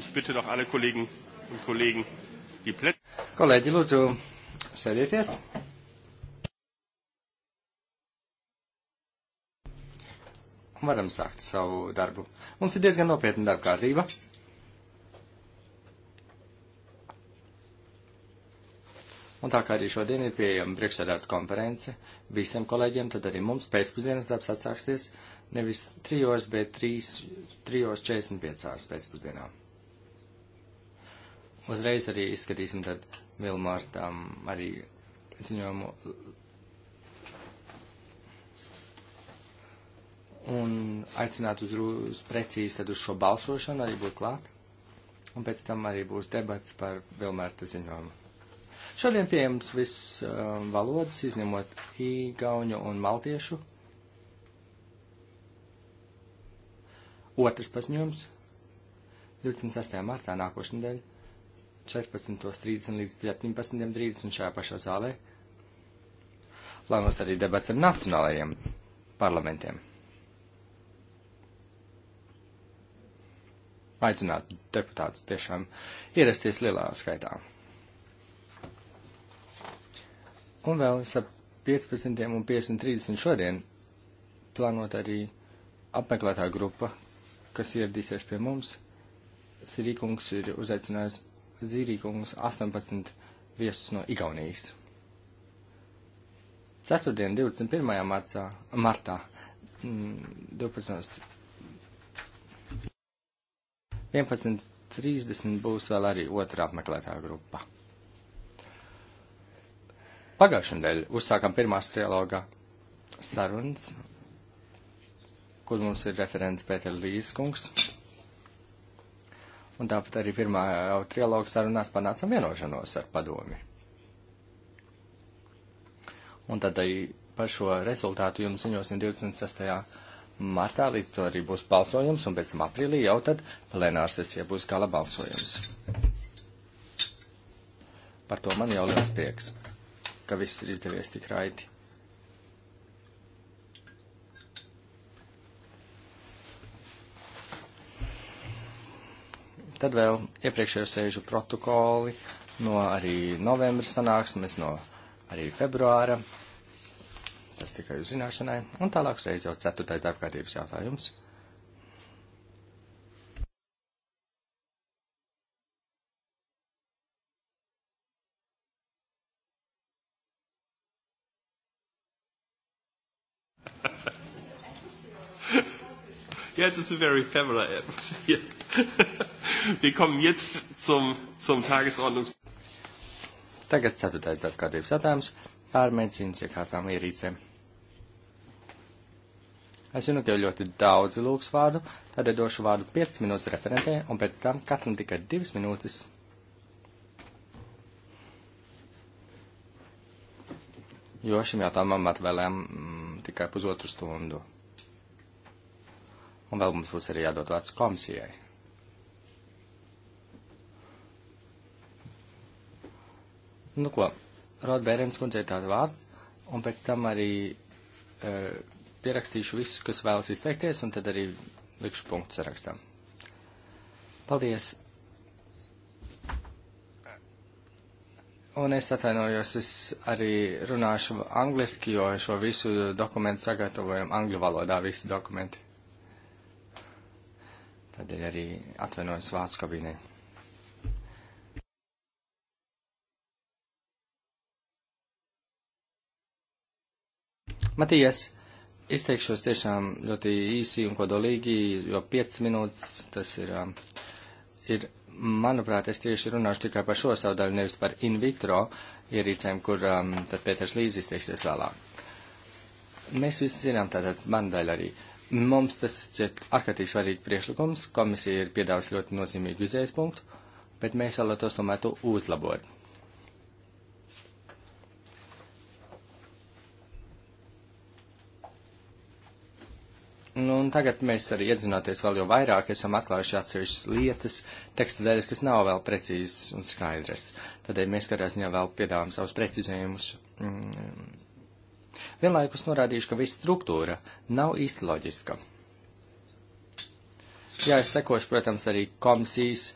Ich bitte doch alle Kollegen un kolēģi, die Plätze. Kolēģi, lūdzu, sēdieties. Varam sākt savu darbu. Mums ir diezgan nopietna darba kārtība. Un tā kā arī šodien ir pieejama priekšsēdētu konference visiem kolēģiem, tad arī mums pēcpusdienas darbs atsāksies nevis trijos, bet trīs, trijos 45 pēcpusdienā uzreiz arī izskatīsim tad Vilmārtām arī ziņojumu. Un aicināt uz, uz precīzi tad uz šo balsošanu arī būt klāt. Un pēc tam arī būs debats par Vilmārta ziņojumu. Šodien pieejams viss um, valodas, izņemot īgauņu un maltiešu. Otrs paziņojums 28. martā nākošnedēļ 14.30 līdz 17.30 šajā pašā zālē, lai mums arī debats ar nacionālajiem parlamentiem. Aicinātu deputātus tiešām ierasties lielā skaitā. Un vēl es ap 15. un 50.30 šodien plānot arī apmeklētā grupa, kas ieradīsies pie mums. Sirīkungs ir uzaicinājis Zīrīkungs 18 viesus no Igaunijas. Ceturtdien, 21. Marcā, martā, 12. Mm, 11.30 būs vēl arī otra apmeklētā grupa. Pagājušajā nedēļā uzsākām pirmās trialoga sarunas, kur mums ir referents Pēter Līskungs un tāpat arī pirmā trialoga sarunās panācam vienošanos ar padomi. Un tad arī par šo rezultātu jums ziņosim 26. martā, līdz to arī būs balsojums, un pēc tam aprīlī jau tad plenārsesija būs gala balsojums. Par to man jau liels prieks, ka viss ir izdevies tik raiti. Tad vēl iepriekšējo sēžu protokoli no arī novembra sanāksmes, no arī februāra. Tas tikai uz zināšanai. Un tālāk reiz jau ceturtais darbkārtības jautājums. yes, it's a very feminine atmosphere. Wir kommen jetzt zum, zum Tagesordnungspunkt. Tagad ceturtais darbkārtības jautājums par medicīnas iekārtām ierīcēm. Es zinu, ka jau ļoti daudz lūgs vārdu, tad došu vārdu 5 minūtes referentē, un pēc tam katram tikai 2 minūtes. Jo šim jautājumam atvēlējām mm, tikai pusotru stundu. Un vēl mums būs arī jādod vārds komisijai. Nu ko, Rod Bērens kundzei tāda vārds, un pēc tam arī e, pierakstīšu visus, kas vēlas izteikties, un tad arī likšu punktu sarakstam. Paldies! Un es atvainojos, es arī runāšu angliski, jo šo visu dokumentu sagatavojam angļu valodā, visi dokumenti. Tādēļ arī atvainojos vācu kabīnei. Matijas, izteikšos tiešām ļoti īsi un kodolīgi, jo 5 minūtes tas ir, um, ir, manuprāt, es tieši runāšu tikai par šo savu daļu, nevis par in vitro ierīcēm, kur um, tad Pēters Līz izteiksies vēlāk. Mēs visi zinām, tātad man daļa arī. Mums tas šķiet ārkārtīgi svarīgi priekšlikums, komisija ir piedāvājusi ļoti nozīmīgu izējas punktu, bet mēs vēlētos tomēr to uzlabot Nu, un tagad mēs arī iedzināties vēl jau vairāk, esam atklājuši atsevišķas lietas teksta daļas, kas nav vēl precīzas un skaidras. Tādēļ mēs katrā ziņā vēl piedāvājam savus precizējumus. Mm. Vienlaikus norādīšu, ka viss struktūra nav īsti loģiska. Jā, es sekošu, protams, arī komisijas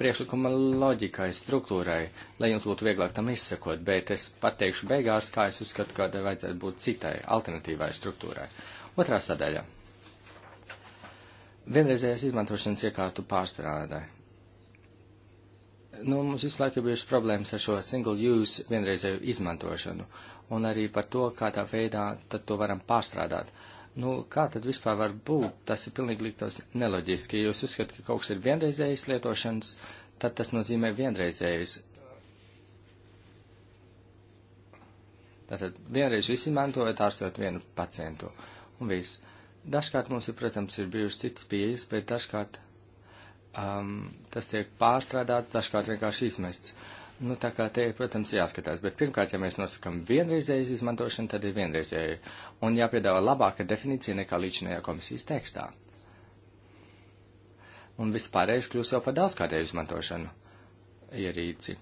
priekšlikuma loģikai, struktūrai, lai jums būtu vieglāk tam izsekot, bet es pateikšu beigās, kā es uzskatu, kādai vajadzētu būt citai, alternatīvai struktūrai. Otrā sadaļa vienreizējais izmantošanas iekārtu pārstrādē. Nu, mums visu laiku ir bijušas problēmas ar šo single use vienreizēju izmantošanu, un arī par to, kā tā veidā tad to varam pārstrādāt. Nu, kā tad vispār var būt? Tas ir pilnīgi liktos neloģiski. Jūs uzskatāt, ka kaut kas ir vienreizējas lietošanas, tad tas nozīmē vienreizējas. Tātad vienreiz visu izmantojot, ārstot vienu pacientu, un viss. Dažkārt mums, ir, protams, ir bijušas citas pieejas, bet dažkārt um, tas tiek pārstrādāts, dažkārt vienkārši izmests. Nu, tā kā te, protams, jāskatās, bet pirmkārt, ja mēs nosakam vienreizējas izmantošanu, tad ir vienreizēja un jāpiedāvā labāka definīcija nekā līdzinējā komisijas tekstā. Un vispārējais kļūs jau par daudzkādēju izmantošanu ierīci.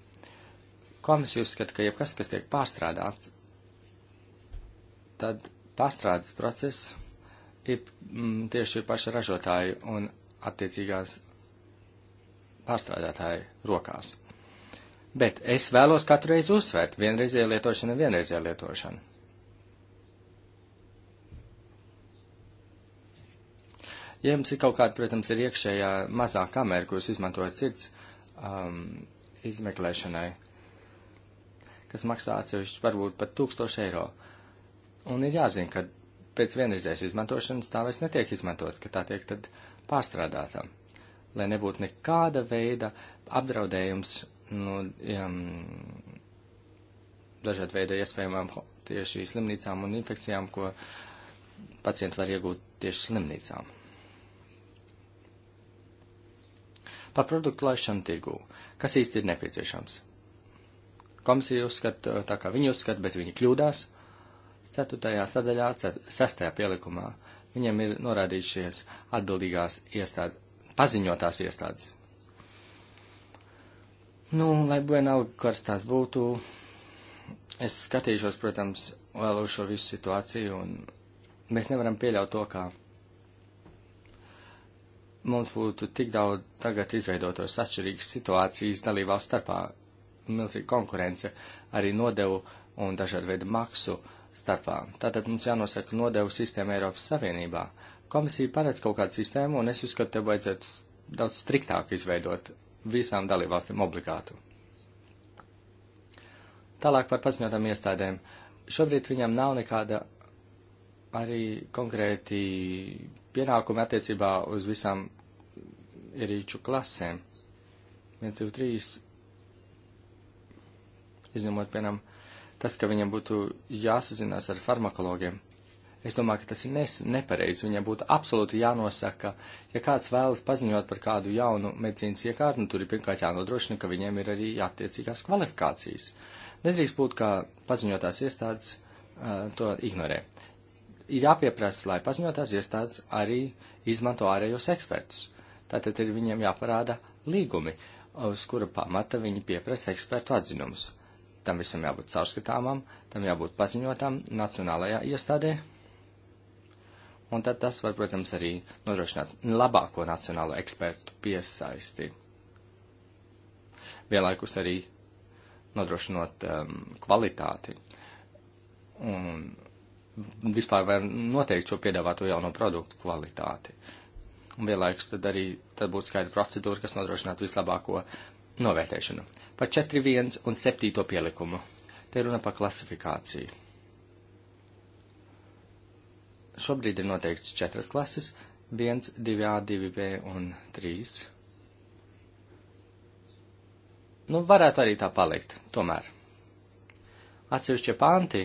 Komisija uzskata, ka jebkas, kas tiek pārstrādāts, tad pārstrādes process ir mm, tieši paša ražotāja un attiecīgās pārstrādātāja rokās. Bet es vēlos katru reizi uzsvērt vienreizēju lietošanu un vienreizēju lietošanu. Ja jums ir kaut kāda, protams, ir iekšējā mazā kamera, ko jūs izmantojat sirds um, izmeklēšanai, kas maksā atsevišķi varbūt pat tūkstoši eiro, un ir jāzina, ka pēc vienreizējas izmantošanas tā vairs netiek izmantot, ka tā tiek tad pārstrādāta, lai nebūtu nekāda veida apdraudējums nu, um, dažādu veidu iespējamām tieši slimnīcām un infekcijām, ko pacienti var iegūt tieši slimnīcām. Par produktu laišanu tirgū. Kas īsti ir nepieciešams? Komisija uzskata, tā kā viņi uzskata, bet viņi kļūdās. Uh, Ceturtajā sadaļā, sestajā pielikumā, viņam ir norādījušies atbildīgās iestādes, paziņotās iestādes. Nu, lai vienalga, kas tās būtu, es skatīšos, protams, vēl uz šo visu situāciju, un mēs nevaram pieļaut to, kā mums būtu tik daudz tagad izveidotos atšķirīgas situācijas dalībvalstu starpā, milzīga konkurence, arī nodevu un dažādu veidu maksu starpā. Tātad mums jānosaka nodevu sistēma Eiropas Savienībā. Komisija paredz kaut kādu sistēmu, un es uzskatu, te vajadzētu daudz striktāk izveidot visām dalībvalstīm obligātu. Tālāk par paziņotām iestādēm. Šobrīd viņam nav nekāda arī konkrēti pienākumi attiecībā uz visām ierīču klasēm. 1, 2, 3, izņemot, piemēram, tas, ka viņam būtu jāsazinās ar farmakologiem, es domāju, ka tas ir nes, nepareizi. Viņam būtu absolūti jānosaka, ja kāds vēlas paziņot par kādu jaunu medicīnas iekārtu, nu, tur ir pirmkārt jānodrošina, ka viņiem ir arī attiecīgās kvalifikācijas. Nedrīkst būt, ka paziņotās iestādes uh, to ignorē. Ir jāpieprasa, lai paziņotās iestādes arī izmanto ārējos ekspertus. Tātad ir viņiem jāparāda līgumi, uz kura pamata viņi pieprasa ekspertu atzinumus. Tam visam jābūt caurskatāmam, tam jābūt paziņotam nacionālajā iestādē. Un tad tas var, protams, arī nodrošināt labāko nacionālo ekspertu piesaisti. Vienlaikus arī nodrošinot um, kvalitāti. Un vispār var noteikt šo piedāvāto jauno produktu kvalitāti. Un vienlaikus tad arī tad būtu skaidra procedūra, kas nodrošinātu vislabāko novērtēšanu par 4.1 un 7. pielikumu. Te runa par klasifikāciju. Šobrīd ir noteikts četras klases - 1, 2A, 2B un 3. Nu, varētu arī tā palikt, tomēr. Atsevišķie panti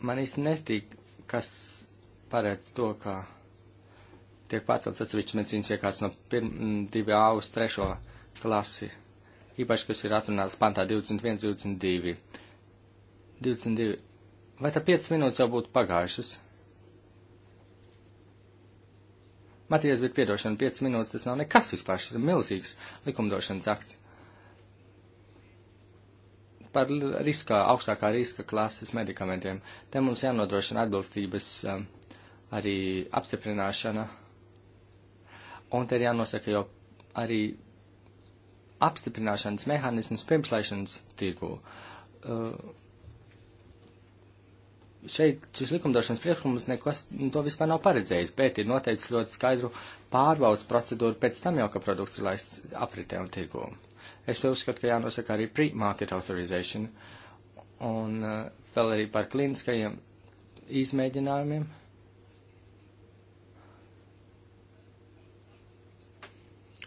man īsti netīk, kas paredz to, ka tiek pārcelts atsevišķi medicīnas iekārts no 2A uz 3. klasi īpaši, kas ir atrunāts pantā 21, 22. 22. Vai tā 5 minūtes jau būtu pagājušas? Matijas, bet piedošana 5 minūtes tas nav nekas vispār, šis ir milzīgs likumdošanas akts. Par riska, augstākā riska klases medikamentiem. Te mums jānodrošina atbilstības um, arī apstiprināšana. Un te ir jānosaka jau arī apstiprināšanas mehānisms pirmslēgšanas tirgu. Uh, šeit šis likumdošanas priekšlikums nekas to vispār nav paredzējis, bet ir noteicis ļoti skaidru pārbaudas procedūru pēc tam jau, ka produkts ir laists apritē un tirgu. Es uzskatu, ka jānosaka arī pre-market authorization un uh, vēl arī par kliniskajiem izmēģinājumiem. Uh,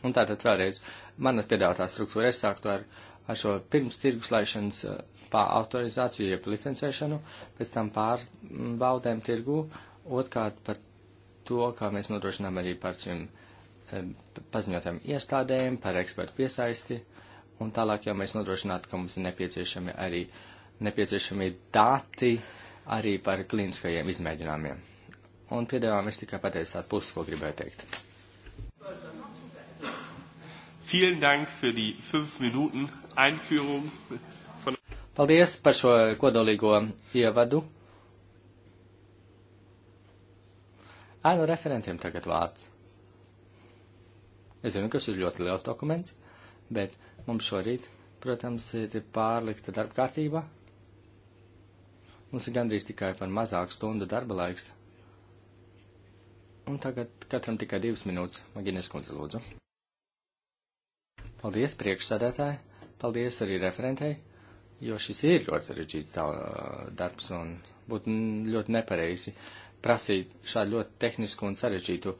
Un tātad vēlreiz, mana piedāvātā struktūra, es sāktu ar, ar šo pirms tirgus laišanas eh, autorizāciju, jeb licencēšanu, pēc tam pārbaudēm mm, tirgu, otrkārt par to, kā mēs nodrošinām arī par šiem eh, paziņotiem iestādēm, par ekspertu piesaisti, un tālāk jau mēs nodrošinātu, ka mums ir nepieciešami arī nepieciešami dati arī par klīniskajiem izmēģinājumiem. Un piedāvājumā es tikai pateicu tādu pusi, ko gribēju teikt. Vielen Dank für die fünf Minuten Einführung. Von Paldies par šo kodolīgo ievadu. Ēnu referentiem tagad vārds. Es zinu, ka šis ir ļoti liels dokuments, bet mums šorīt, protams, ir pārlikta darba kārtība. Mums ir gandrīz tikai par mazāku stundu darba laiks. Un tagad katram tikai divas minūtes. Maginies kundze, lūdzu. Paldies priekšsādātāji, paldies arī referentei, jo šis ir ļoti sarežģīts darbs un būtu ļoti nepareizi prasīt šādu ļoti tehnisku un sarežģītu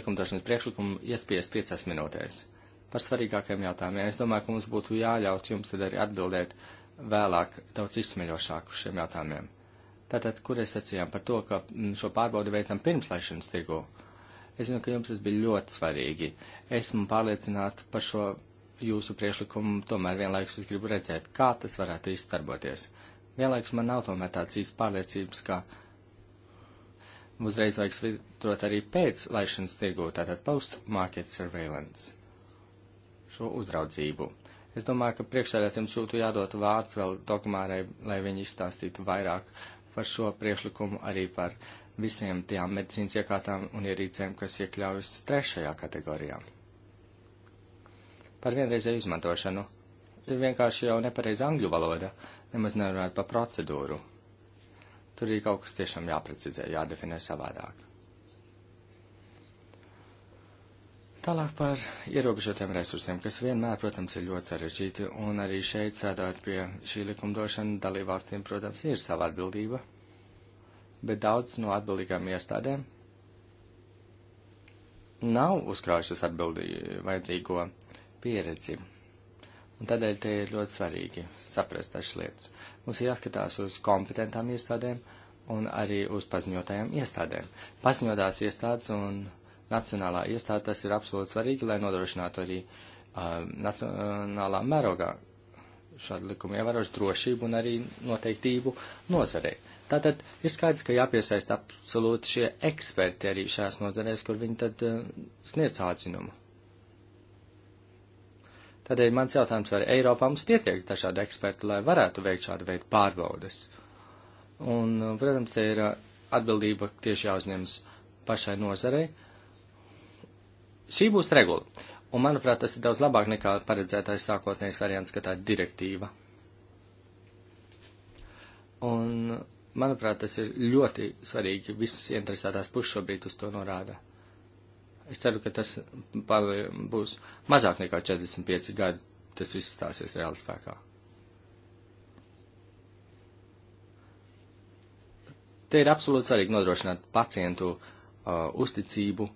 likumdošanas priekšlikumu iespies piecās minūtēs. Par svarīgākiem jautājumiem es domāju, ka mums būtu jāļaut jums tad arī atbildēt vēlāk daudz izsmeļošāk uz šiem jautājumiem. Tātad, kur es sacījām par to, ka šo pārbaudi veicam pirms laišanas tirgu? Uh, Es zinu, ka jums tas bija ļoti svarīgi. Esmu pārliecināta par šo jūsu priešlikumu, tomēr vienlaikus es gribu redzēt, kā tas varētu izstarboties. Vienlaikus man nav tomēr tāds īsts pārliecības, ka uzreiz vajag svitrot arī pēc laišanas tirgū, tātad post-market surveillance, šo uzraudzību. Es domāju, ka priekšsēdētājiem sūtu jādod vārds vēl dogmārai, lai viņi izstāstītu vairāk par šo priekšlikumu, arī par uh, visiem tajām medicīnas iekārtām un ierīcēm, kas iekļaujas trešajā kategorijā. Par vienreizēju izmantošanu ir vienkārši jau nepareiza angļu valoda, nemaz nerunāt par procedūru. Tur ir kaut kas tiešām jāprecizē, jādefinē savādāk. Tālāk par ierobežotiem resursiem, kas vienmēr, protams, ir ļoti sarežģīti, un arī šeit strādājot pie šī likumdošana dalībvalstīm, protams, ir sava atbildība bet daudz no atbildīgām iestādēm nav uzkrājušas atbildīgi vajadzīgo pieredzi. Un tādēļ te ir ļoti svarīgi saprast dažas lietas. Mums ir jāskatās uz kompetentām iestādēm un arī uz paziņotajām iestādēm. Paziņotās iestādes un nacionālā iestāde tas ir absolūti svarīgi, lai nodrošinātu arī uh, nacionālā mērogā šādu likumu ievērošu drošību un arī noteiktību nozarei. Uh, Tātad ir skaidrs, ka jāpiesaist absolūti šie eksperti arī šajās nozarēs, kur viņi tad uh, sniedz atzinumu. Tādēļ mans jautājums, vai Eiropā mums pietiek dažādi eksperti, lai varētu veikt šādu veidu pārbaudes? Un, eh, protams, te ir eh, atbildība tieši jāuzņems pašai nozarei. Šī būs regula. Un, manuprāt, tas ir daudz labāk nekā paredzētais sākotnējais variants, ka tā ir direktīva. Un Manuprāt, tas ir ļoti svarīgi. Visas interesētās puses šobrīd uz to norāda. Es ceru, ka tas būs mazāk nekā 45 gadi. Tas viss stāsies reāli spēkā. Te ir absolūti svarīgi nodrošināt pacientu uh, uzticību,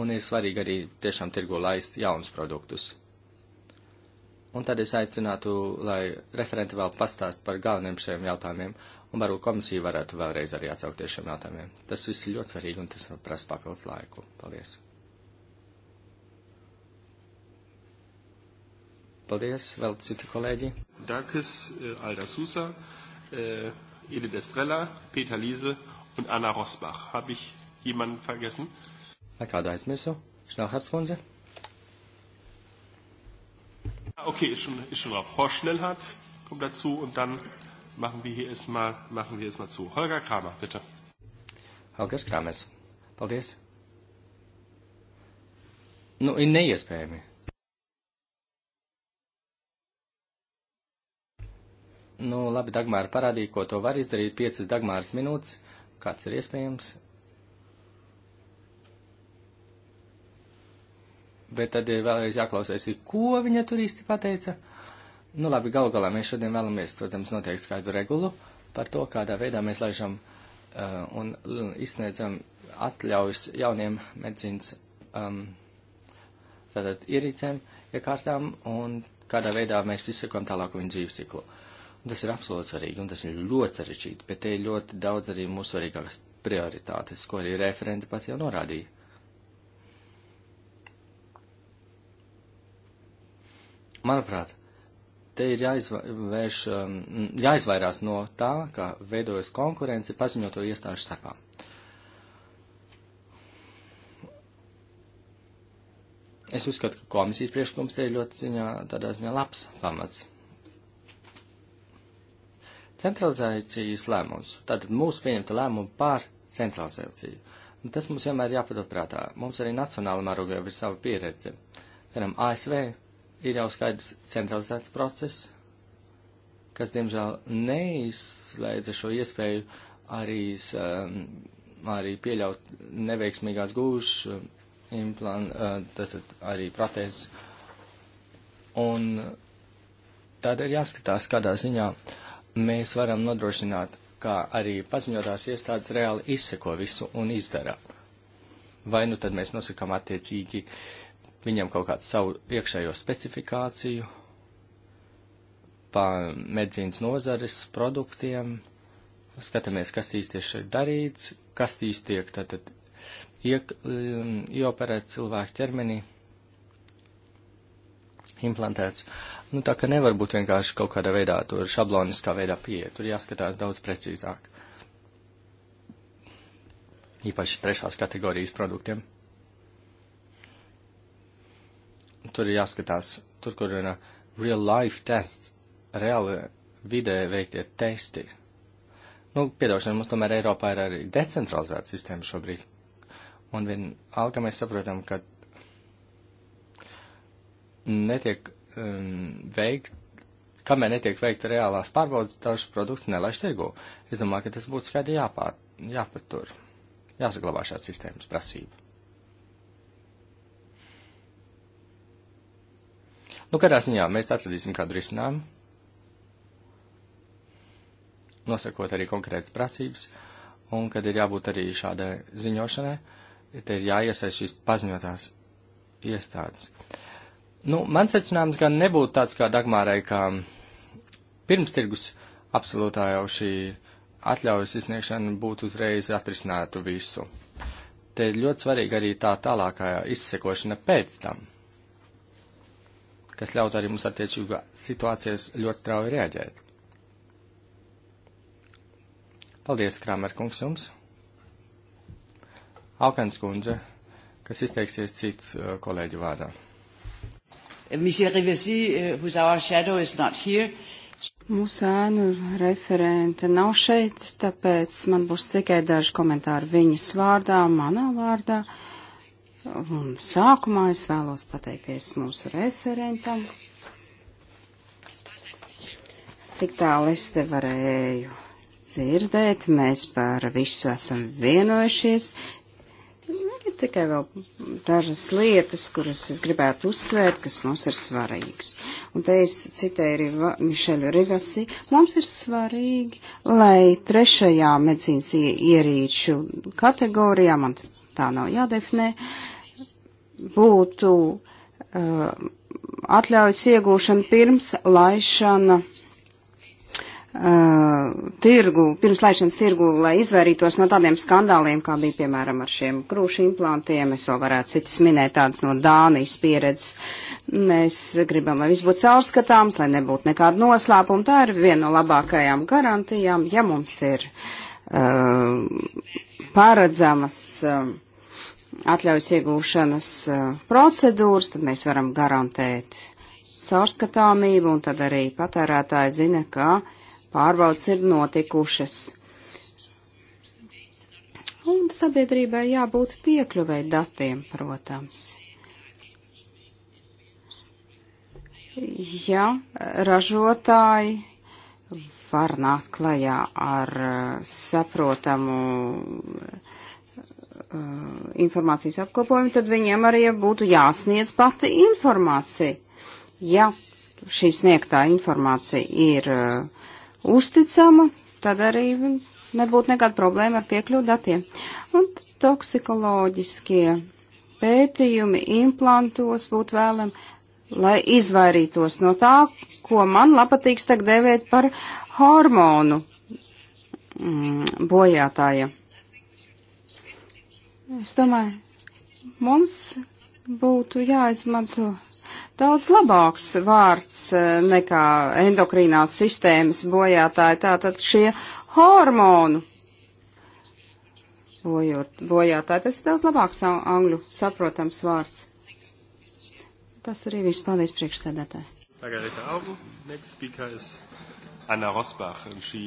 un ir svarīgi arī tiešām tirgo laist jaunus produktus. Un tad es aicinātu, lai referenti vēl pastāst par galveniem šiem jautājumiem. Uh, un varbūt komisija varētu vēlreiz arī atsaukties šiem jautājumiem. Tas viss ir ļoti svarīgi, un tas var prasa papildus laiku. Paldies! Paldies, vēl citi kolēģi. Dankas, eh, Alda Susa, eh, Ili Destrella, Peter Līze un Anna Rosbach. Habe ich jemanden vergessen? Vai kādu aizmirsu? Schnellhards kundze? Ah, okay, ist schon, ist schon drauf. Horst Schnellhardt kommt dazu und dann machen wir hier erstmal, machen wir erstmal zu. Holger Kramer, bitte. Holgers Kramers. Paldies. Nu, ir neiespējami. Nu, labi, Dagmāra parādīja, ko to var izdarīt. Piecas Dagmāras minūtes. Kāds ir iespējams? Bet tad ir vēlreiz jāklausās, ko viņa tur īsti pateica. Uh, Nu labi, gal galā mēs šodien vēlamies, protams, noteikt skaidru regulu par to, kādā veidā mēs laižam uh, un izsniedzam atļaujas jauniem medicīnas um, tātad ierīcēm, iekārtām un kādā veidā mēs izsakojam tālāk viņu dzīves ciklu. Un tas ir absolūti svarīgi un tas ir ļoti sarežģīti, bet te ir ļoti daudz arī mūsu svarīgākas prioritātes, ko arī referenti pat jau norādīja. Manuprāt, te ir jāizvērš, um, jāizvairās no tā, ka veidojas konkurence paziņoto iestāžu starpā. Es uzskatu, ka komisijas priekšlikums te ir ļoti ziņā, tādā ziņā labs pamats. Centralizācijas lēmums. Tātad mūsu pieņemta lēmuma par centralizāciju. Un tas mums vienmēr jāpadot prātā. Mums arī nacionāla mērogā ir sava pieredze. Piemēram, ASV ir jau skaidrs centralizēts process, kas, diemžēl, neizslēdza šo iespēju arī, um, arī pieļaut neveiksmīgās gūšas, implant, uh, tātad arī protēzes. Un tad ir jāskatās, kādā ziņā mēs varam nodrošināt, kā arī paziņotās iestādes reāli izseko visu un izdara. Vai nu tad mēs nosakām attiecīgi uh, viņiem kaut kādu savu iekšējo specifikāciju pa medzīnas nozares produktiem. Skatāmies, kas īsti ir šeit darīts, kas īsti tiek tad, tad iek, um, ioperēt cilvēku ķermenī, implantēts. Nu, tā ka nevar būt vienkārši kaut kādā veidā tur šabloniskā veidā pieeja, tur jāskatās daudz precīzāk. Īpaši trešās kategorijas produktiem. tur ir jāskatās, tur, kur ir uh, real life tests, reāli vidē veiktie testi. Nu, piedošana, mums tomēr Eiropā ir arī decentralizēta sistēma šobrīd. Un vienalga mēs saprotam, ka netiek um, veikt, kamēr netiek veikta reālās pārbaudas, dažus produktus nelaiž tirgu. Es domāju, ka tas būtu skaidri jāpār, jāpatur, jāsaglabā šāda sistēmas prasība. Nu, kādā ziņā mēs atradīsim kādu risinājumu, nosakot arī konkrētas prasības, un kad ir jābūt arī šādai ziņošanai, te ir jāiesaist šīs paziņotās iestādes. Nu, mans secinājums gan nebūtu tāds kā Dagmārai, ka pirmstirgus absolūtā jau šī atļaujas izsniegšana būtu uzreiz atrisinātu visu. Te ir ļoti svarīga arī tā tālākā izsekošana pēc tam kas ļautu arī mums attiecīgā situācijas ļoti strauji reaģēt. Paldies, Krāmer kungs, jums! Alkans kundze, kas izteiksies cits uh, kolēģu vārdā. Monsieur Rivesi, uh, who's our shadow, is not here. Mūsu ēnu referente nav šeit, tāpēc man būs tikai daži komentāri viņas vārdā, manā vārdā. Uh, Un sākumā es vēlos pateikties mūsu referentam, cik tālu es te varēju dzirdēt, mēs par visu esam vienojušies. Ir tikai vēl dažas lietas, kuras es gribētu uzsvērt, kas mums ir svarīgas. Un te es citēju Riva, Mišeļu Rivasi. Mums ir svarīgi, lai trešajā medicīnas ierīču kategorijā, man tā nav jādefinē, uh, būtu uh, atļaujas iegūšana pirms laišana uh, tirgu, pirms laišanas tirgu, lai izvairītos no tādiem skandāliem, kā bija, piemēram, ar šiem krūšu implantiem. Es vēl varētu citas minēt tādas no Dānijas pieredzes. Mēs gribam, lai viss būtu caurskatāms, lai nebūtu nekāda noslēpuma. Tā ir viena no labākajām garantijām, ja mums ir uh, paredzamas. Uh, atļaujas iegūšanas procedūras, tad mēs varam garantēt caurskatāmību, un tad arī patērētāji zina, ka pārbaudas ir notikušas. Un sabiedrībai jābūt piekļuvai datiem, protams. Ja ražotāji var nākt klajā ar saprotamu uh, Uh, informācijas apkopojumu, tad viņiem arī būtu jāsniedz pati informācija. Ja šī sniegtā informācija ir uh, uzticama, tad arī nebūtu nekāda problēma ar piekļuvu datiem. Un toksikoloģiskie pētījumi implantos būtu vēlam, lai izvairītos no tā, ko man labpatīgs tagad dēvēt par hormonu mm, bojātājiem Es domāju, mums būtu jāizmanto daudz labāks vārds eh, nekā endokrīnās sistēmas bojātāji. Tātad šie hormonu bojot, bojātāji, tas ir daudz labāks angļu saprotams vārds. Tas arī viss. Paldies priekšsēdētāji. Margarita Augu, next speaker is Anna Rosbach, and she...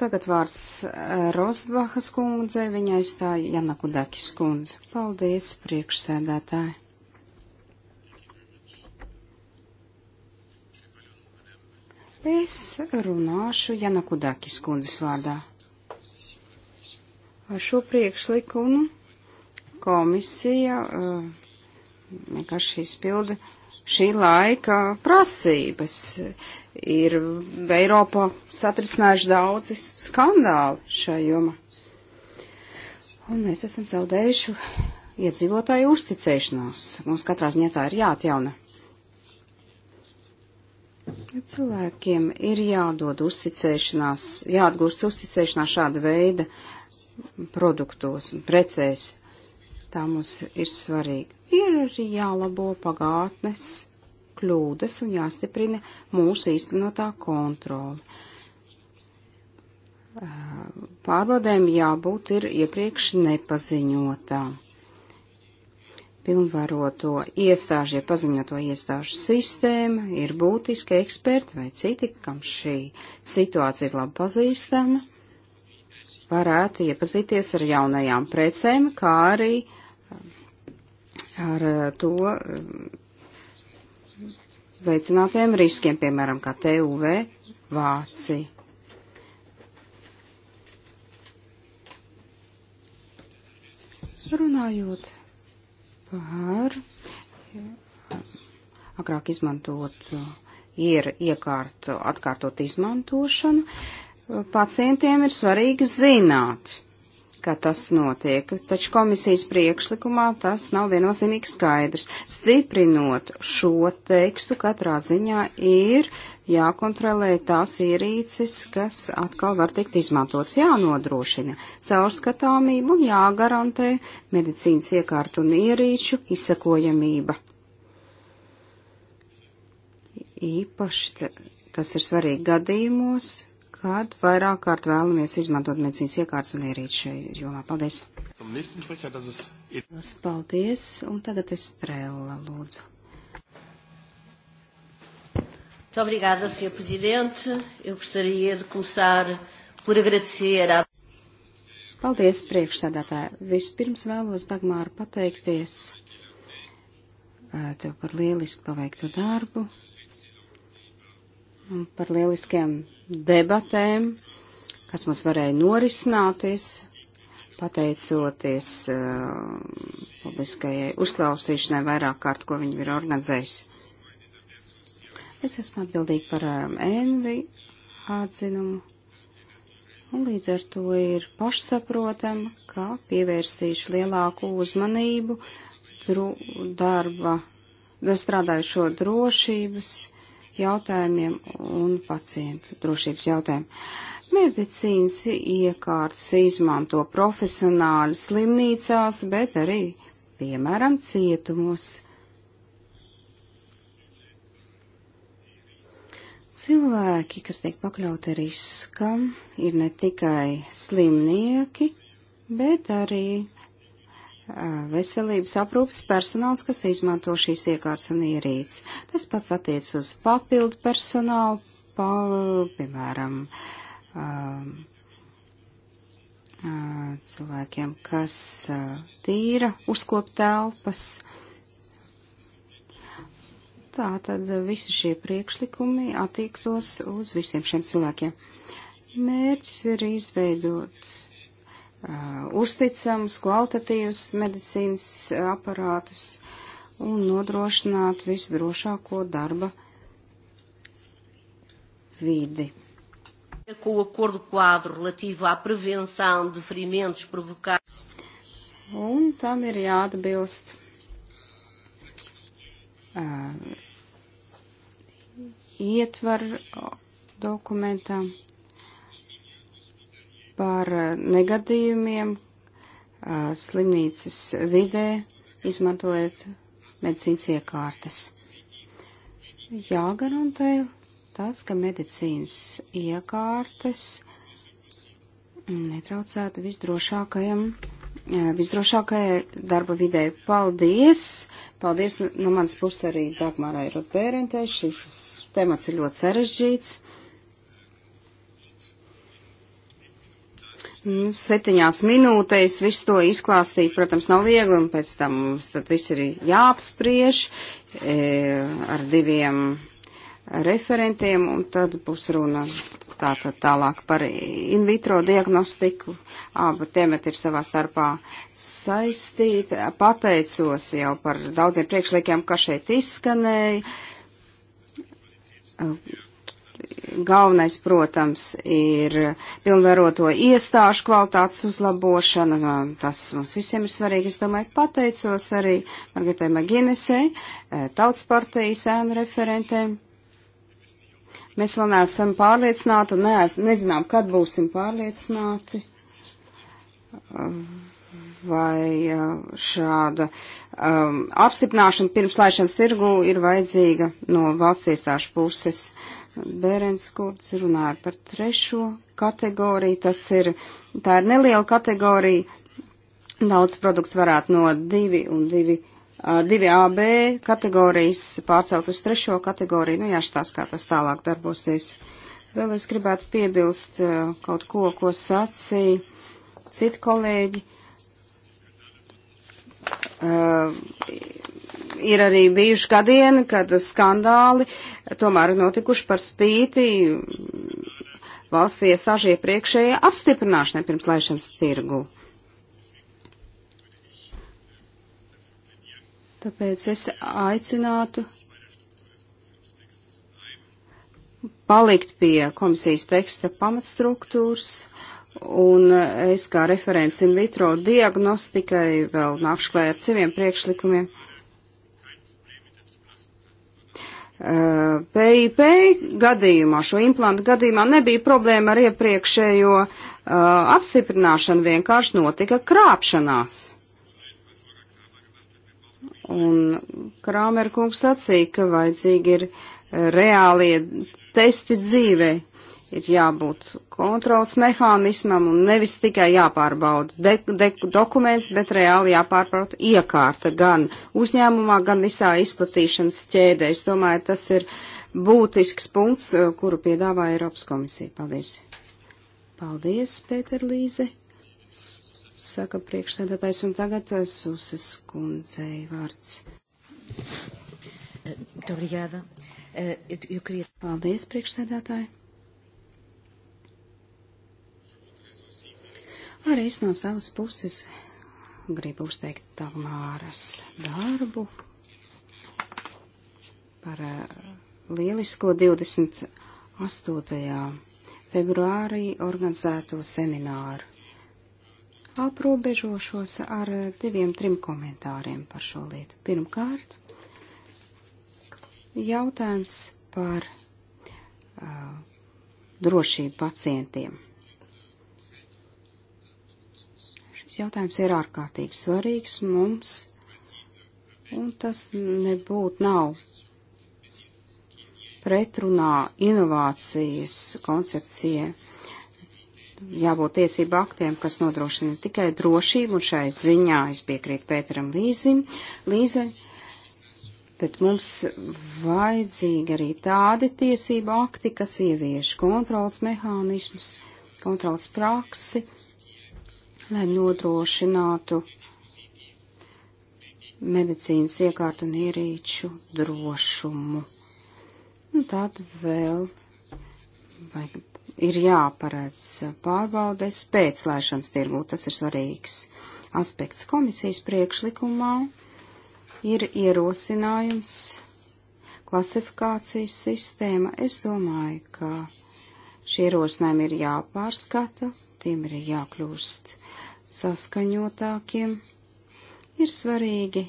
Tagad vārds eh, Rosbahas kundzei, viņa aizstāja Janaku Dakis kundze. Paldies, priekšsēdētāji. Es runāšu Janaku Dakis kundzes vārdā. Ar šo priekšlikumu komisija eh, vienkārši uh, izpilda šī laika prasības. Uh, ir Eiropā satrisinājuši daudzi skandāli šai jomā. Un mēs esam zaudējuši iedzīvotāju uzticēšanos. Mums katrā ziņā tā ir jāatjauna. Cilvēkiem ir jādod uzticēšanās, jāatgūst uzticēšanās šāda veida produktos un precēs. Tā mums ir svarīga. Ir arī jālabo pagātnes kļūdas un jāstiprina mūsu īstenotā kontrola. Pārbaudēm jābūt ir iepriekš nepaziņotām. Pilnvaroto iestāžu, ja paziņoto iestāžu sistēma ir būtiski eksperti vai citi, kam šī situācija ir labi pazīstama, varētu iepazīties ar jaunajām precēm, kā arī ar to veicinātiem riskiem, piemēram, kā TUV Vācija. Runājot par agrāk izmantot ir iekārtu atkārtot izmantošanu, pacientiem ir svarīgi zināt, ka tas notiek, taču komisijas priekšlikumā tas nav viennozīmīgi skaidrs. Stiprinot šo tekstu, katrā ziņā ir jākontrolē tās ierīces, kas atkal var tikt izmantots, jānodrošina caurskatāmību un jāgarantē medicīnas iekārtu un ierīču izsakojamība. Īpaši tas ir svarīgi gadījumos, kad vairāk kārt vēlamies izmantot medicīnas iekārtas un ierīt šai jomā. Paldies! Paldies! Un tagad es trēlu lūdzu. Muito obrigada, Sr. Presidente. Eu gostaria de começar por agradecer à. Paldies, priekšsēdētāji. Vispirms vēlos Dagmāru pateikties eh, tev par lieliski paveikto darbu par lieliskiem debatēm, kas mums varēja norisināties, pateicoties uh, publiskajai uzklausīšanai vairāk kārt, ko viņi ir organizējusi. Es esmu atbildīgi par um, envi atzinumu, un līdz ar to ir pašsaprotam, ka pievērsīšu lielāku uzmanību dru, darba, strādājušo drošības jautājumiem un pacientu drošības jautājumiem. Medicīnas iekārtas izmanto profesionāļi slimnīcās, bet arī, piemēram, cietumos. Cilvēki, kas tiek pakļauti riskam, ir ne tikai slimnieki, bet arī veselības aprūpas personāls, kas izmanto šīs iekārtas un ierīces. Tas pats attiec uz papildu personālu, pa, piemēram, um, cilvēkiem, kas tīra, uzkop telpas. Tā tad visi šie priekšlikumi attiektos uz visiem šiem cilvēkiem. Mērķis ir izveidot Uh, uzticams, kvalitatīvs medicīnas aparātus un nodrošināt visdrošāko darba vidi. Com o acordo quadro relativo à prevenção de ferimentos provocados. Un tam ir jāatbilst uh, ietvar dokumentam par negadījumiem slimnīcas vidē, izmantojot medicīnas iekārtas. Jāgarantē tas, ka medicīnas iekārtas netraucētu visdrošākajam, visdrošākajai darba vidē. Paldies! Paldies no manas puses arī Dagmarai Rotbērentē. Šis temats ir ļoti sarežģīts. Nu, septiņās minūtēs visu to izklāstīt, protams, nav viegli, un pēc tam mums tad viss ir jāapspriež e, ar diviem referentiem, un tad būs runa tā, tā, tālāk par in vitro diagnostiku. Abi temati ir savā starpā saistīti. Pateicos jau par daudziem priekšlikiem, kas šeit izskanēja Galvenais, protams, ir pilnvaroto iestāžu kvalitātes uzlabošana. Tas mums visiem ir svarīgi. Es domāju, pateicos arī Margaritai Maginesei, Tautas partijas ēnu referentēm. Mēs vēl neesam pārliecināti un nees, nezinām, kad būsim pārliecināti. Vai šāda um, apstiprināšana pirms laišanas tirgu ir vajadzīga no valsts iestāžu puses. Uh, Bērens Kurds runāja par trešo kategoriju. Tas ir, tā ir neliela kategorija. Daudz produkts varētu no 2 un 2, 2 AB kategorijas pārcelt uz trešo kategoriju. Nu, jāšķitās, kā tas tālāk darbosies. Vēl es gribētu piebilst kaut ko, ko sacīja citi kolēģi. Uh, ir arī bijuši gadieni, kad skandāli tomēr ir notikuši par spīti valsts iestāžu iepriekšējā apstiprināšanai pirms laišanas tirgu. Tāpēc es aicinātu palikt pie komisijas teksta pamatstruktūras, un es kā referents in vitro diagnostikai vēl nākšu klājā ar saviem priekšlikumiem. PIP gadījumā, šo implantu gadījumā nebija problēma ar iepriekšējo uh, apstiprināšanu, vienkārši notika krāpšanās. Un Krāmerkungs sacīja, ka vajadzīgi ir uh, reālie testi dzīvei ir jābūt kontrols mehānismam un nevis tikai jāpārbauda de, de, dokuments, bet reāli jāpārbauda iekārta gan uzņēmumā, gan visā izplatīšanas ķēdē. Es domāju, tas ir būtisks punkts, eh, kuru piedāvā Eiropas komisija. Paldies. Paldies, Pēter Līze. Saka priekšsēdētājs un tagad eh, Suses kundzei vārds. Eh, Obrigada. Paldies, priekšsēdētāji. Arī es no savas puses gribu uzteikt Tamāras darbu par eh, lielisko 28. februārī organizēto semināru. Aprobežošos ar diviem, trim komentāriem par šo lietu. Pirmkārt, jautājums par uh, drošību pacientiem. jautājums ir ārkārtīgi svarīgs mums, un tas nebūtu nav pretrunā inovācijas koncepcijai. Jābūt tiesību aktiem, kas nodrošina tikai drošību, un šai ziņā es piekrītu Pēteram Līzim, Līze, bet mums vajadzīgi arī tādi tiesību akti, kas ievieš kontrols mehānismus, kontrols praksi, lai nodrošinātu medicīnas iekārtu un ierīču drošumu. Un nu, tad vēl vajag, ir jāparedz pārbaudes pēclēšanas tirgū. Tas ir svarīgs aspekts komisijas priekšlikumā. Ir ierosinājums, klasifikācijas sistēma. Es domāju, ka šie ierosinājumi ir jāpārskata, tiem ir jākļūst saskaņotākiem. Ir svarīgi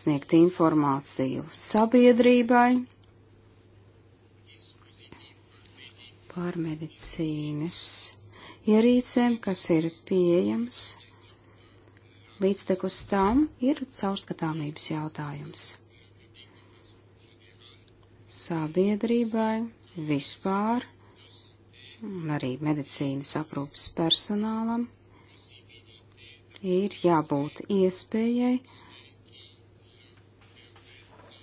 sniegt informāciju sabiedrībai par medicīnas ierīcēm, kas ir pieejams. Līdztekus tam ir caurskatāmības jautājums. Sabiedrībai vispār un arī medicīnas aprūpas personālam ir jābūt iespējai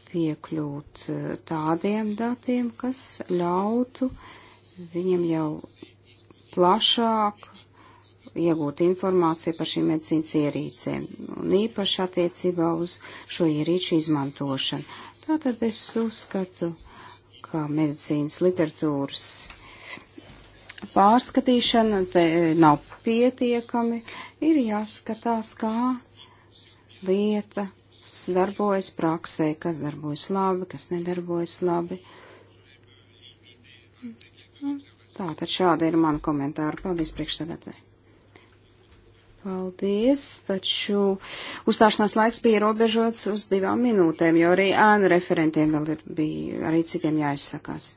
piekļūt eh, tādiem datiem, kas ļautu viņam jau plašāk iegūt informāciju par šīm medicīnas ierīcēm, un īpaši attiecībā uz šo ierīču izmantošanu. Tātad es uzskatu, ka medicīnas literatūras uh, pārskatīšana te nav pietiekami, ir jāskatās, kā lieta darbojas praksē, kas darbojas labi, kas nedarbojas labi. Tātad šādi ir mani komentāri. Paldies priekšsēdētāji. Paldies, taču uzstāšanās laiks bija ierobežots uz divām minūtēm, jo arī ēnu referentiem vēl ir bija arī citiem jāizsakās.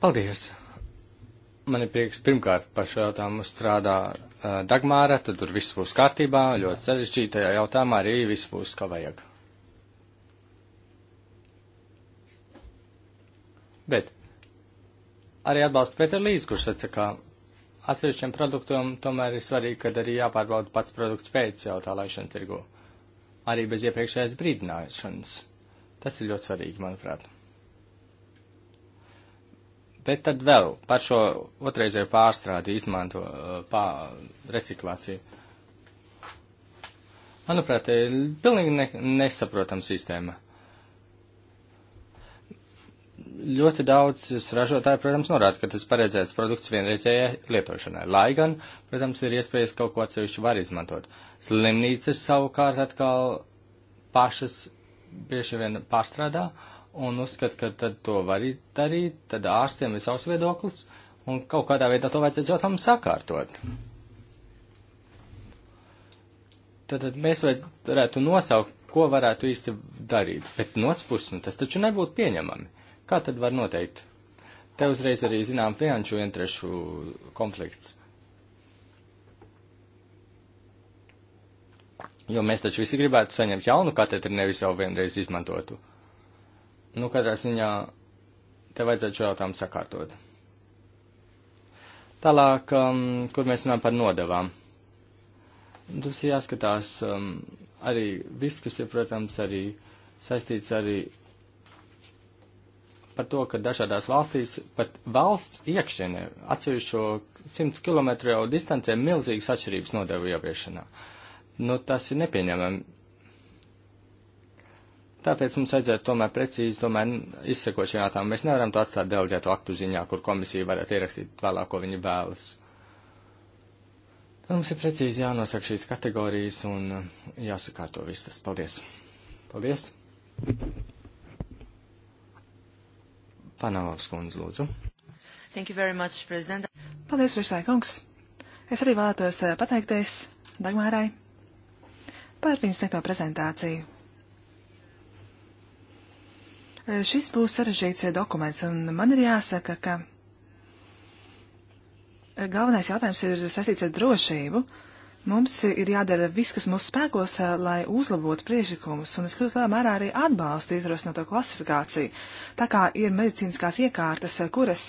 Paldies man ir prieks pirmkārt par šo jautājumu strādā uh, Dagmāra, tad tur viss būs kārtībā, ļoti sarežģītajā jautājumā arī viss būs kā vajag. Bet arī atbalsta Pēteru Līzi, kurš saka, ka atsevišķiem produktiem tomēr ir svarīgi, kad arī jāpārbauda pats produkts pēc jau tā laišana tirgu. Arī bez iepriekšējās brīdināšanas. Tas ir ļoti svarīgi, manuprāt. Bet tad vēl par šo otrreizēju pārstrādi izmanto uh, pā, reciklāciju. Manuprāt, ir pilnīgi ne, nesaprotama sistēma. Ļoti daudz ražotāji, protams, norāda, ka tas paredzēts produkts vienreizējai lietošanai, lai gan, protams, ir iespējas kaut ko atsevišķu var izmantot. Slimnīcas savukārt atkal pašas bieži vien pārstrādā uh, un uzskata, ka tad to var darīt, tad ārstiem ir savs viedoklis, un kaut kādā veidā to vajadzētu jau tam sakārtot. Tad, tad mēs varētu nosaukt, ko varētu īsti darīt, bet no otras puses nu, tas taču nebūtu pieņemami. Kā tad var noteikt? Te uzreiz arī zinām finanšu interešu konflikts. Jo mēs taču visi gribētu saņemt jaunu katetru, nevis jau vienreiz izmantotu nu, katrā ziņā te vajadzētu šo jautājumu sakārtot. Tālāk, um, kur mēs runājam par nodevām. Nu, tas ir jāskatās um, arī viss, kas ir, protams, arī saistīts arī par to, ka dažādās valstīs, pat valsts iekšienē, atsevišķo 100 km jau distancē milzīgas atšķirības nodevu ieviešanā. Nu, tas ir nepieņemami Tāpēc mums vajadzētu tomēr precīzi tomēr izsekot šajā jautājumā. Mēs nevaram to atstāt delģētu aktu ziņā, kur komisija varētu ierakstīt vēlāk, ko viņi vēlas. Tad mums ir precīzi jānosaka šīs kategorijas un uh, jāsakārto viss tas. Paldies! Paldies! Panāvāvs kundze, lūdzu. Thank you very much, President. Paldies, Virsai kungs. Es arī vēlētos uh, pateikties Dagmārai par viņas teikto prezentāciju. Šis būs sarežģīts dokuments, un man ir jāsaka, ka galvenais jautājums ir saistīts ar drošību. Mums ir jādara viss, kas mūsu spēkos, eh, lai uzlabotu priekšlikumus, un es ļoti lielā mērā arī atbalstu ierosināto klasifikāciju. Tā kā ir medicīniskās iekārtas, eh, kuras,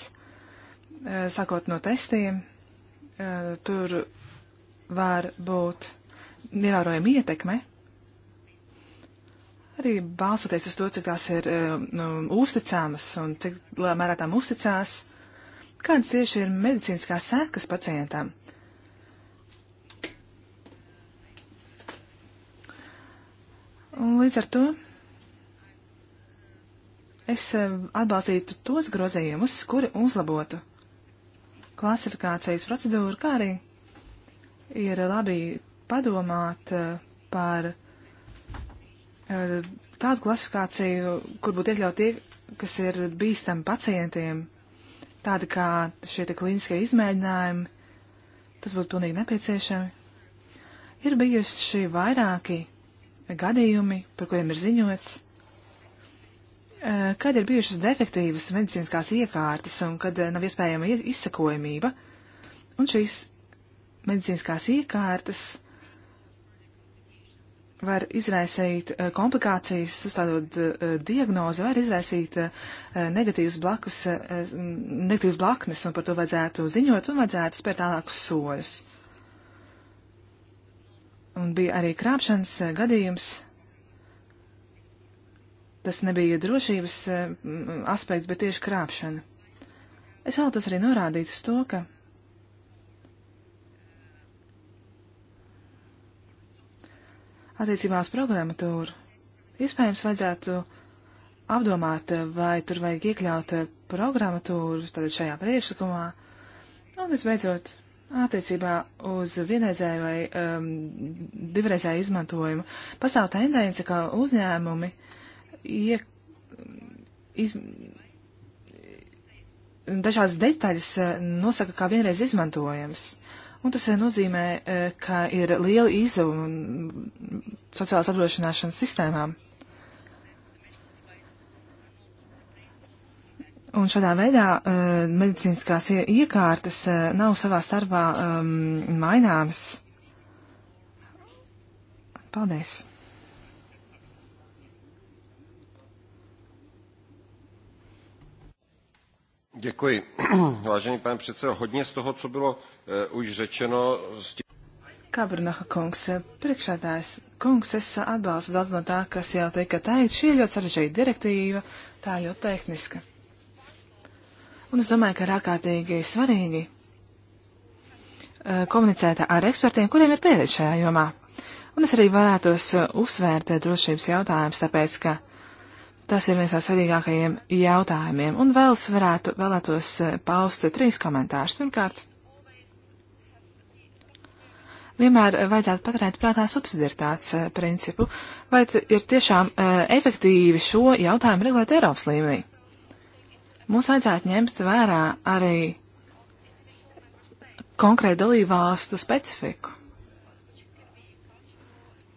eh, sakot no testiem, tur var būt ievērojama ietekme Arī balsoties uz to, cik tās ir nu, uzticamas un cik lielā mērā tām uzticās, kādas tieši ir medicīniskās sekas pacientam. Un līdz ar to es um, atbalstītu tos grozījumus, kuri uzlabotu klasifikācijas procedūru, kā arī ir labi padomāt uh, par Eh, tādu klasifikāciju, kur būtu iekļaut tie, kas ir bīstami pacientiem, tādi kā šie te klīniskie izmēģinājumi, tas būtu pilnīgi nepieciešami. Ir bijuši vairāki gadījumi, par kuriem ir ziņots, eh, kad ir bijušas defektīvas medicīniskās iekārtas un kad eh, nav iespējama izsakojamība, un šīs medicīniskās iekārtas var izraisīt eh, komplikācijas, uzstādot eh, diagnozi, var izraisīt eh, negatīvas, blakus, negatīvas blaknes, un par to vajadzētu ziņot un vajadzētu spērt tālākus soļus. Un bija arī krāpšanas gadījums. Tas nebija drošības aspekts, bet tieši krāpšana. Es vēlos arī norādīt uz to, ka attiecībā uz programmatūru. Iespējams, vajadzētu apdomāt, vai tur vajag iekļaut eh, programmatūru tātad šajā priekšlikumā. Un visbeidzot, attiecībā uz vienreizēju vai um, divreizēju izmantojumu pastāv tendence, ka uzņēmumi iek, iz, dažādas detaļas eh, nosaka kā vienreiz izmantojams. Un tas nozīmē, e, ka ir liela izdevuma sociālās apdrošināšanas sistēmām. Un šādā veidā uh, medicīniskās iekārtas uh, nav savā starpā um, maināmas. Paldies! Děkuji. Vážený pane předsedo, hodně z toho, co bylo Eh, už řečeno. Kabrnaha kungs, eh, priekšādājs kungs, es eh, atbalstu daudz no tā, kas jau tika teikt. Šī ir ļoti sarežģīta direktīva, tā ļoti tehniska. Un es domāju, ka ir ārkārtīgi svarīgi komunicēt ar ekspertiem, kuriem ir pieredze šajā jomā. Un es arī vēlētos uzsvērt drošības jautājumus, tāpēc, ka tas ir viens no svarīgākajiem jautājumiem. Un vēl es varētu vēlētos paust trīs komentārus. Pirmkārt, vienmēr eh, vajadzētu paturēt prātā subsidiaritātes eh, principu, vai ir tiešām eh, efektīvi šo jautājumu regulēt Eiropas līmenī. Mums vajadzētu ņemt vērā arī konkrētu dalībvalstu specifiku.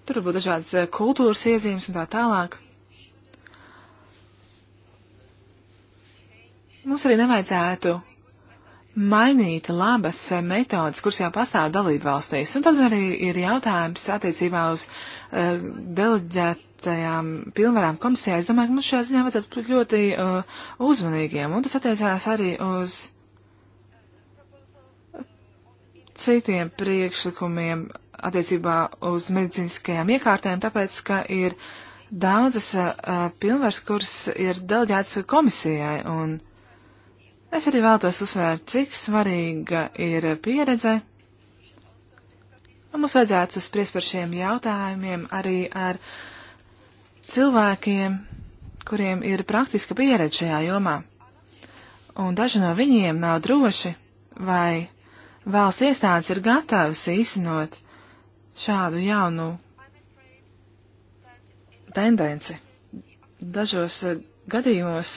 Tur būtu dažādas kultūras iezīmes un tā tālāk. Mums arī nevajadzētu mainīt labas metodas, kuras jau pastāv dalību valstīs. Un tad arī ir jautājums attiecībā uz uh, deleģētajām pilnvarām komisijā. Es domāju, ka mums šajā ziņā vajadzētu būt ļoti uh, uzmanīgiem. Un tas attiecās arī uz citiem priekšlikumiem attiecībā uz medicīniskajām iekārtēm, tāpēc, ka ir daudzas uh, pilnvars, kuras ir deleģētas komisijai. Un, uh, Es arī vēlos uzsvērt, cik svarīga ir pieredze. Mums vajadzētu spriest par šiem jautājumiem arī ar cilvēkiem, kuriem ir praktiska pieredze šajā jomā. Un daži no viņiem nav droši, vai valsts iestādes ir gatavas īstenot šādu jaunu tendenci. Dažos gadījumos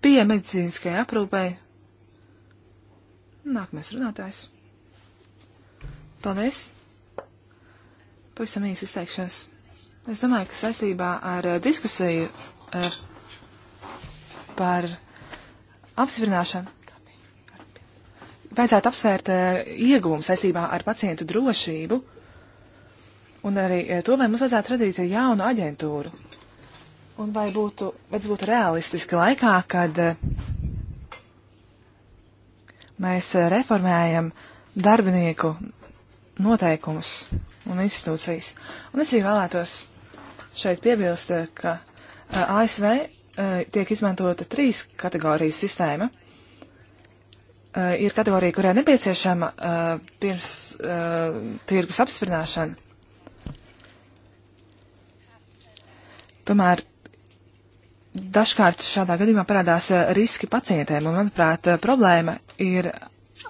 pieeja medicīniskai aprūpei Nākamais runātājs. Paldies! Pavisam īsi izteikšos. Es domāju, ka saistībā ar eh, diskusiju uh, par apsvirināšanu vajadzētu apsvērt uh, ieguvumu saistībā ar pacientu drošību un arī uh, to, vai mums vajadzētu radīt jaunu aģentūru. Un vai būtu, vai tas būtu realistiski laikā, kad uh, Mēs eh, reformējam darbinieku noteikumus un institūcijas. Un es arī vēlētos šeit piebilst, eh, ka eh, ASV tiek izmantota trīs kategorijas sistēma. Ir kategorija, kurai nepieciešama pirms tirgus apsprināšana. Tomēr dažkārt šādā gadījumā parādās eh, riski pacientiem, un, manuprāt, eh, problēma ir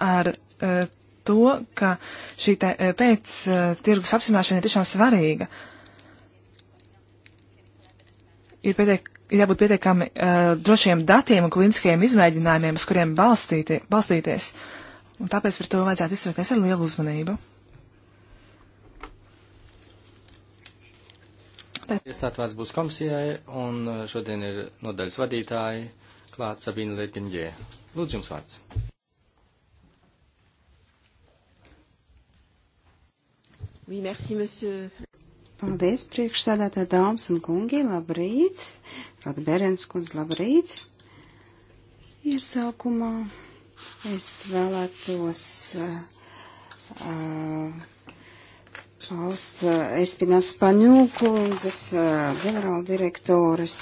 ar eh, to, ka šī pēc tirgus apzināšana ir tiešām svarīga. Ir pietiek, jābūt pietiekami uh, drošiem datiem un kliniskajiem izmēģinājumiem, uz kuriem balstīti, balstīties. Un tāpēc par to vajadzētu izturēties ar lielu uzmanību. grupai. Iestātvārds būs komisijai, un uh, šodien ir nodaļas vadītāji klāt Sabīna Leģenģē. Lūdzu, jums vārds. Oui, merci, monsieur. Paldies, priekšsēdētāji, dāmas un kungi, labrīt! Radberens kundz, labrīt! Iesākumā es vēlētos uh, uh, paust Espinas Paņūkundzes, ģenerāldirektoras.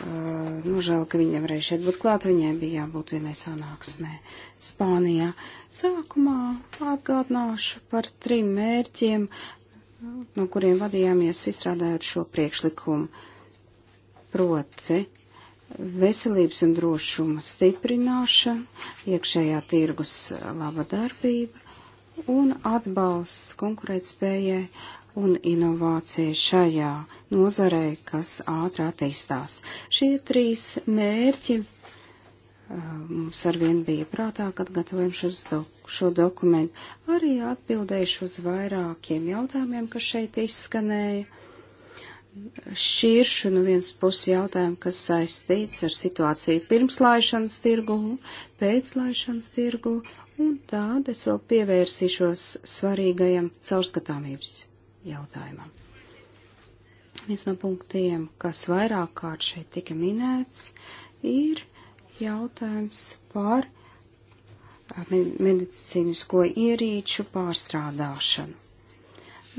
Nožēl, nu, ka viņa nevarēja šeit būt klāt, viņai bija jābūt vienai sanāksmē Spānijā. Sākumā atgādināšu par trim mērķiem, no kuriem vadījāmies izstrādājot šo priekšlikumu. Proti, veselības un drošuma stiprināšana, iekšējā tirgus laba darbība un atbalsts konkurētspējai un inovācija šajā nozarē, kas ātri attīstās. Šie trīs mērķi uh, mums arvien bija prātā, kad gatavojam šos, šo dokumentu. Arī atbildējuši uz vairākiem jautājumiem, kas šeit izskanēja. Šķiršu no nu vienas puses jautājumu, kas saistīts ar situāciju pirms laišanas tirgu, pēc laišanas tirgu Un tāda es vēl pievērsīšos svarīgajam caurskatāmības jautājumam. Viens no punktiem, kas vairāk kārt šeit tika minēts, ir jautājums par medicīnisko ierīču pārstrādāšanu.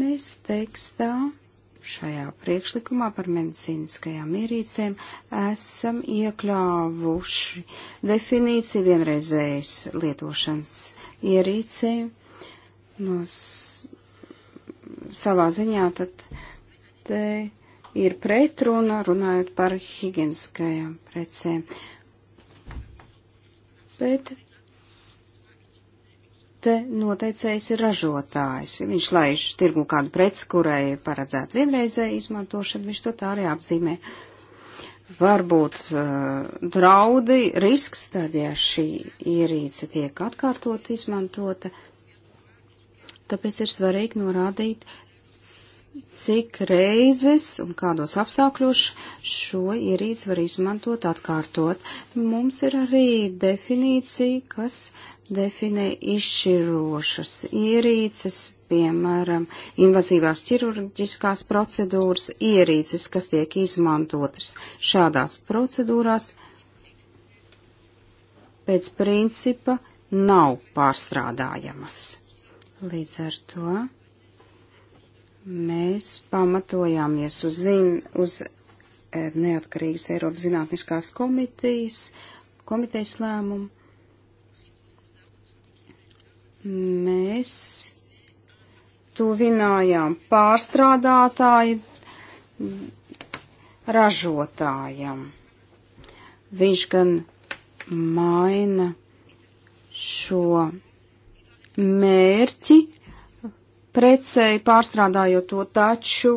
Mēs tekstā šajā priekšlikumā par medicīniskajām ierīcēm esam iekļāvuši definīciju vienreizējas lietošanas ierīcēm. No savā ziņā tad te ir pretruna runājot par higieniskajām precēm. Bet te noteicējs ir ražotājs. Viņš laiž tirgu kādu preci, kurai paredzētu vienreizēju izmantošanu, viņš to tā arī apzīmē. Varbūt uh, draudi, risks tad, ja šī ierīce tiek atkārtot izmantota. Tāpēc ir svarīgi norādīt, cik reizes un kādos apstākļos šo ierīci var izmantot atkārtot. Mums ir arī definīcija, kas uh, definē izšķirošas ierīces, piemēram, invazīvās ķirurģiskās procedūras ierīces, kas tiek izmantotas šādās procedūrās, pēc principa nav pārstrādājamas. Līdz ar to mēs pamatojāmies uz, zin, uz eh, neatkarīgas Eiropas zinātniskās komitejas, komitejas lēmumu Mēs tuvinājām pārstrādātāju ražotājam. Viņš gan maina šo mērķi precei pārstrādājot to, taču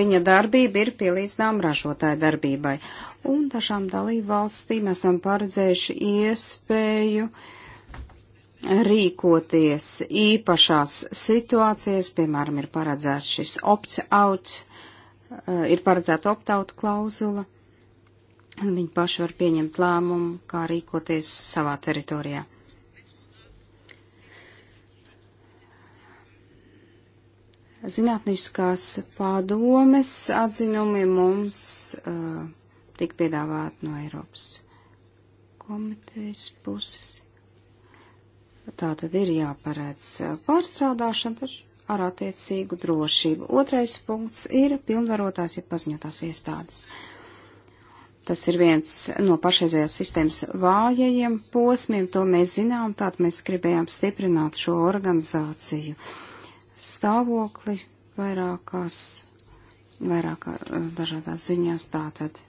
viņa darbība ir pielīdzinām ražotāja darbībai. Un dažām dalību valstīm esam paredzējuši iespēju uh, rīkoties īpašās situācijas, piemēram, ir paredzēts šis opt-out, eh, ir paredzēta opt-out klauzula, un viņi paši var pieņemt lēmumu, kā rīkoties savā teritorijā. Zinātniskās pārdomes atzinumi mums uh, tika piedāvāti no Eiropas komitejas puses. Tā tad ir jāparedz uh, pārstrādāšana taču ar attiecīgu drošību. Otrais punkts ir pilnvarotās, ja paziņotās iestādes. Tas ir viens no pašreizējās sistēmas vājajiem posmiem, to mēs zinām, tātad mēs gribējām stiprināt šo organizāciju stāvokli vairākās, vairākā uh, dažādās ziņās tātad,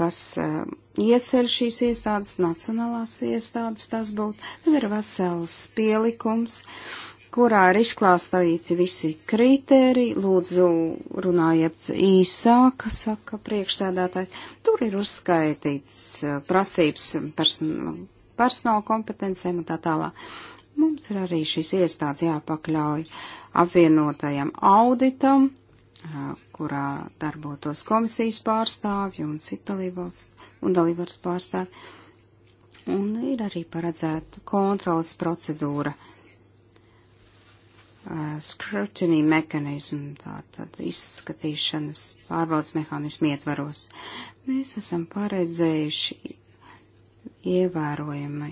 kas uh, ieceļ šīs iestādes, nacionālās iestādes tas būtu. Tad ir vesels pielikums, kurā ir izklāstīti visi kriteriji. Lūdzu, runājiet īsāk, saka priekšsēdētāji. Tur ir uzskaitīts eh, prasības person personāla kompetencēm un tā tālāk. Mums ir arī šīs iestādes jāpakļauj apvienotajam auditam, eh, kurā darbotos komisijas pārstāvju un citu dalībvalstu un dalībvaras pārstāvi. Un ir arī paredzēta kontrolas procedūra, uh, scrutiny mechanism, tātad izskatīšanas pārbaudas mehānismu ietvaros. Mēs esam paredzējuši ievērojami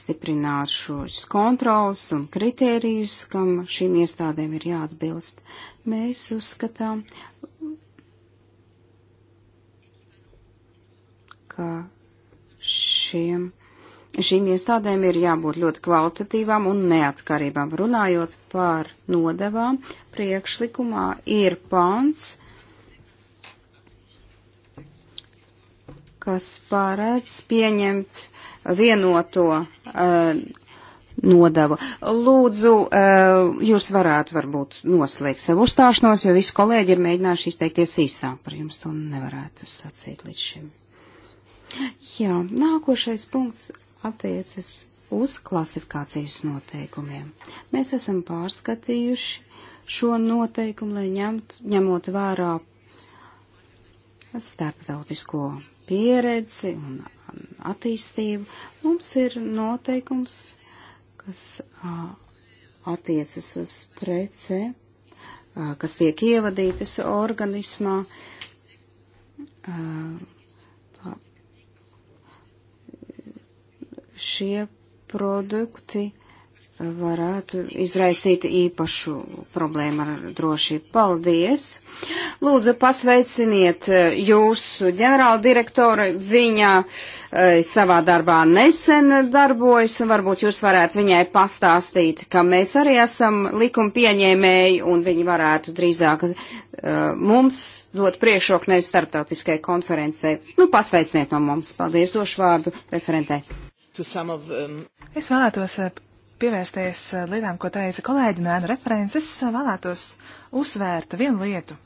stiprināt šos kontrols un kritērijus, kam šīm iestādēm ir jāatbilst. Mēs uzskatām, ka šiem, šīm iestādēm ir jābūt ļoti kvalitatīvām un neatkarībām. Runājot par nodevām, priekšlikumā ir pants, kas pārēc pieņemt vienoto uh, nodevu. Lūdzu, uh, jūs varētu varbūt noslēgt savu uzstāšanos, jo visi kolēģi ir mēģinājuši izteikties īsāk par jums, to nevarētu sacīt līdz šim. Jā, nākošais punkts attiecas uz klasifikācijas noteikumiem. Mēs esam pārskatījuši šo noteikumu, lai ņemt, ņemot vērā starptautisko pieredzi un attīstību. Mums ir noteikums, kas attiecas uz prece, kas tiek ievadītas organismā. Uh, šie produkti varētu izraisīt īpašu problēmu ar drošību. Paldies! Lūdzu, pasveiciniet eh, jūsu ģenerāldirektoru. Viņa e, savā darbā nesen darbojas, un varbūt jūs varētu viņai pastāstīt, ka mēs arī esam likuma pieņēmēji, un viņi varētu drīzāk e, mums dot priekšroku nevis starptautiskai konferencei. Nu, pasveiciniet no mums. Paldies, došu vārdu referentei of, um... Es vēlētos eh, pievērsties eh, lietām, ko teica kolēģi un ēnu referents. Es eh, vēlētos uzsvērt vienu lietu.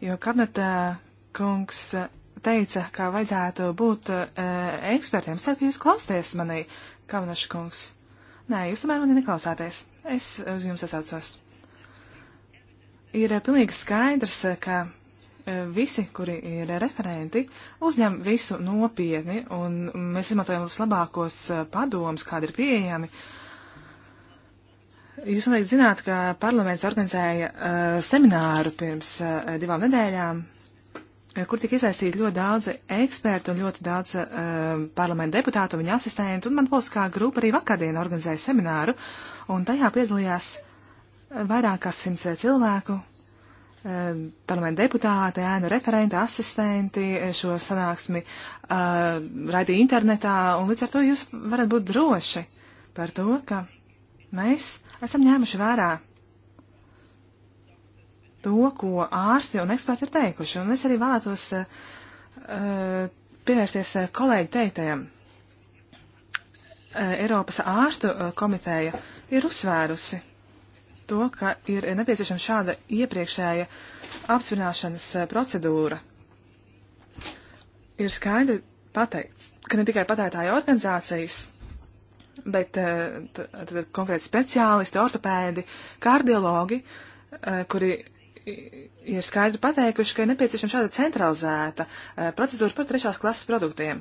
Jo kabinetā kungs teica, ka vajadzētu būt uh, ekspertiem. Ceru, ka jūs klausāties manī, Kavanaša kungs. Nē, jūs tomēr mani neklausāties. Es uz jums atsaucos. Ir pilnīgi skaidrs, ka E, visi, kuri ir referenti, uzņem visu nopietni un mēs izmantojam vislabākos e, padomus, kādi ir pieejami. Jūs noteikti zināt, ka parlaments organizēja uh, semināru pirms uh, divām nedēļām, kur tika iesaistīti ļoti daudz ekspertu un ļoti daudz uh, parlamenta deputātu un viņa asistentu, un man polskā grupa arī vakardien organizēja semināru, un tajā piedalījās vairāk kā simts cilvēku, Ehm, parlamenta deputāti, ēnu referenti, asistenti eh, šo sanāksmi uh, ehm, radīja internetā, un līdz ar to jūs varat būt droši par to, ka mēs esam ņēmuši vērā to, ko ārsti un eksperti ir teikuši, un es arī vēlētos uh, pievērsties kolēģi teiktajam. Uh, Eiropas ārstu komiteja ir uzsvērusi to, ka ir nepieciešama šāda iepriekšēja apsvināšanas eh, procedūra. Ir skaidri pateikts, ka ne tikai patērētāja organizācijas, bet eh, konkrēti speciālisti, ortopēdi, kardiologi, eh, kuri ir skaidri pateikuši, ka ir nepieciešama šāda centralizēta procedūra par trešās klases produktiem.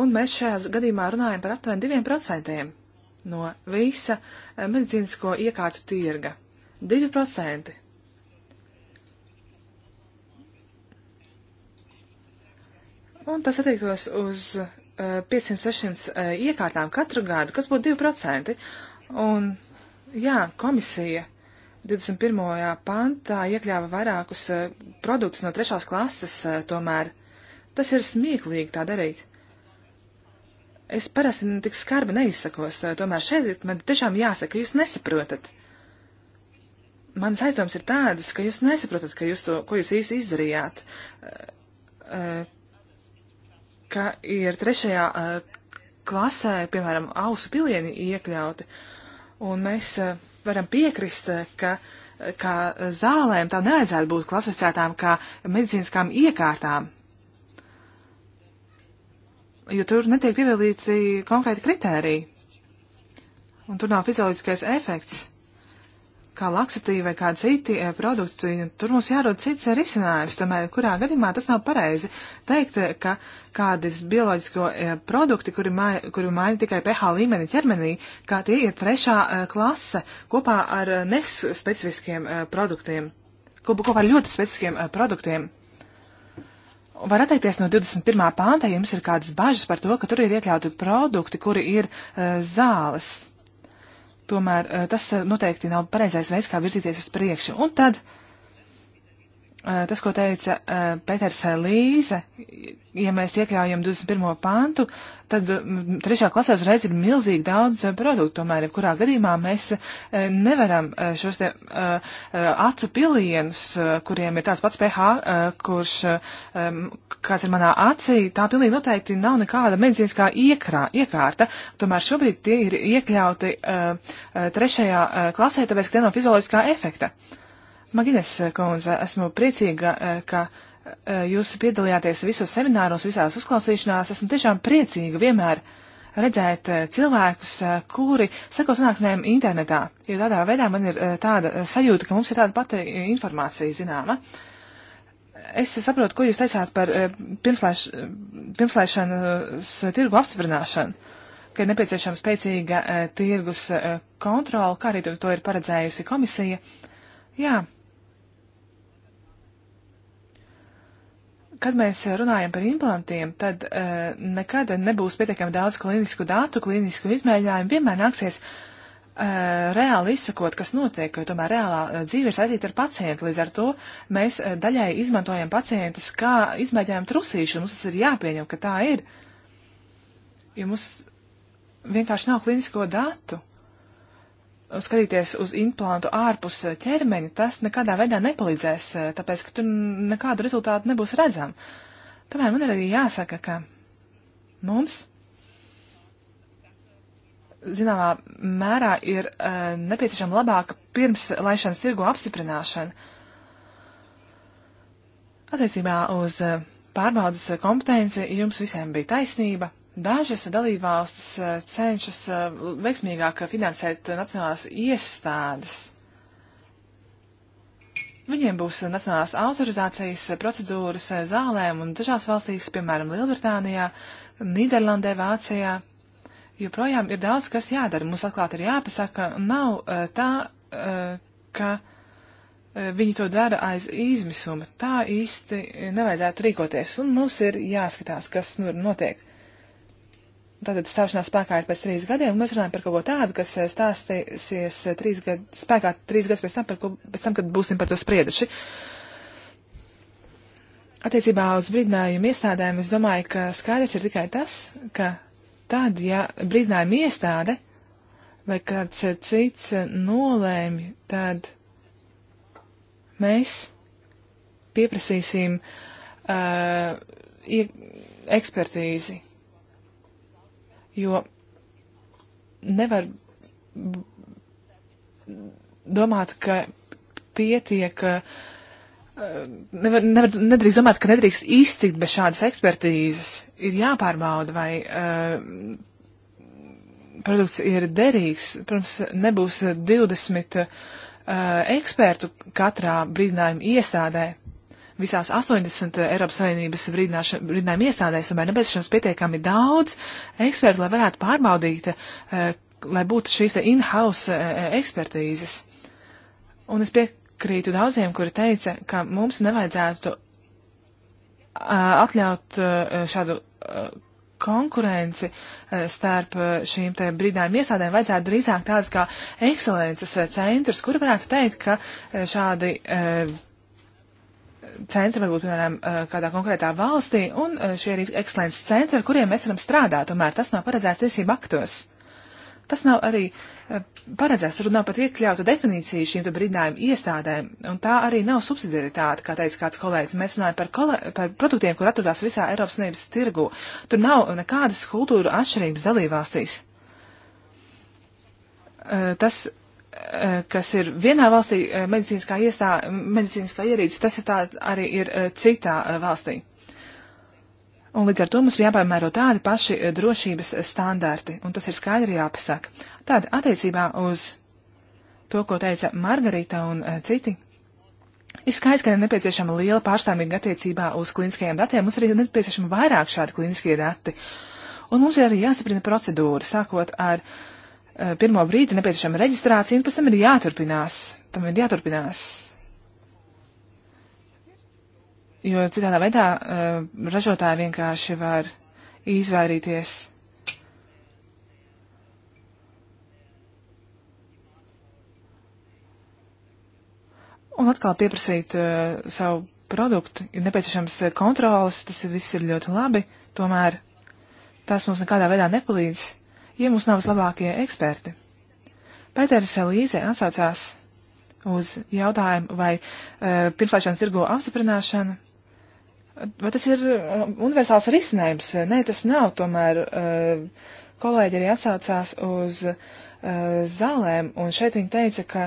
Un mēs šajā gadījumā runājam par aptuveni diviem procentiem no visa eh, medicīnisko iekārtu tirga. 2%. Un tas attiektos uz 500-600 eh, eh, iekārtām katru gadu, kas būtu 2%. Un jā, komisija 21. pantā iekļāva vairākus produktus no trešās klases, tomēr tas ir smieklīgi tā darīt. Es parasti tik skarbi neizsakos, eh, tomēr šeit man tiešām jāsaka, jūs nesaprotat. Mans aizdoms ir tādas, ka jūs nesaprotat, ka jūs to, ko jūs īsti izdarījāt, eh, eh, ka ir trešajā klasē, piemēram, ausu pilieni iekļauti, un mēs varam piekrist, ka kā zālēm tā nevajadzētu būt klasificētām kā medicīniskām iekārtām jo tur netiek pievēlīti konkrēti kritēriji. Un tur nav fizioloģiskais efekts, kā laksatīva vai kā citi eh, produkti. Tur mums jārod cits eh, risinājums. Tomēr, kurā gadījumā tas nav pareizi teikt, eh, ka kādas bioloģisko produkti, kuri, mai, kuri maina tikai pH līmeni ķermenī, kā tie ir trešā klase kopā ar nespecifiskiem produktiem, kopā ar ļoti specifiskiem produktiem var atteikties no 21. pānta, ja jums ir kādas bažas par to, ka tur ir iekļauti produkti, kuri ir uh, zāles. Tomēr uh, tas e, noteikti nav pareizais veids, kā virzīties uz priekšu. Un tad uh, Eh, tas, ko teica eh, Peters Līze, ja mēs iekļaujam 21. pantu, tad mm, trešā klasē uzreiz ir milzīgi daudz eh, produktu. Tomēr, ja kurā gadījumā mēs nevaram šos te acu pilienus, kuriem ir tāds pats pH, kurš, kāds ir manā acī, tā pilnīgi noteikti nav nekāda medicīniskā iekrā, iekārta. Tomēr šobrīd tie ir iekļauti trešajā klasē, tāpēc, ka tie nav fizioloģiskā efekta. Uh, Magines eh, kundze, esmu priecīga, eh, ka eh, jūs piedalījāties visos semināros, visās uzklausīšanās. Esmu tiešām priecīga vienmēr redzēt cilvēkus, kuri seko sanāksmēm internetā, jo tādā veidā man ir tāda sajūta, ka mums ir tāda pati informācija zināma. Es saprotu, ko jūs teicāt par pirmslēš, pirmslēšanas tirgu apstiprināšanu, ka ir nepieciešama spēcīga tirgus kontrola, kā arī to ir paredzējusi komisija. Jā, kad mēs eh, runājam par implantiem, tad uh, nekad nebūs pietiekami daudz klīnisku datu, klīnisku izmēģinājumu. Vienmēr nāksies uh, reāli izsakot, kas notiek, jo tomēr reālā dzīve ir saistīta ar pacientu. Līdz ar to mēs uh, daļai izmantojam pacientus kā izmēģinājumu trusīšanu. Mums tas ir jāpieņem, ka tā ir. Jo mums vienkārši nav klīnisko datu skatīties uz implantu ārpus eh, ķermeņa, tas nekādā veidā nepalīdzēs, eh, tāpēc, ka tur nekādu rezultātu nebūs redzam. Tomēr man ir arī jāsaka, ka mums, zināmā mērā, ir uh, nepieciešama labāka pirms laišanas tirgu apstiprināšana. Attiecībā uz pārbaudas kompetenci jums visiem bija taisnība. Dažas dalībvalstis eh, cenšas eh, veiksmīgāk eh, finansēt nacionālās iestādes. Viņiem būs nacionālās autorizācijas procedūras zālēm un dažās valstīs, piemēram, Lielbritānijā, Nīderlandē, Vācijā. Joprojām ir daudz, kas jādara. Mums atklāti ir jāpasaka, nav tā, ka viņi to dara aiz izmisuma. Tā īsti nevajadzētu rīkoties, un mums ir jāskatās, kas nu notiek tātad stāšanās spēkā ir pēc trīs gadiem, un mēs runājam par kaut ko tādu, kas eh, stāstīsies eh, trīs gadu, spēkā trīs gadus pēc tam, par ko, pēc tam, kad būsim par to sprieduši. Attiecībā uz brīdinājumu iestādēm es domāju, ka skaidrs ir tikai tas, ka tad, ja brīdinājuma iestāde vai kāds eh, cits nolēmj, tad mēs pieprasīsim uh, ekspertīzi jo nevar domāt, ka pietiek, eh, nevar, nevar, nedrīkst domāt, ka nedrīkst iztikt bez šādas ekspertīzes. Ir jāpārbauda, vai uh, produkts ir derīgs. Protams, nebūs 20 uh, eh, ekspertu katrā brīdinājuma iestādē visās 80 eh, Eiropas Savienības brīdinājuma iestādēs, tomēr nebeidzams pietiekami daudz ekspertu, lai varētu pārbaudīt, eh, lai būtu šīs in-house eh, ekspertīzes. Un es piekrītu daudziem, kuri teica, ka mums nevajadzētu atļaut šādu konkurenci starp šīm te brīdinājuma iestādēm vajadzētu drīzāk tādas kā ekscelences centrus, kuri varētu teikt, ka šādi centri varbūt, piemēram, eh, kādā konkrētā valstī, un eh, šie arī ekscelences centri, ar kuriem mēs varam strādāt, tomēr tas nav paredzēts tiesību aktos. Tas nav arī eh, paredzēts, tur nav pat iekļauta definīcija šīm brīdinājumu iestādēm, un tā arī nav subsidiaritāte, kā teica kāds kolēģis. Mēs runājam par, kole, par produktiem, kur atrodās visā Eiropas Savienības tirgu. Tur nav nekādas kultūra atšķirības dalībvalstīs. Tas Eh, kas ir vienā valstī eh, medicīniskā, iestā, medicīniskā ierīce, tas ir tā arī ir eh, citā valstī. Un līdz ar to mums ir jāpiemēro tādi paši drošības standarti, un tas ir skaidri jāpasaka. Tad attiecībā uz to, ko teica Margarita un citi, ir skaidrs, ka ir nepieciešama liela pārstāvīga attiecībā uz klīniskajiem datiem. Mums arī ir nepieciešama vairāk šādi klīniskie dati. Un mums ir arī jāsaprina procedūra, sākot ar uh, Eh, pirmo brīdi nepieciešama reģistrācija, un pēc tam ir jāturpinās. Tam ir jāturpinās. Jo citādā veidā uh, ražotāji vienkārši var izvairīties. Un atkal pieprasīt uh, savu produktu, ir nepieciešams kontrolas, tas viss ir ļoti labi, tomēr tas mums nekādā veidā nepalīdz ja mums nav vislabākie eksperti. Pēters Līze atsaucās uz jautājumu, vai uh, e, pirmslēgšanas tirgo apstiprināšana, vai tas ir uh, universāls risinājums? Nē, tas nav. Tomēr uh, kolēģi arī atsaucās uz uh, zālēm, un šeit viņi teica, ka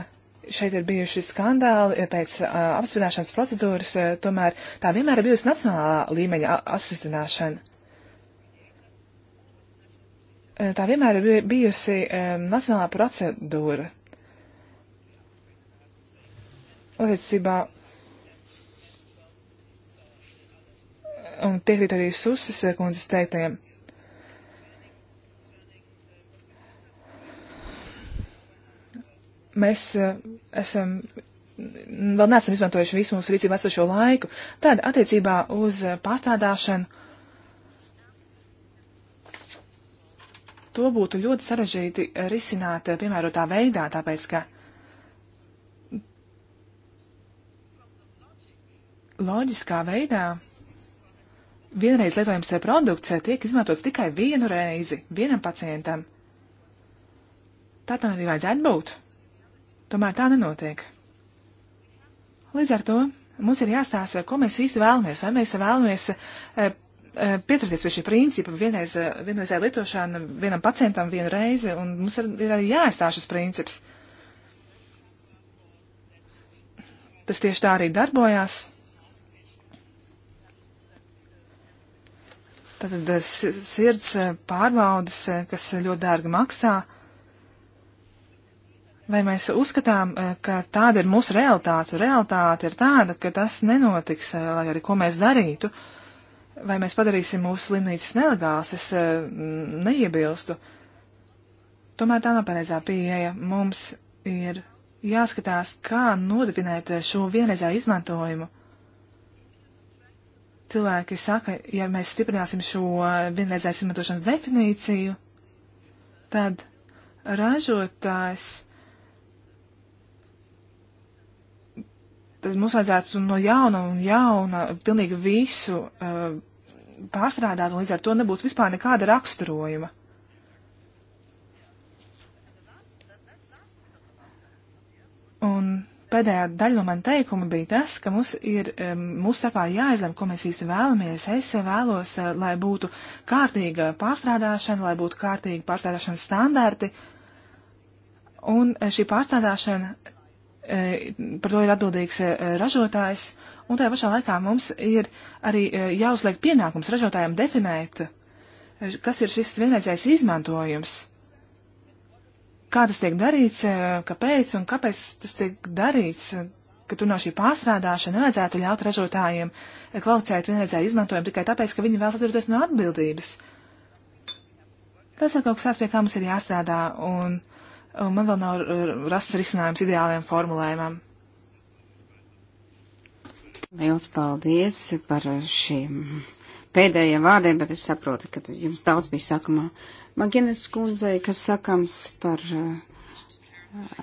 šeit ir bijuši skandāli pēc uh, apstiprināšanas procedūras, uh, tomēr tā vienmēr ir bijusi nacionālā līmeņa apstiprināšana. Eh, tā vienmēr ir bijusi eh, nacionālā procedūra. Attiecībā un piekrīt arī Susas eh, kundzes teiktajiem. Mēs uh, esam, vēl neesam izmantojuši visu mūsu rīcībā esošo laiku. Tad attiecībā uz pārstrādāšanu to būtu ļoti sarežģīti eh, risināt eh, piemērotā veidā, tāpēc ka loģiskā veidā vienreiz lietojams eh, produkts tiek izmantots tikai vienu reizi vienam pacientam. Tā tam arī vajadzētu būt. Tomēr tā nenotiek. Līdz ar to mums ir jāstāsta, ko mēs īsti vēlamies, vai mēs vēlamies Eh, pieturēties pie šī principa vienreiz, eh, vienreizē lietošana vienam pacientam vienu reizi, un mums ir, ir arī jāaizstāv šis princips. Tas tieši tā arī darbojās. Tātad eh, sirds pārbaudas, kas ļoti dārgi maksā. Vai mēs uzskatām, ka tāda ir mūsu realitāte? Realitāte ir tāda, ka tas nenotiks, lai arī ko mēs darītu. Uh, vai mēs padarīsim mūsu slimnīcas nelegāls, es eh, neiebilstu. Tomēr tā nav pareizā pieeja. Mums ir jāskatās, kā nodefinēt eh, šo vienreizēju izmantojumu. Cilvēki saka, ja mēs stiprināsim šo vienreizējas izmantošanas definīciju, tad ražotājs, tad mums vajadzētu no jauna un jauna pilnīgi visu uh, pārstrādāt, un līdz ar to nebūtu vispār nekāda raksturojuma. Un pēdējā daļa no man teikuma bija tas, ka mums ir mūsu starpā jāizlem, ko mēs īsti vēlamies. Es vēlos, eh, lai būtu kārtīga pārstrādāšana, lai būtu kārtīgi pārstrādāšanas standarti. Un eh, šī pārstrādāšana, eh, par to ir atbildīgs ražotājs un tajā pašā laikā mums ir arī e, jāuzliek pienākums ražotājiem definēt, e, kas ir šis vienreizējais izmantojums, kā tas tiek darīts, e, kāpēc un kāpēc tas tiek darīts, ka tur nav šī pārstrādāšana, nevajadzētu ļaut ražotājiem kvalificēt vienreizēju izmantojumu tikai tāpēc, ka viņi vēl atturēties no atbildības. Tas ir kaut kas tāds, pie kā mums ir jāstrādā, un, un man vēl nav rasts risinājums ideāliem formulējumam. Liels paldies par šiem pēdējiem vārdiem, bet es saprotu, ka jums daudz bija sakamā. Maginets kundzei, kas sakams par uh,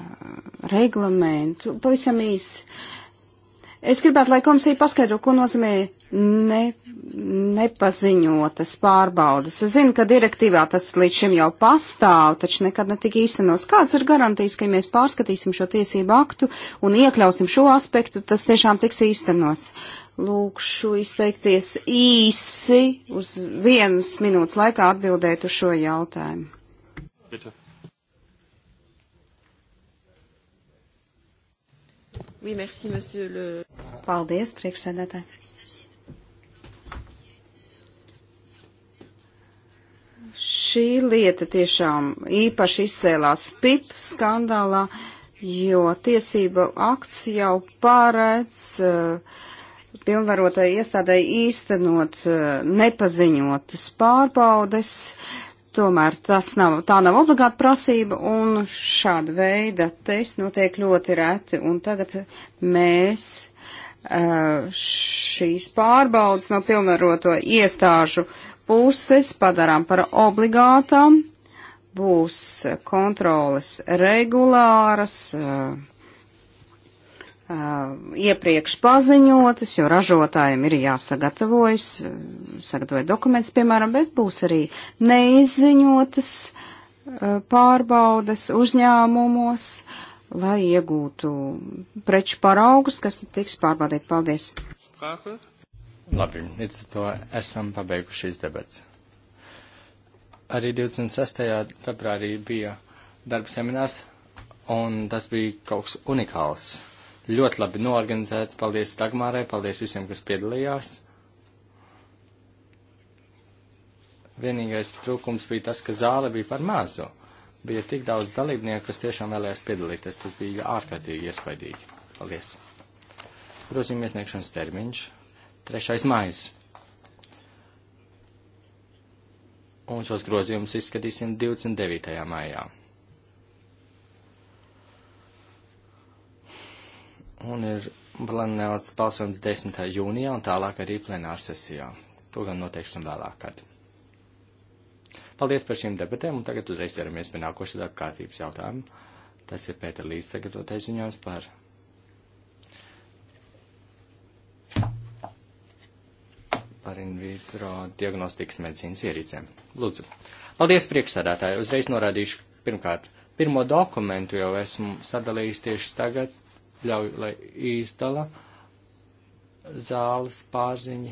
reglamentu, pavisam īsi. Uh, Es gribētu, lai komisija paskaidro, ko nozīmē ne, nepaziņotas pārbaudas. Es zinu, ka direktīvā tas līdz šim jau pastāv, taču nekad netika īstenos. Kāds ir garantijas, ka ja mēs pārskatīsim šo tiesību aktu un iekļausim šo aspektu, tas tiešām tiks īstenos? Lūkšu izteikties īsi uz vienas minūtes laikā atbildēt uz šo jautājumu. Bitte. Oui, merci, monsieur le. Paldies, priekšsēdētāji. Šī lieta tiešām īpaši izcēlās PIP skandālā, jo tiesība akts jau pārēdz uh, eh, pilnvarotai iestādai īstenot uh, nepaziņotas pārbaudes. Uh, Tomēr tas nav, tā nav obligāta prasība, un šāda veida tests notiek ļoti reti, un tagad mēs uh, šīs pārbaudas no pilnvaroto iestāžu puses padarām par obligātām, būs kontroles regulāras, uh, Uh, iepriekš paziņotas, jo ražotājiem ir jāsagatavojas, uh, sagatavoja dokumentus, piemēram, bet būs arī neizziņotas uh, pārbaudas uzņēmumos, lai iegūtu preču paraugus, kas tiks pārbaudīti. Paldies! Sprache. Labi, līdz ar to esam pabeiguši šīs debats. Arī 26. februārī bija darba seminārs, un tas bija kaut kas unikāls Ļoti labi norganizēts. Paldies Dagmārai, paldies visiem, kas piedalījās. Vienīgais trūkums bija tas, ka zāle bija par mazu. Bija tik daudz dalībnieku, kas tiešām vēlējās piedalīties. Tas bija ārkārtīgi iespaidīgi. Paldies. Grozījuma iesniegšanas termiņš 3. maijas. Un šos grozījumus izskatīsim 29. maijā. un ir plānots balsojums 10. jūnijā un tālāk arī plenārsesijā. To gan noteiksim vēlāk. Kad. Paldies par šīm debatēm, un tagad uzreiz ķeramies pie nākošā darba kārtības jautājuma. Tas ir Pēter Līs sagatavotais ziņojums par. par in vitro diagnostikas medicīnas ierīcēm. Lūdzu. Paldies, priekšsādātāji. Uzreiz norādīšu pirmkārt. Pirmo dokumentu jau esmu sadalījis tieši tagad ļauj, lai izdala zāles pārziņi,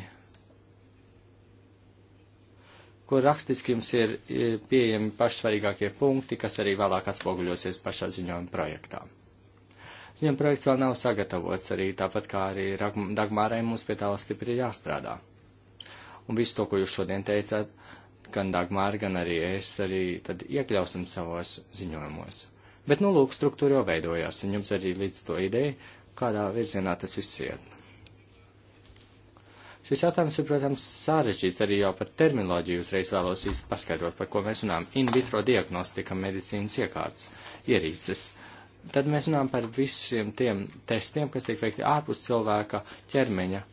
kur rakstiski jums ir e, pieejami pašsvarīgākie punkti, kas arī vēlāk atspoguļosies pašā ziņojuma projektā. Ziņojuma projekts vēl nav sagatavots, arī tāpat kā arī Dagmārai mums pie tā vēl stipri ir jāstrādā. Un visu to, ko jūs šodien teicāt, gan Dagmāra, gan arī es arī tad iekļausim savos ziņojumos. Bet, nu, lūk, struktūra jau veidojās, un jums arī līdz to ideja, kādā virzienā tas viss iet. Šis jautājums ir, protams, sarežģīts arī jau par terminoloģiju. Uzreiz vēlos īsti paskaidrot, par ko mēs runājam. In vitro diagnostika medicīnas iekārtas, ierīces. Tad mēs runājam par visiem tiem testiem, kas tiek veikti ārpus cilvēka ķermeņa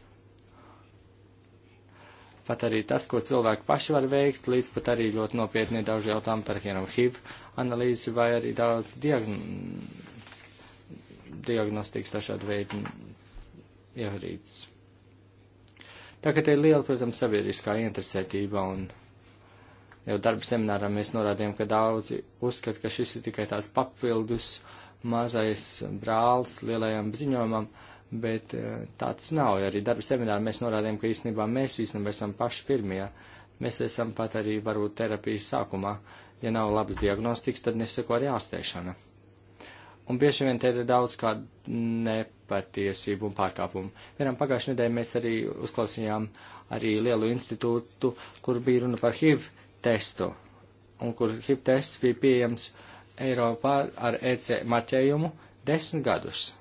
pat arī tas, ko cilvēki paši var veikt, līdz pat arī ļoti nopietni daudz jautājumu par hienam HIV analīzi vai arī daudz diagn... diagnostikas dažādu veidu ierīces. Tā kā te ir liela, protams, sabiedriskā interesētība un jau darba seminārā mēs norādījām, ka daudzi uzskata, ka šis ir tikai tās papildus mazais brālis lielajam ziņojumam. Uh, bet eh, tāds nav. Arī darba seminārā mēs norādījām, ka īstenībā mēs īstenībā esam paši pirmie. Mēs esam pat arī varbūt terapijas sākumā. Ja nav labas diagnostikas, tad neseko arī ārstēšana. Un bieži vien te ir daudz kādu nepatiesību un pārkāpumu. Vienam pagājušajā nedēļā mēs arī uzklausījām arī lielu institūtu, kur bija runa par HIV testu, un kur HIV tests bija pieejams Eiropā ar EC marķējumu desmit gadus.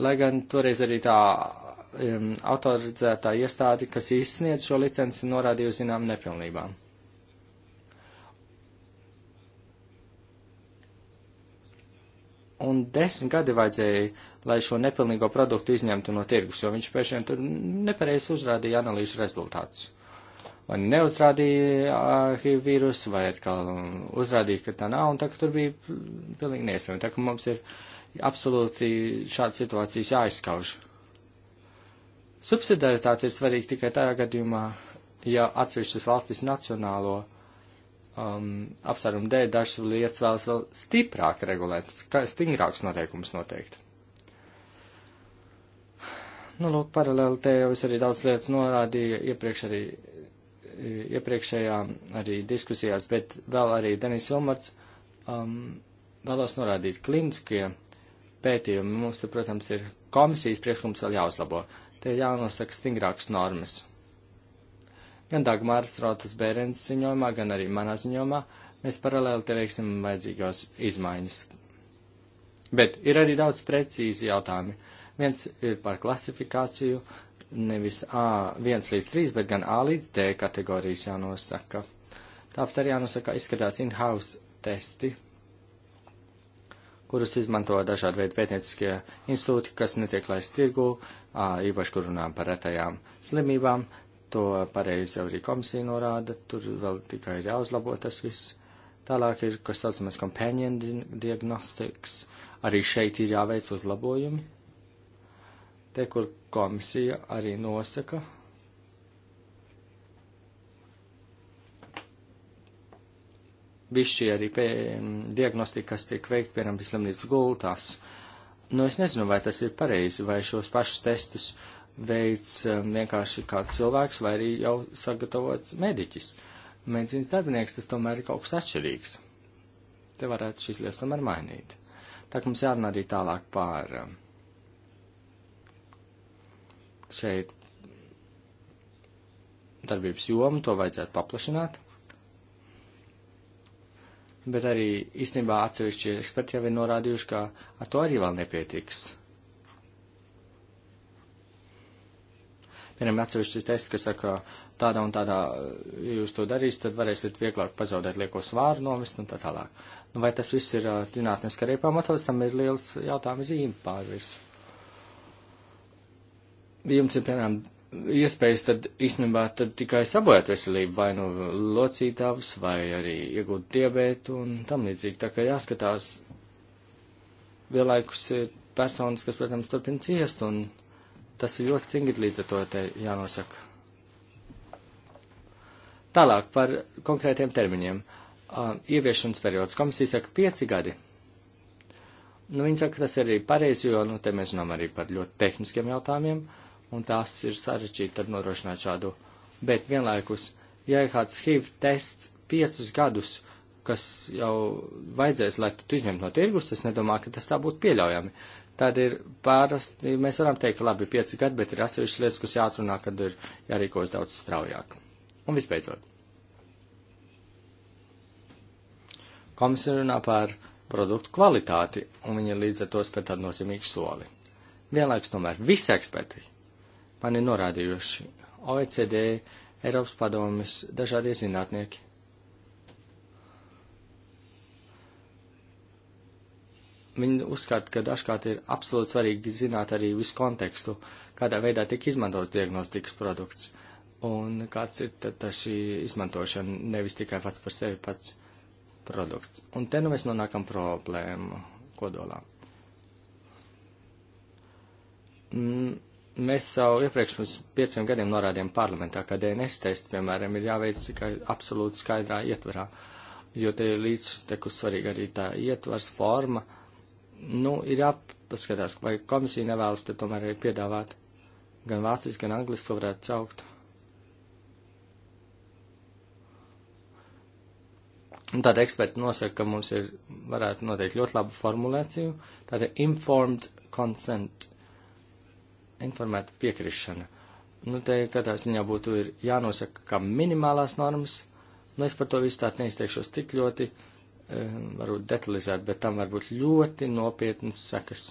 lai gan toreiz arī tā um, autorizētā iestāde, kas izsniedz šo licenci, norādīja uz zinām nepilnībām. Un desmit gadi vajadzēja, lai šo nepilnīgo produktu izņemtu no tirgus, jo viņš pēkšņi tur nepareizi uzrādīja analīžu rezultātus. Vai nu neuzrādīja HIV vīrusu, vai atkal uzrādīja, ka tā nav, un tā, ka tur bija pilnīgi neiespējami. Tā, ka mums ir uh, absolūti šādas situācijas jāizskauž. Subsidiaritāte ir svarīga tikai tajā gadījumā, ja atsevišķas valstis nacionālo um, apsvērumu dēļ dažas lietas vēlas vēl stiprāk regulēt, kā stingrāks noteikums noteikti. Nu, lūk, paralēli te jau es arī daudz lietas norādīju iepriekš arī, iepriekšējā arī diskusijās, bet vēl arī Denis Ilmarts um, vēlos norādīt klīniskie pētījumi. Mums, te, protams, ir komisijas priekšlikums vēl jāuzlabo. Te ir jānosaka stingrākas normas. Gan Dagmāras Rotas Bērens ziņojumā, gan arī manā ziņojumā mēs paralēli te veiksim vajadzīgos izmaiņas. Bet ir arī daudz precīzi jautājumi. Viens ir par klasifikāciju, nevis A1 līdz 3, bet gan A līdz D kategorijas jānosaka. Tāpat arī jānosaka, izskatās in-house testi, kurus izmanto dažādi veidi pētnieciskie institūti, kas netiek laist tirgu, īpaši, kur runājam par retajām slimībām. To pareizi jau arī komisija norāda, tur vēl tikai ir jāuzlabo tas viss. Tālāk ir, kas saucamies, companion diagnostics. Arī šeit ir jāveic uzlabojumi. Te, kur komisija arī nosaka visi šie arī pie, diagnostika, kas tiek veikt, piemēram, slimnīcas gultās. Nu, es nezinu, vai tas ir pareizi, vai šos pašus testus veids vienkārši kāds cilvēks, vai arī jau sagatavots mediķis. Medicīnas darbinieks tas tomēr ir kaut kas atšķirīgs. Te varētu šīs lietas tomēr mainīt. Tā kā mums jārunā arī tālāk pār šeit darbības jomu, to vajadzētu paplašināt bet arī īstenībā atsevišķi eksperti jau ir norādījuši, ka ar to arī vēl nepietiks. Piemēram, atsevišķi tests, kas saka, tādā un tādā jūs to darīs, tad varēsiet vieglāk pazaudēt lieko svāru nomest un tā tālāk. Nu, vai tas viss ir zinātniski arī pamatots, tam ir liels jautājums zīme pārvis. Jums ir, piemēram, iespējas tad īstenībā tad tikai sabojāt veselību vai nu no locītavas, vai arī iegūt diabētu un tam līdzīgi. Tā kā jāskatās, vienlaikus ir personas, kas, protams, turpina ciest, un tas ir ļoti stingri līdz ar to te jānosaka. Tālāk par konkrētiem termiņiem. Uh, ieviešanas periods. Komisija saka pieci gadi. Nu, viņa saka, tas ir arī pareizi, jo, nu, te mēs runājam arī par ļoti tehniskiem jautājumiem. Uh, un tās ir sarežģīti tad nodrošināt šādu. Bet vienlaikus, ja ir kāds HIV tests piecus gadus, kas jau vajadzēs, lai tu izņemtu no tirgus, es nedomāju, ka tas tā būtu pieļaujami. Tad ir pārasti, mēs varam teikt, ka labi, pieci gadi, bet ir atsevišķas lietas, kas jāatrunā, kad ir jārīkos daudz straujāk. Un visbeidzot. Komisija runā par produktu kvalitāti, un viņi līdz ar to spēr tādu nozīmīgu soli. Vienlaiks tomēr visi eksperti, man ir norādījuši OECD, Eiropas padomas, dažādie zinātnieki. Viņi uzskata, ka dažkārt ir absolūti svarīgi zināt arī visu kontekstu, kādā veidā tiek izmantots diagnostikas produkts un kāds ir tā šī izmantošana, nevis tikai pats par sevi pats produkts. Un te nu mēs nonākam problēmu kodolā. Mm Mēs jau iepriekš mums pieciem gadiem norādījām parlamentā, ka DNS testi, piemēram, ir jāveic tikai absolūti skaidrā ietverā, jo te ir līdz teku svarīga arī tā ietvars, forma. Nu, ir jāpaskatās, vai komisija nevēlas te tomēr arī piedāvāt gan vāciski, gan angliski to varētu caukt. Un tad eksperti nosaka, ka mums ir, varētu noteikt ļoti labu formulāciju, tāda informed consent informēta piekrišana. Nu, te katrā ziņā būtu jānosaka, kā minimālās normas, nu, es par to visu tādu neizteikšos tik ļoti, eh, varbūt detalizēt, bet tam var būt ļoti nopietnas sekas,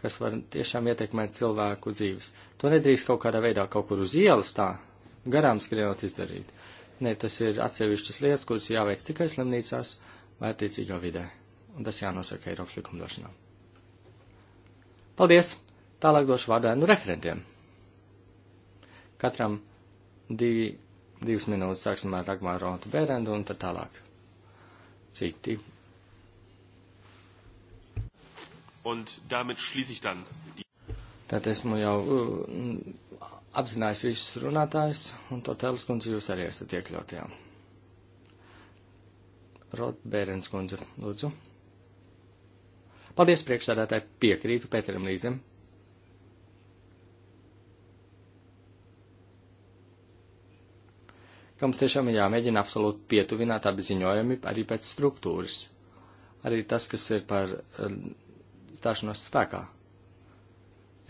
kas var tiešām ietekmēt cilvēku dzīves. To nedrīkst kaut kādā veidā kaut kur uz ielas tā, garām skrienot izdarīt. Nē, tas ir atsevišķas lietas, kuras jāveic tikai slimnīcās vai attiecīgā vidē. Un tas jānosaka Eiropas likumdošanā. Paldies! Tālāk došu vārdu ēnu referentiem. Katram divi, divas minūtes sāksim ar Ragmāru Rotu Bērendu un tad tālāk. Citi. Und damit schließe ich dann. Tad esmu jau uh, apzinājis visus runātājus, un to tēlas kundze jūs arī esat iekļautajā. Rot Bērens kundze, lūdzu. Paldies priekšsādātāji, piekrītu Pēteram Līzem. ka mums tiešām ir jāmēģina absolūti pietuvināt abi ziņojumi arī pēc struktūras. Arī tas, kas ir par um, stāšanos spēkā.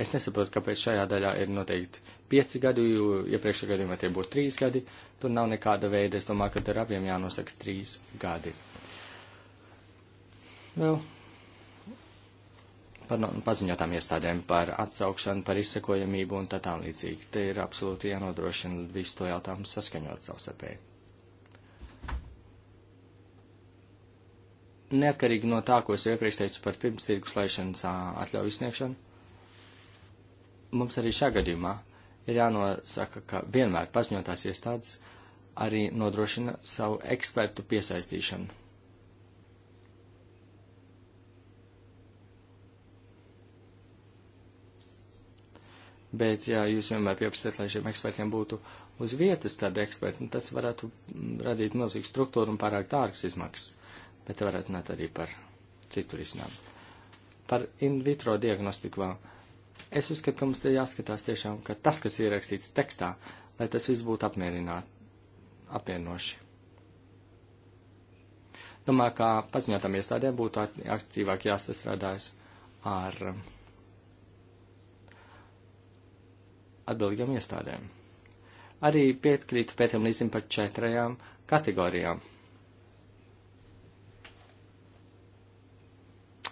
Es nesaprotu, kāpēc šajā daļā ir noteikti pieci gadi, jo iepriekšējā gadījumā tie būtu trīs gadi. Tur nav nekāda veida, es domāju, ka ar abiem jānosaka trīs gadi. Vēl. Well paziņotām iestādēm par atsaukšanu, par izsekojamību un tā tālāk līdzīgi. Te ir absolūti jānodrošina visu to jautājumu saskaņot savstarpēji. Neatkarīgi no tā, ko es iepriekš teicu par pirms tirgus laišanas atļauju sniegšanu, mums arī šā gadījumā ir jānosaka, ka vienmēr paziņotās iestādes arī nodrošina savu ekspertu piesaistīšanu Bet, ja jūs vienmēr pieprasat, lai šiem ekspertiem būtu uz vietas tādi eksperti, nu, tas varētu mm, radīt milzīgu struktūru un pārāk dārgas izmaksas. Bet varētu runāt arī par citu risinājumu. Par in vitro diagnostiku vēl. Es uzskatu, ka mums te jāskatās tiešām, ka tas, kas ir rakstīts tekstā, lai tas viss būtu apmierinoši. Domāju, ka paziņotām iestādēm būtu aktīvāk jāsastrādājas ar. Um, atbildīgām iestādēm. Arī piekrītu pētījumam līdzim par četrajām kategorijām.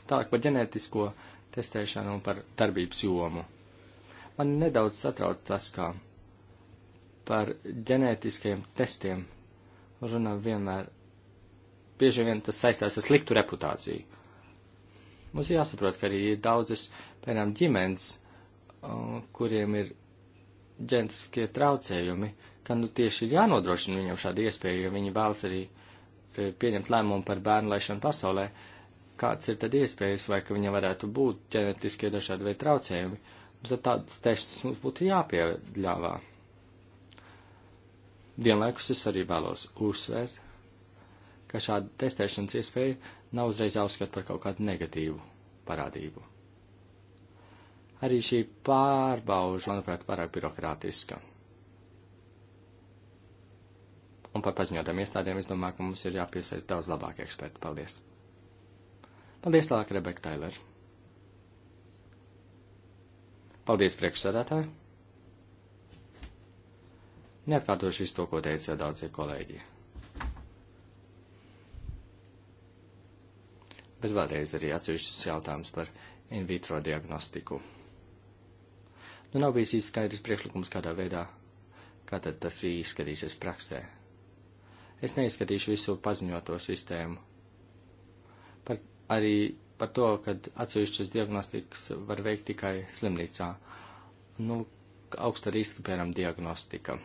Tālāk par ģenētisko testēšanu un par darbības jomu. Man nedaudz satrauc tas, kā par ģenētiskiem testiem runā vienmēr. Bieži vien tas saistās ar sliktu reputāciju. Mums jāsaprot, ka arī ir daudzas, piemēram, ģimenes, uh, kuriem ir ģentiskie traucējumi, ka nu tieši ir jānodrošina viņam šāda iespēja, jo viņi vēlas arī e, pieņemt lēmumu par bērnu laišanu pasaulē, kāds ir tad iespējas vai ka viņam varētu būt ģenetiskie dažādi vai traucējumi, nu, tad tāds tests mums būtu jāpieļāvā. Vienlaikus es arī vēlos uzsvērt, ka šāda testēšanas iespēja nav uzreiz jāuzskata par kaut kādu negatīvu parādību. Arī šī pārbauža, manuprāt, pārāk birokrātiska. Un par paziņotām iestādēm es domāju, ka mums ir jāpiesaist daudz labāki eksperti. Paldies! Paldies tālāk, Rebeka Tailer! Paldies, priekšsēdētāji! Neatkārtošu visu to, ko teica daudzie kolēģi. Bet vēlreiz arī atsevišķas jautājums par in vitro diagnostiku. Nu, nav bijis īsti skaidrs priekšlikums kādā veidā, kā tad tas izskatīsies praksē. Es neizskatīšu visu paziņoto sistēmu. Par, arī par to, ka atsevišķas diagnostikas var veikt tikai slimnīcā. Nu, augsta riska, piemēram, diagnostika.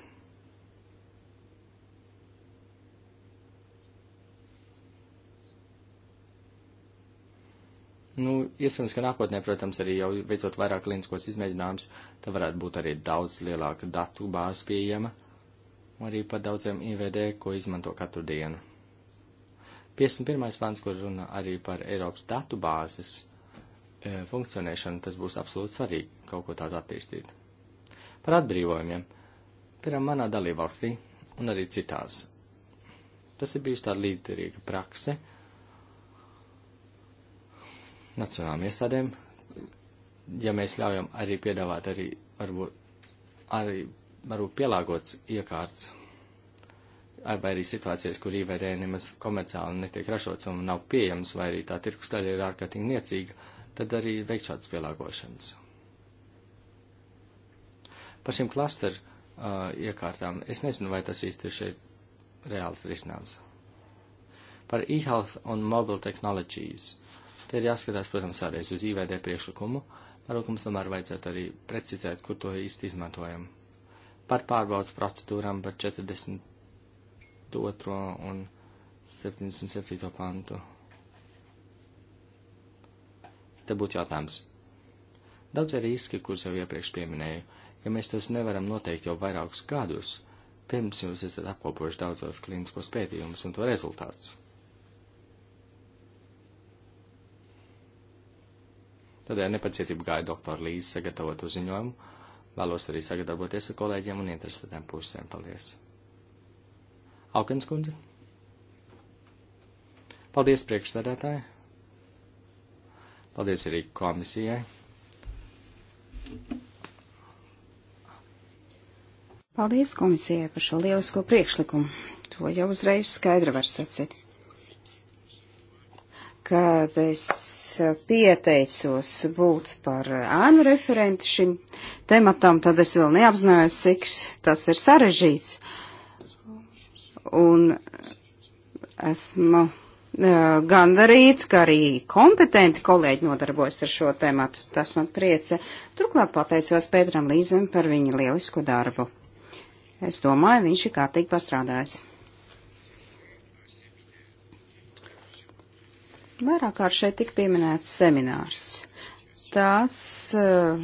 Nu, iespējams, ka nākotnē, protams, arī jau veicot vairāk kliniskos izmēģinājumus, te varētu būt arī daudz lielāka datu bāze pieejama, arī par daudziem IVD, ko izmanto katru dienu. 51. pāns, kur runa arī par Eiropas datu bāzes e, funkcionēšanu, tas būs absolūti svarīgi kaut ko tādu attīstīt. Par atbrīvojumiem. Piemēram, manā dalībvalstī un arī citās. Tas ir bijis tāda līderīga prakse nacionālām iestādēm, ja mēs ļaujam arī piedāvāt arī varbūt, arī varbūt pielāgots iekārts, vai arī situācijas, kur IVD nemaz komerciāli netiek ražots un nav pieejams, vai arī tā tirkus daļa ir ārkārtīgi niecīga, tad arī veikt šādas pielāgošanas. Par šiem klasteru uh, iekārtām es nezinu, vai tas īsti ir šeit reāls risinājums. Par e-health un mobile technologies. Uh, Te ir jāskatās, protams, arī uz IVD priekšlikumu, varbūt mums tomēr vajadzētu arī precizēt, kur to īsti izmantojam. Par pārbaudas procedūrām par 42. un 77. pantu. Te būtu jautājums. Daudz ir riski, kurus jau iepriekš pieminēju, ja mēs tos nevaram noteikt jau vairākus gadus, pirms jūs esat apkopojuši daudzos klīniskos pētījumus un to rezultātus. Tādēļ nepacietību gāja doktora Līza sagatavot uzziņojumu. Vēlos arī sagatavoties ar kolēģiem un interesantiem pusēm. Paldies! Aukens kundze! Paldies priekšsēdētāji! Paldies arī komisijai! Paldies komisijai par šo lielisko priekšlikumu. To jau uzreiz skaidri var sacīt kad es pieteicos būt par ēnu referentu šim tematam, tad es vēl neapzinājos, cik tas ir sarežģīts. Un esmu gandarīt, ka arī kompetenti kolēģi nodarbojas ar šo tēmatu. Tas man prieca. Turklāt pateicos Pēteram Līzem par viņa lielisko darbu. Es domāju, viņš ir kārtīgi pastrādājis. Vairāk kārt šeit tik pieminēts seminārs. Tās uh,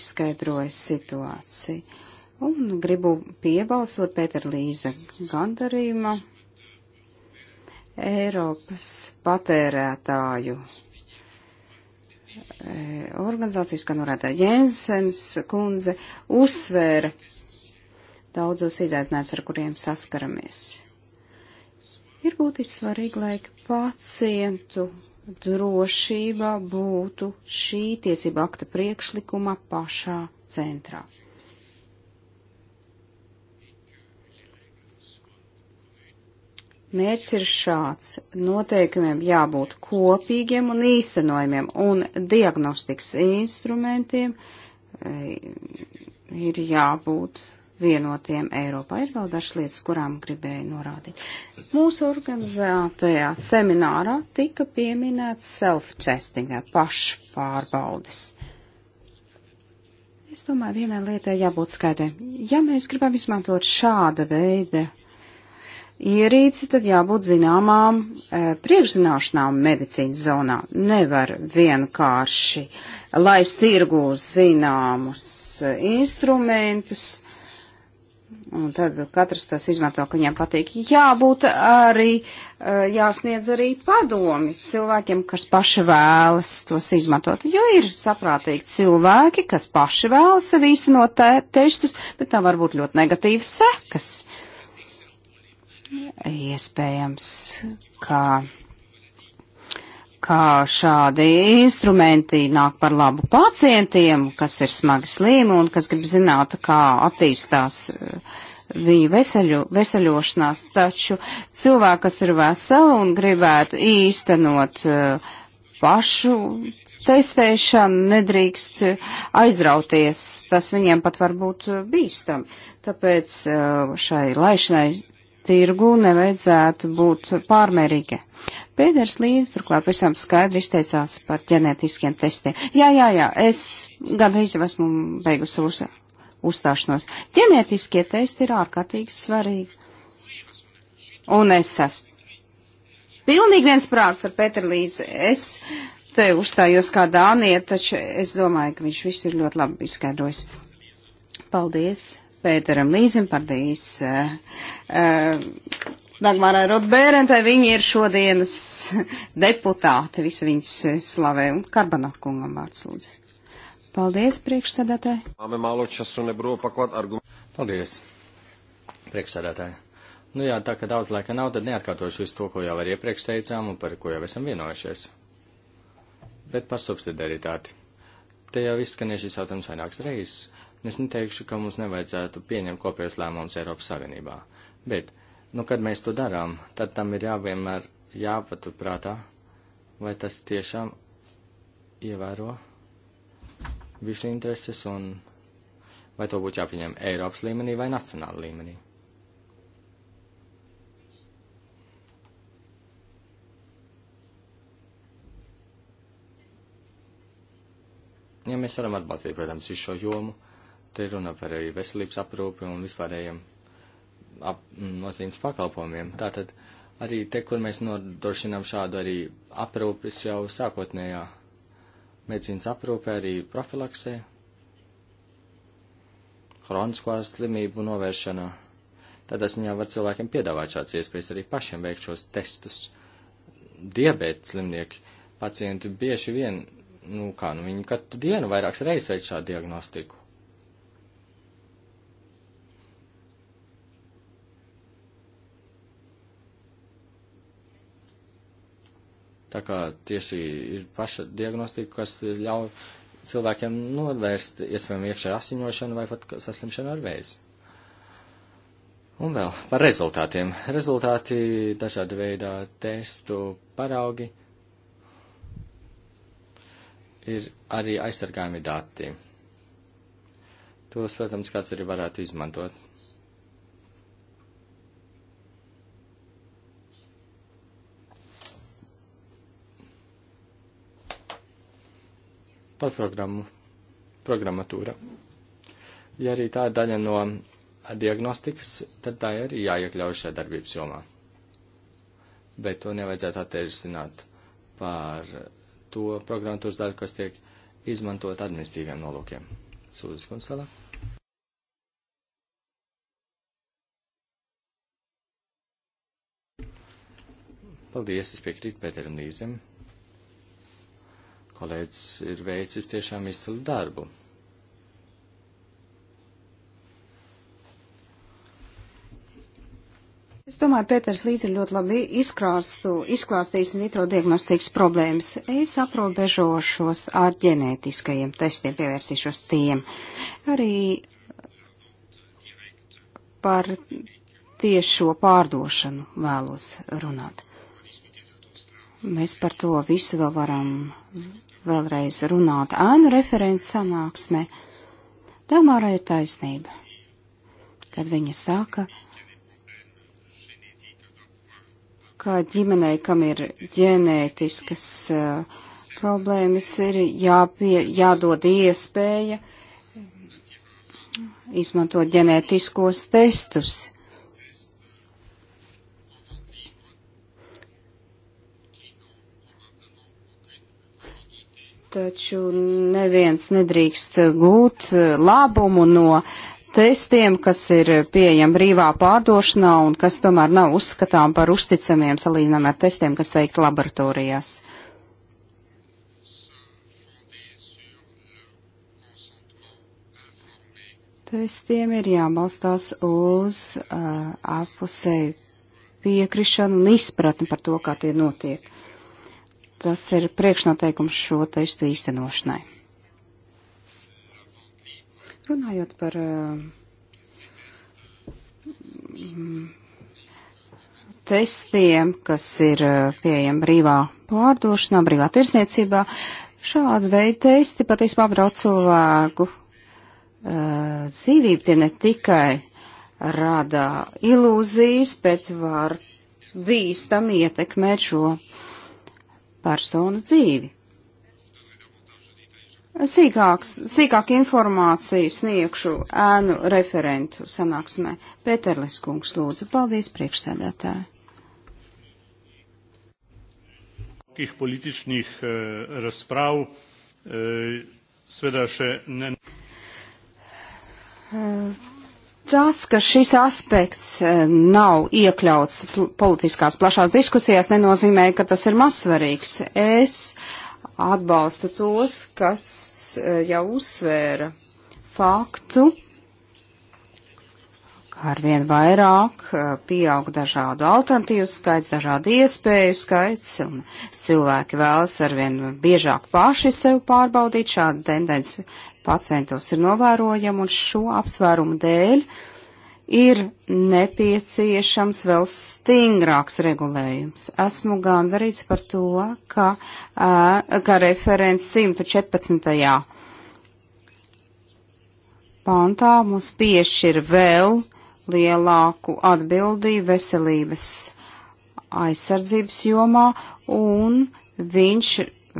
izskaidroja situāciju. Un gribu piebalsot Pēter Līza gandarījuma Eiropas patērētāju e, organizācijas, kā norētā Jensens kundze, uzsvēra daudzos izaicinājums, ar kuriem saskaramies. Ir būtiski svarīgi, lai pacientu drošība būtu šī tiesība akta priekšlikuma pašā centrā. Mērķis ir šāds. Noteikumiem jābūt kopīgiem un īstenojumiem, un diagnostikas instrumentiem eh, ir jābūt vienotiem Eiropā. Ir vēl dažas lietas, kurām gribēju norādīt. Mūsu organizētajā seminārā tika pieminēts self-testing, pašpārbaudes. Es domāju, vienai lietai jābūt skaidrai. Ja mēs gribam izmantot šāda veida ierīci, tad jābūt zināmām e, priekšzināšanām medicīnas zonā. Nevar vienkārši laist tirgū zināmus e, instrumentus, Un tad katrs tas izmanto, ka viņam patīk. Jābūt arī, eh, jāsniedz arī padomi cilvēkiem, kas paši vēlas tos izmantot. Jo ir saprātīgi cilvēki, kas paši vēlas sev īstenot te testus, bet tam var būt ļoti negatīvas sekas. Iespējams, ka. Kā ka šādi instrumenti nāk par labu pacientiem, kas ir smagi slīmi un kas grib zināt, kā attīstās eh, viņu veseļu, veseļošanās. Taču cilvēki, kas ir veseli un gribētu īstenot eh, pašu testēšanu, nedrīkst aizrauties. Tas viņiem pat var būt bīstam. Tāpēc eh, šai laišanai tirgu nevajadzētu būt pārmērīgai. Pēters Līdz turklāt pavisam skaidri izteicās par ģenētiskiem testiem. Jā, jā, jā, es gandrīz jau esmu beigusi savu uz, uzstāšanos. Ģenētiskie testi ir ārkārtīgi svarīgi. Un es esmu pilnīgi viensprāts ar Pēteru Līdzi. Es te uzstājos kā Dānija, taču es domāju, ka viņš visu ir ļoti labi izskaidrojis. Paldies Pēteram Līzim, paldies uh, uh, Dagmarai Rotbērentai, viņi ir šodienas deputāti, visi viņas eh, slavē, un Karbanakungam vārds lūdzu. Paldies, priekšsēdētāji. Paldies, priekšsēdētāji. Nu jā, tā kā daudz laika nav, tad neatkārtošu visu to, ko jau ar iepriekš teicām un par ko jau esam vienojušies. Bet par subsidiaritāti. Te jau izskanēja šis jautājums vairākas reizes. Es neteikšu, ka mums nevajadzētu pieņemt kopējas lēmumus Eiropas Savienībā. Bet Nu, kad mēs to darām, tad tam ir jāvienmēr jāpaturprātā, vai tas tiešām ievēro visu intereses un vai to būtu jāpieņem Eiropas līmenī vai nacionāla līmenī. Ja mēs varam atbalstīt, protams, visu šo jomu, te ir runa par arī veselības aprūpi un vispārējiem ap, mm, nozīmes pakalpojumiem. Tātad arī te, kur mēs nodrošinām šādu arī aprūpes jau sākotnējā medicīnas aprūpē, arī profilaksē, hronisko slimību novēršanā. Tādā ziņā var cilvēkiem piedāvāt šāds iespējas arī pašiem veikt šos testus. Diabēta slimnieki pacienti bieži vien, nu kā, nu viņi katru dienu vairākas reizes veic šādu diagnostiku. Tā kā tieši ir paša diagnostika, kas ļauj cilvēkiem novērst iespējami iekšēju asiņošanu vai pat saslimšanu ar vēzi. Un vēl par rezultātiem. Rezultāti dažāda veidā testu paraugi ir arī aizsargājami dati. Tos, protams, kāds arī varētu izmantot. par programmu, programmatūra. Ja arī tā daļa no diagnostikas, tad tā ir jāiekļauj šajā darbības jomā. Bet to nevajadzētu attiecināt par to programmatūras daļu, kas tiek izmantot administīviem nolūkiem. Sūdzes konstelā. Paldies, es piekrītu Pēteram Līzim. Kolēģis ir veicis tiešām izcilu darbu. Es domāju, Pēters līdz ir ļoti labi izkrāstu, izklāstījis nitro diagnostikas problēmas. Es aprobežošos ar ģenētiskajiem testiem, pievērsīšos tiem. Arī par tiešo pārdošanu vēlos runāt. Mēs par to visu vēl varam vēlreiz runāt ēnu referents sanāksmē, Tamāra ir taisnība, kad viņa saka, ka ģimenei, kam ir ģenētiskas uh, problēmas, ir jāpie, jādod iespēja izmantot ģenētiskos testus Taču neviens nedrīkst gūt eh, labumu no testiem, kas ir pieejami brīvā pārdošanā un kas tomēr nav uzskatām par uzticamiem salīdzinām ar testiem, kas veikt laboratorijās. Testiem ir jābalstās uz uh, eh, apusēju piekrišanu un izpratni par to, kā tie notiek. Tas ir priekšnoteikums šo testu īstenošanai. Runājot par uh, testiem, kas ir uh, pieejami brīvā pārdošanā, brīvā tirsniecībā, šādu veidu testi patiesībā apdraud cilvēku uh, dzīvību. Tie ne tikai rada ilūzijas, bet var bīstam ietekmēt šo personu dzīvi. Sīkāks, sīkāk informāciju sniegšu ēnu referentu sanāksmē. Pēterlis kungs lūdzu, paldies priekšsēdētāji. političnih eh, razprav eh, sveda še ne. Eh, Tas, ka šis aspekts eh, nav iekļauts politiskās plašās diskusijās, nenozīmē, ka tas ir mazsvarīgs. Es atbalstu tos, kas eh, jau uzsvēra faktu, ka arvien vairāk eh, pieaug dažādu alternatīvu skaits, dažādu iespēju skaits, un cilvēki vēlas arvien biežāk paši sev pārbaudīt. Šāda tendence pacientos ir novērojama, un šo apsvērumu dēļ ir nepieciešams vēl stingrāks regulējums. Esmu gandarīts par to, ka, ka referents 114. pantā mums piešķir vēl lielāku atbildību veselības aizsardzības jomā, un viņš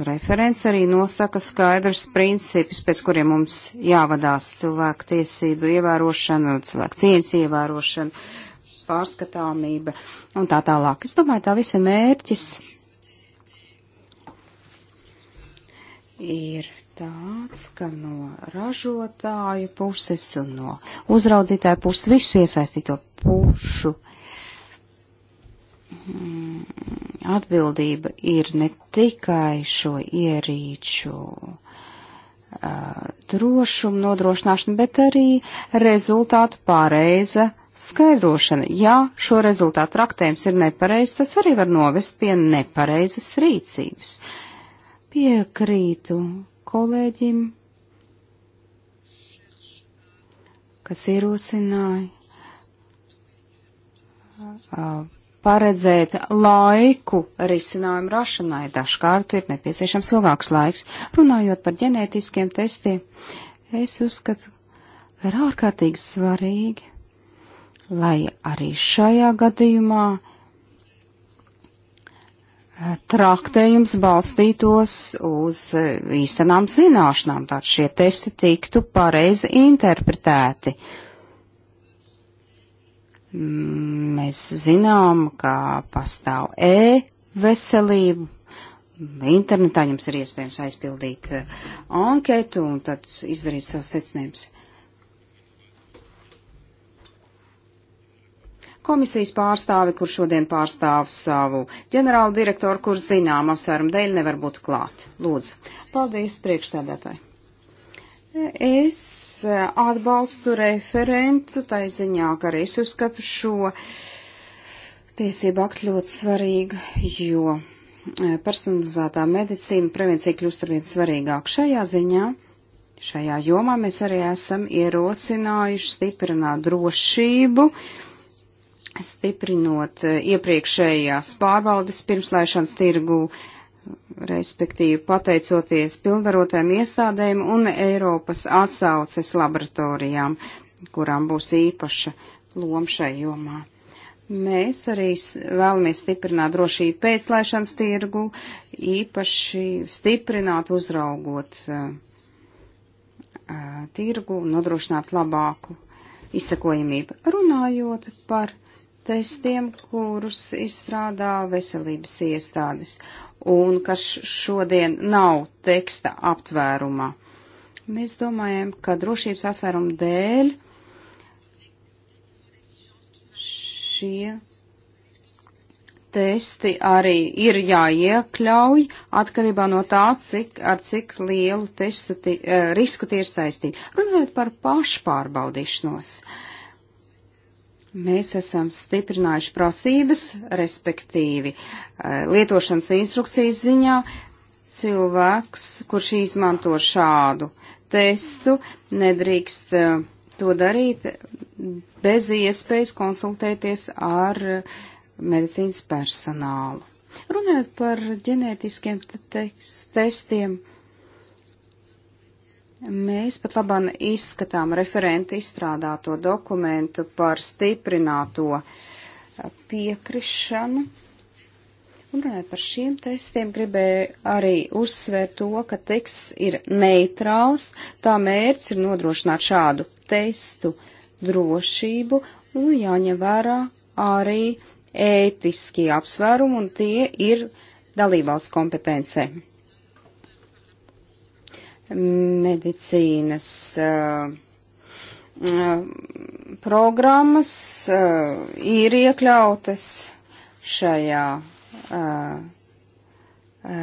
referents arī nosaka skaidrs principus, pēc kuriem mums jāvadās cilvēku tiesību ievērošana, cilvēku cieņas ievērošana, pārskatāmība un tā tālāk. Es domāju, tā visa mērķis ir tāds, ka no ražotāju puses un no uzraudzītāju puses visu iesaistīto pušu Mm, atbildība ir ne tikai šo ierīču uh, drošumu nodrošināšana, bet arī rezultātu pareiza skaidrošana. Ja šo rezultātu traktējums ir nepareizs, tas arī var novest pie nepareizas rīcības. Piekrītu kolēģim, kas ierosināja uh, paredzēt laiku risinājumu rašanai. Dažkārt ir nepieciešams ilgāks laiks. Runājot par ģenētiskiem testiem, es uzskatu, ka ir ārkārtīgi svarīgi, lai arī šajā gadījumā eh, traktējums balstītos uz eh, īstenām zināšanām, tātad šie testi tiktu pareizi interpretēti. Uh, Mm, mēs zinām, ka pastāv e-veselība. Internetā jums ir iespējams aizpildīt eh, anketu un tad izdarīt savus secinājumus. komisijas pārstāvi, kur šodien pārstāv savu ģenerālu direktoru, kur zinām apsvērumu dēļ nevar būt klāt. Lūdzu. Paldies, priekšstādātāji. Es eh, atbalstu referentu, tai ziņā, ka arī es uzskatu šo tiesību aktu ļoti svarīgu, jo eh, personalizētā medicīna prevencija kļūst arvien svarīgāk šajā ziņā. Šajā jomā mēs arī esam ierosinājuši stiprināt drošību, stiprinot eh, iepriekšējās pārbaudes pirmslaišanas tirgu uh, respektīvi pateicoties pilnvarotēm iestādēm un Eiropas atsauces laboratorijām, kurām būs īpaša loma šai jomā. Mēs arī vēlamies stiprināt drošību pēclēšanas tirgu, īpaši stiprināt, uzraugot uh, tirgu un nodrošināt labāku izsakojamību. Runājot par testiem, kurus izstrādā veselības iestādes un kas šodien nav teksta aptvērumā. Mēs domājam, ka drošības asvērumu dēļ šie testi arī ir jāiekļauj atkarībā no tā, cik, ar cik lielu testu ti, eh, risku tie ir saistīti. Runājot par pašpārbaudīšanos. Uh, Mēs esam stiprinājuši prasības, respektīvi eh, lietošanas instrukcijas ziņā cilvēks, kurš izmanto šādu testu, nedrīkst eh, to darīt bez iespējas konsultēties ar eh, medicīnas personālu. Runājot par ģenētiskiem te testiem, Mēs pat labāk izskatām referenta izstrādāto dokumentu par stiprināto eh, piekrišanu. Un runājot par šiem testiem, gribēju arī uzsvērt to, ka teksts ir neitrāls, tā mērķis ir nodrošināt šādu testu drošību un jāņem vērā arī ētiskie apsvērumi, un tie ir dalībvalsts kompetencē medicīnas uh, uh, programmas uh, ir iekļautas šajā uh, uh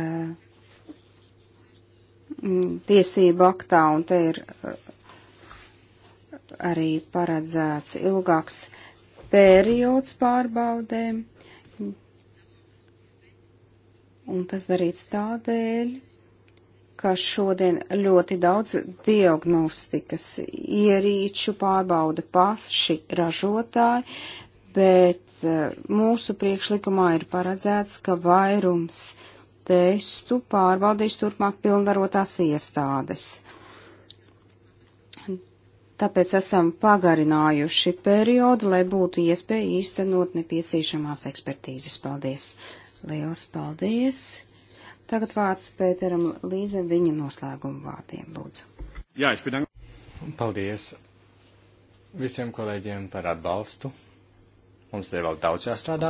mm, tiesību aktā, un te ir uh, arī paredzēts ilgāks periods pārbaudēm, un tas darīts tādēļ, ka šodien ļoti daudz diagnostikas ierīču pārbauda paši ražotāji, bet e, mūsu priekšlikumā ir paredzēts, ka vairums testu pārbaudīs turpmāk pilnvarotās iestādes. Tāpēc esam pagarinājuši periodu, lai būtu iespēja īstenot nepieciešamās ekspertīzes. Paldies! Liels paldies! Tagad vārds Pēteram Līze viņa noslēguma vārdiem, lūdzu. Jā, es pēdām. Paldies visiem kolēģiem par atbalstu. Mums te vēl daudz jāstrādā.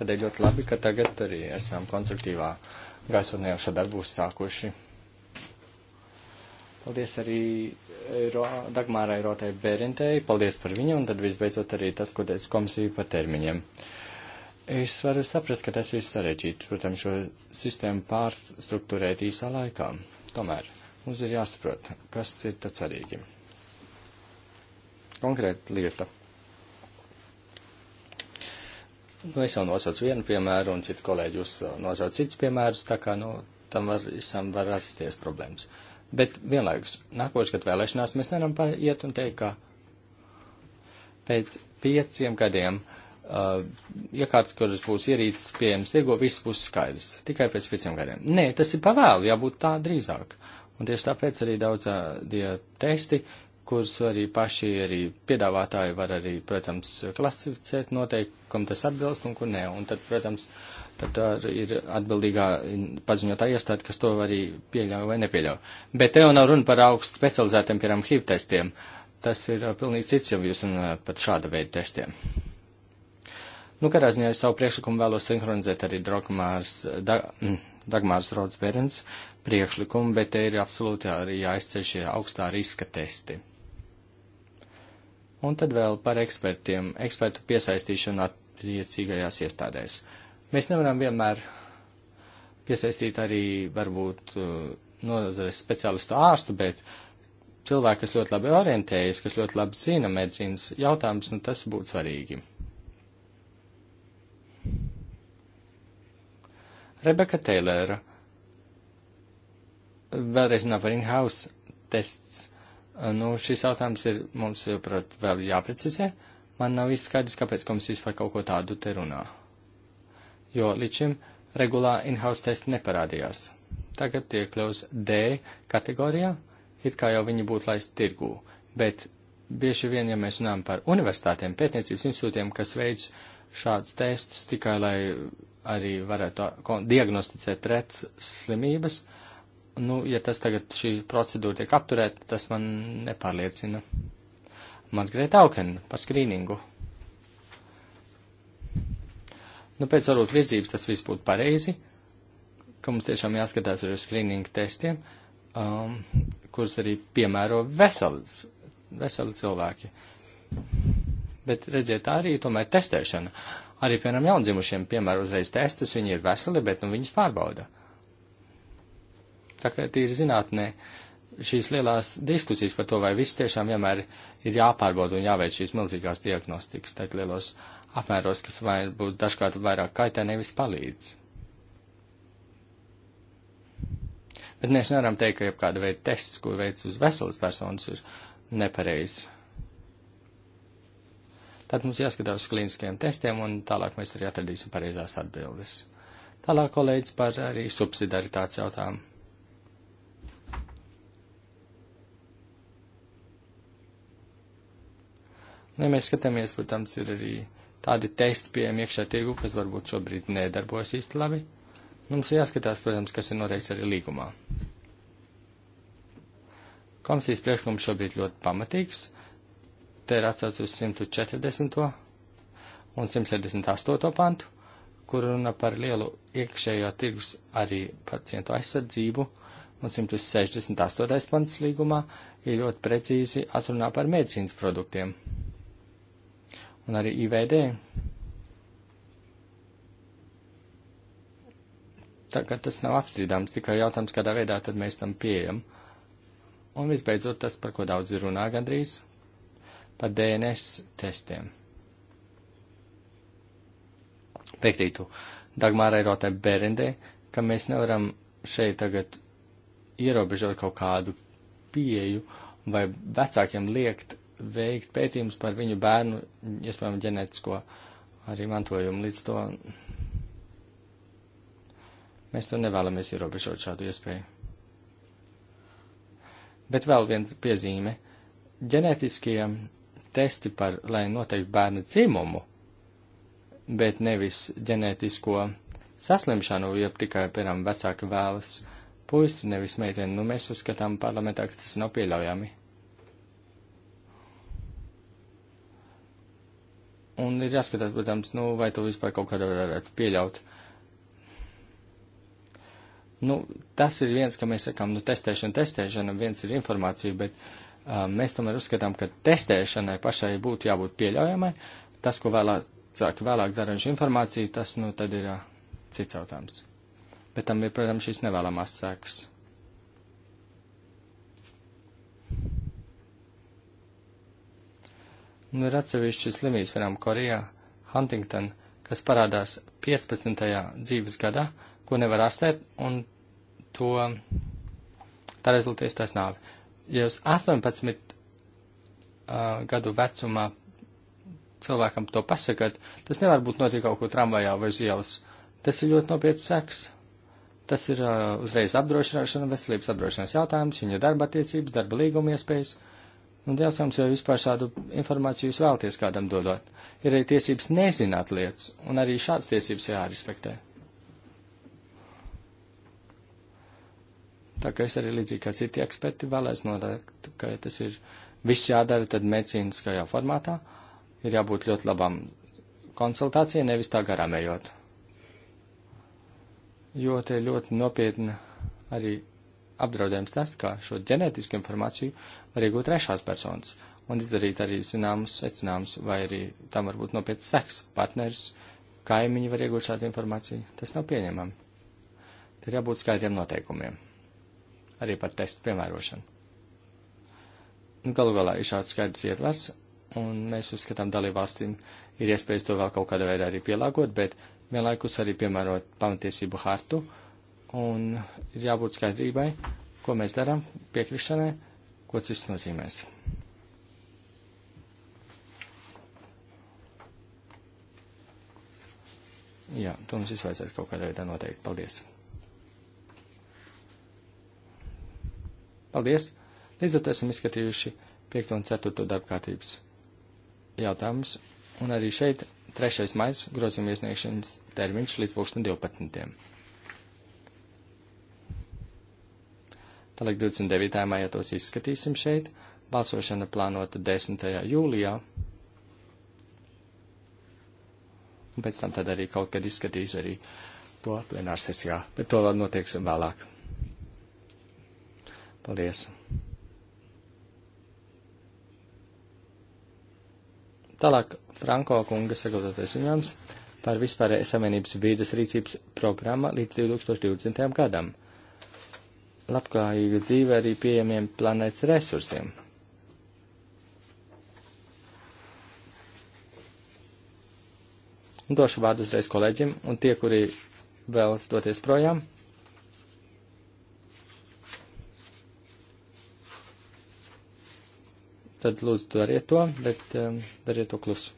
Tādēļ ļoti labi, ka tagad arī esam konstruktīvā gaisotnē jau šo darbu sākuši. Paldies arī Ro Dagmārai Rotai Bērentei, paldies par viņu, un tad visbeidzot arī tas, ko teica komisija par termiņiem. Uh, Es varu saprast, ka tas ir sarežģīti, protams, šo sistēmu pārstruktūrēt īsā laikā. Tomēr mums ir jāsaprot, kas ir tad svarīgi. Konkrēta lieta. Nu, es jau nosaucu vienu piemēru, un citu kolēģi jūs uh, nosauc cits piemērus, tā kā, nu, tam var, visam var rasties problēmas. Bet vienlaikus, nākošais, kad vēlēšanās, mēs nevaram paiet un teikt, ka pēc pieciem gadiem uh, uh, iekārtas, kuras būs ierīces pieejamas tirgo, viss būs skaidrs. Tikai pēc pieciem gadiem. Nē, tas ir pavēlu, jābūt tā drīzāk. Un tieši tāpēc arī daudzie uh, testi, kurus arī paši arī piedāvātāji var arī, protams, klasificēt noteikti, kam tas atbilst un kur nē. Un tad, protams, tad ir atbildīgā paziņotā iestāde, kas to arī pieļauj vai nepieļauj. Bet te jau nav runa par augstu specializētiem, piemēram, HIV testiem. Tas ir uh, pilnīgi cits, ja jūs runājat par šāda veida testiem. Nu, katrā ziņā es savu priekšlikumu vēlos sinhronizēt arī mm, Dagmārs, da, Dagmārs Rodsberens priekšlikumu, bet te ir absolūti arī jāizceļ šie augstā riska testi. Un tad vēl par ekspertiem, ekspertu piesaistīšanu attiecīgajās iestādēs. Mēs nevaram vienmēr piesaistīt arī varbūt uh, nozares speciālistu ārstu, bet cilvēki, kas ļoti labi orientējas, kas ļoti labi zina medicīnas jautājumus, nu tas būtu svarīgi. Rebeka Teilera vēlreiz nav par in-house tests. Nu, šis jautājums ir mums, prot, vēl jāprecizē. Man nav izskaidrs, kāpēc komisijas par kaut ko tādu te runā. Jo līdz šim regulā in-house testi neparādījās. Tagad tie kļūs D kategorijā, it kā jau viņi būtu laisti tirgū. Bet bieži vien, ja mēs runājam par universitātiem, pētniecības institūtiem, kas veids šāds tests tikai lai arī varētu diagnosticēt rets slimības. Nu, ja tas tagad šī procedūra tiek apturēta, tas man nepārliecina. Margarita Auken par skrīningu. Nu, pēc varbūt virzības tas viss būtu pareizi, ka mums tiešām jāskatās arī uz skrīningu testiem, um, kurus arī piemēro veselis, veseli cilvēki. Bet redziet, tā arī tomēr testēšana. Uh, Arī, piemēram, jaundzimušiem, piemēram, uzreiz testus, viņi ir veseli, bet nu viņus pārbauda. Tā kā tīri zinātnē šīs lielās diskusijas par to, vai viss tiešām vienmēr ir jāpārbauda un jāveic šīs milzīgās diagnostikas, tā lielos apmēros, kas varbūt dažkārt vairāk kaitē nevis palīdz. Bet mēs nevaram teikt, ka jebkāda veida tests, ko veic uz veselas personas, ir nepareizs. Tad mums jāskatās uz klīniskiem testiem, un tālāk mēs arī atradīsim pareizās atbildes. Tālāk kolēģis par arī subsidaritātes jautājumu. Nu, ja mēs skatāmies, protams, ir arī tādi testi pieejami iekšā tirgu, kas varbūt šobrīd nedarbojas īsti labi. Nu, mums jāskatās, protams, kas ir noteikts arī līgumā. Komisijas priekšlikums šobrīd ļoti pamatīgs Te ir atsauc uz 140. un 168. pantu, kur runa par lielu iekšējo tirgus arī pacientu aizsardzību, un 168. pants līgumā ir ļoti precīzi atrunā par medicīnas produktiem. Un arī IVD. Tagad tas nav apstrīdams, tikai jautājums, kādā veidā tad mēs tam pieejam. Un visbeidzot tas, par ko daudz runā gandrīz, par DNS testiem. Piekrītu Dagmārai Rotai Berendē, ka mēs nevaram šeit tagad ierobežot kaut kādu pieju vai vecākiem liekt veikt pētījumus par viņu bērnu, iespējams, ģenētisko arī mantojumu. Līdz to mēs to nevēlamies ierobežot šādu iespēju. Bet vēl viens piezīme. Ģenētiskie testi par, lai noteiktu bērnu dzimumu, bet nevis ģenētisko saslimšanu, ja tikai, piemēram, vecāki vēlas puisi, nevis meiteni. Nu, mēs uzskatām parlamentā, ka tas nav pieļaujami. Un ir jāskatās, protams, nu, vai to vispār kaut kādā varētu pieļaut. Nu, tas ir viens, ka mēs sakām, nu, testēšana, testēšana, viens ir informācija, bet uh, Mēs tomēr uzskatām, ka testēšanai pašai būtu jābūt pieļaujamai. Tas, ko vēlāk, cilvēki vēlāk dara ar informāciju, tas, nu, tad ir cits jautājums. Bet tam ir, protams, šīs nevēlamās sēkas. Nu, ir atsevišķi slimības, piemēram, Korejā, Huntington, kas parādās 15. dzīves gadā, ko nevar ārstēt, un to tā rezultēs tas nāvi ja jūs 18 uh, gadu vecumā cilvēkam to pasakat, tas nevar būt notiek kaut kur tramvajā vai uz ielas. Tas ir ļoti nopietns seks. Tas ir uh, uzreiz apdrošināšana, veselības apdrošināšanas jautājums, viņa darba attiecības, darba līguma iespējas. Un jautājums, vai vispār šādu informāciju jūs vēlties kādam dodot. Ir arī tiesības nezināt lietas, un arī šādas tiesības jārespektē. Tā kā es arī līdzīgi kā citi eksperti vēlēs norādīt, ka tas ir viss jādara tad medicīniskajā formātā, ir jābūt ļoti labam konsultācijai, nevis tā garām ejot. Jo te ļoti nopietna arī apdraudējums tas, ka šo ģenētisku informāciju var iegūt trešās personas un izdarīt arī zināmas secinājumus, vai arī tam var būt nopietns seks partneris, kaimiņi var iegūt šādu informāciju. Tas nav pieņemami. Te ir jābūt skaidriem noteikumiem arī par testu piemērošanu. Nu, galu galā ir šāds skaidrs ietvers, un mēs uzskatām dalībvalstīm ir iespējas to vēl kaut kādā veidā arī pielāgot, bet vienlaikus arī piemērot pamatiesību hartu, un ir jābūt skaidrībai, ko mēs darām, piekrišanai, ko cits nozīmēs. Jā, to mums izvajadzētu kaut kādā veidā noteikt. Paldies! Paldies! Līdz ar to esam izskatījuši 5. un 4. darbkārtības jautājumus, un arī šeit 3. maijas grozījuma iesniegšanas termiņš līdz 2012. Tālāk 29. maijā tos izskatīsim šeit, balsošana plānota 10. jūlijā, un pēc tam tad arī kaut kad izskatīs arī to plenārsesijā, bet to vēl notieksim vēlāk. Paldies! Tālāk Franko kunga sagatavotais ziņojums par vispārējais savienības vīdes rīcības programma līdz 2020. gadam. Labklājīga dzīve arī pieejamiem planētas resursiem. Un došu vārdu uzreiz kolēģim un tie, kuri vēlas doties projām. tad lūdzu dariet to, bet um, dariet to klusu.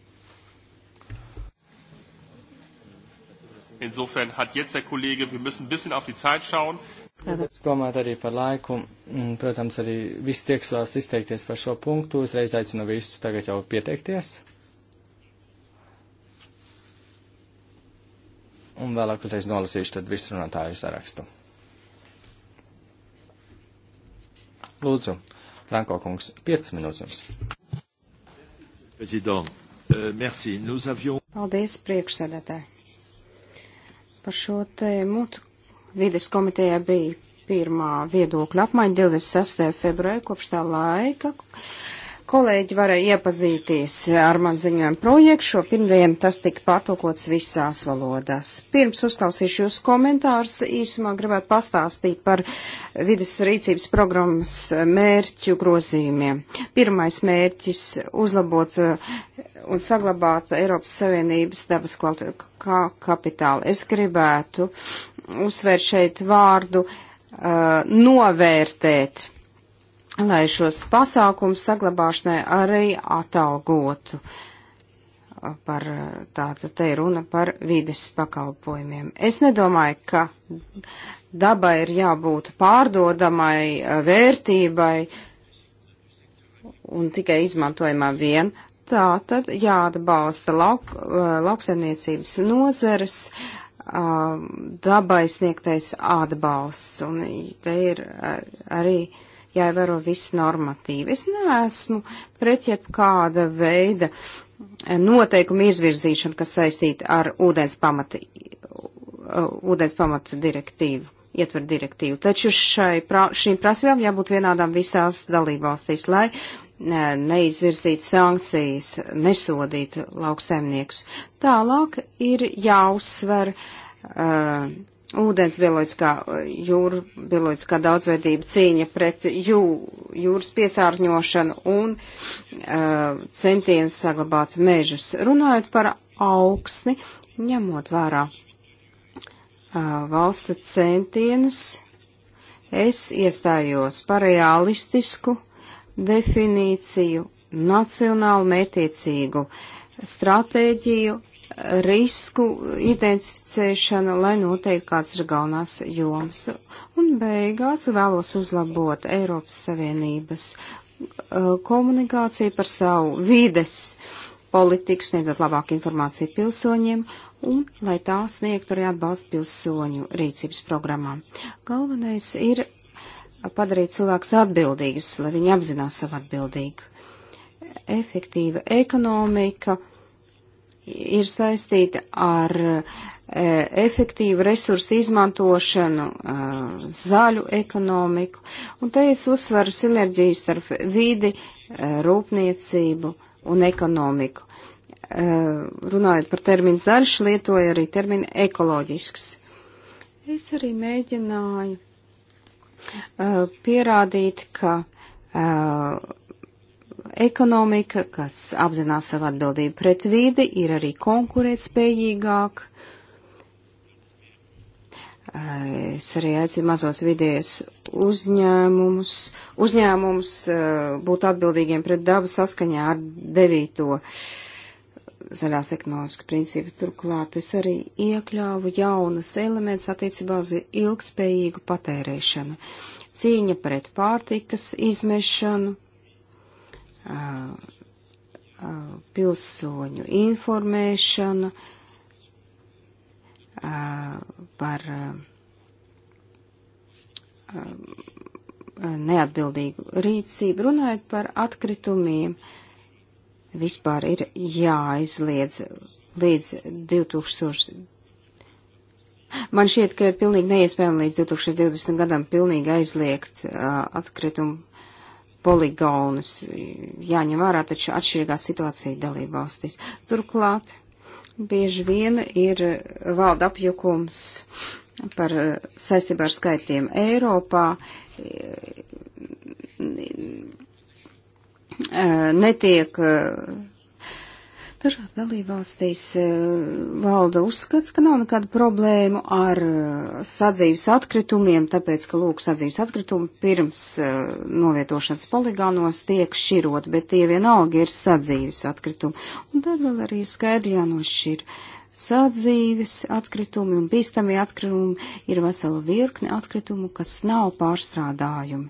Insofern hat jetzt der Kollege, wir müssen ein bisschen auf die Zeit schauen. Es domāt arī par laiku, mm, protams, arī viss tiekslās izteikties par šo punktu. Uzreiz aicinu visus tagad jau pieteikties. Un vēlāk uzreiz nolasīšu tad visu runātāju sarakstu. Lūdzu, Franko kungs, 5 minūtes jums. Euh, Paldies, priekšsēdētāji. Par šo tēmu vides komitejā bija pirmā viedokļa apmaiņa 26. februāra kopš tā laika. Kolēģi varēja iepazīties ar man ziņojumu projektu. Šo pirmdienu tas tika pārtulkots visās valodās. Pirms uzklausīšu jūsu komentārus, īsumā gribētu pastāstīt par vidas rīcības programmas mērķu grozījumiem. Pirmais mērķis - uzlabot uh, un saglabāt Eiropas Savienības dabas kapitālu. Es gribētu uzsvērt šeit vārdu uh, novērtēt lai šos pasākums saglabāšanai arī atalgotu. Par tātad te ir runa par vides pakalpojumiem. Es nedomāju, ka dabai ir jābūt pārdodamai eh, vērtībai un tikai izmantojumā vien. Tā tad jāatbalsta lauk, eh, lauksaimniecības nozeres, eh, dabai sniegtais atbalsts. Un te ir arī. Ar, jāievēro viss normatīvi. Es neesmu pret jebkāda veida noteikumu izvirzīšanu, kas saistīta ar ūdens pamata, uh, ūdens pamata direktīvu, ietver direktīvu. Taču šai, šīm prasībām jābūt vienādām visās dalībvalstīs, lai uh, neizvirzīt sankcijas, nesodīt lauksaimniekus. Tālāk ir jāuzsver uh, ūdens bioloģiskā, jūra bioloģiskā daudzveidība, cīņa pret jū, jūras piesārņošanu un uh, centiens saglabāt mežus. Runājot par augsni, ņemot vērā uh, valsta centienus, es iestājos par realistisku definīciju, nacionālu mētiecīgu stratēģiju risku identificēšana, lai noteikti kāds ir galvenās jomas. Un beigās vēlos uzlabot Eiropas Savienības uh, komunikāciju par savu vides politiku, sniedzot labāku informāciju pilsoņiem un lai tā sniegtu arī atbalstu pilsoņu rīcības programmām. Galvenais ir padarīt cilvēkus atbildīgus, lai viņi apzinās savu atbildību. Efektīva ekonomika ir saistīta ar e, efektīvu resursu izmantošanu, e, zaļu ekonomiku, un te es uzsveru sinerģiju starp vidi, e, rūpniecību un ekonomiku. E, runājot par terminu zaļš, lietoju arī terminu ekoloģisks. Es arī mēģināju e, pierādīt, ka e, ekonomika, kas apzinās savu atbildību pret vidi, ir arī konkurētspējīgāk. Es arī aicinu mazos vidējos uzņēmumus, uzņēmumus eh, būt atbildīgiem pret dabu saskaņā ar devīto zaļās ekonomikas principu. Turklāt es arī iekļāvu jaunas elements attiecībā uz ilgspējīgu patērēšanu, cīņa pret pārtikas izmešanu, pilsoņu informēšanu par neatbildīgu rīcību, runājot par atkritumiem, vispār ir jāizliedz līdz 2000. Man šķiet, ka ir pilnīgi neiespējami līdz 2020 gadam pilnīgi aizliegt uh, atkritumu poligonus. Jāņem vērā taču atšķirīgā situācija dalība valstīs. Turklāt bieži vien ir valda apjukums par saistībā ar skaitļiem Eiropā. E, netiek e, Dažās dalībvalstīs eh, valda uzskats, ka nav nekādu problēmu ar eh, sadzīves atkritumiem, tāpēc, ka, lūk, sadzīves atkritumi pirms eh, novietošanas poligānos tiek širot, bet tie vienalga ir sadzīves atkritumi. Un tad vēl arī skaidri jānošķir sadzīves atkritumi un bīstamie atkritumi ir vesela virkne atkritumu, kas nav pārstrādājumi.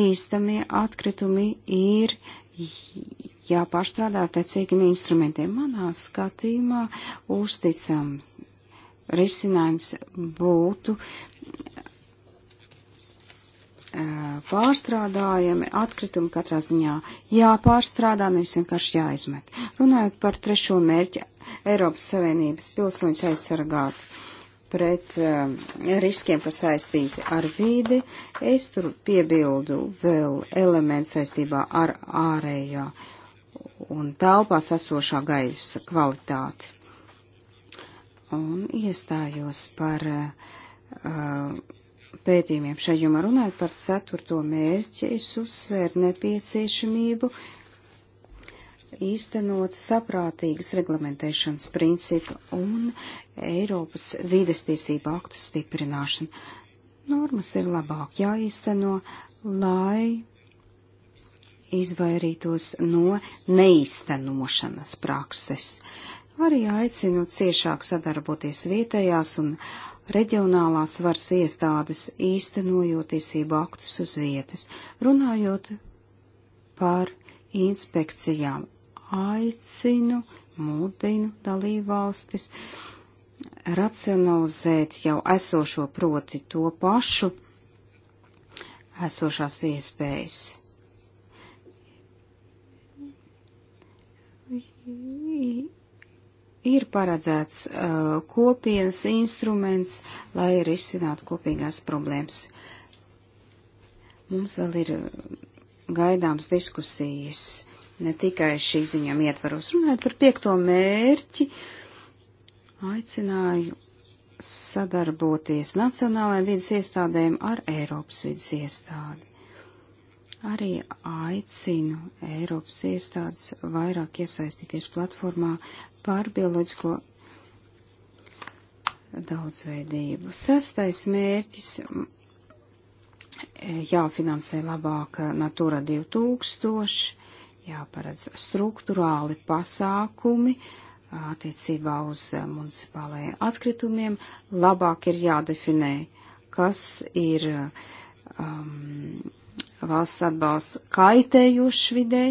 Bīstamie atkritumi ir jāpārstrādā ar tecīgiem instrumentiem. Manā skatījumā uzticam risinājums būtu pārstrādājami, atkritumi katrā ziņā jāpārstrādā, nevis vienkārši jāizmet. Runājot par trešo mērķi Eiropas Savienības pilsoņus aizsargāt pret um, riskiem, kas saistīti ar vīdi, es tur piebildu vēl elementu saistībā ar ārējā un telpās esošā gaisa kvalitāti. Un iestājos par uh, pētījumiem šai jomā runājot par ceturto mērķi, es uzsvēru nepieciešamību īstenot saprātīgas reglamentēšanas principu un Eiropas vides tiesību aktu stiprināšanu. Normas ir labāk jāīsteno, lai izvairītos no neīstenošanas prakses. Arī aicinu ciešāk sadarboties vietējās un reģionālās varas iestādes īstenojot tiesību aktus uz vietas, runājot par inspekcijām. Aicinu, mudinu dalībvalstis racionalizēt jau esošo proti to pašu esošās iespējas ir paredzēts uh, kopienas instruments, lai risinātu kopīgās problēmas. Mums vēl ir uh, gaidāms diskusijas, ne tikai šī ziņām ietvaros. Runājot par piekto mērķi, aicināju sadarboties nacionālajiem vidas iestādēm ar Eiropas vidas iestādi arī aicinu Eiropas iestādes vairāk iesaistīties platformā pār bioloģisko daudzveidību. Sastais mērķis mm, jāfinansē labāk Natura 2000, jāparedz struktūrāli pasākumi attiecībā uz municipālajiem atkritumiem, labāk ir jādefinē, kas ir um, valsts atbalsts kaitējuši videi.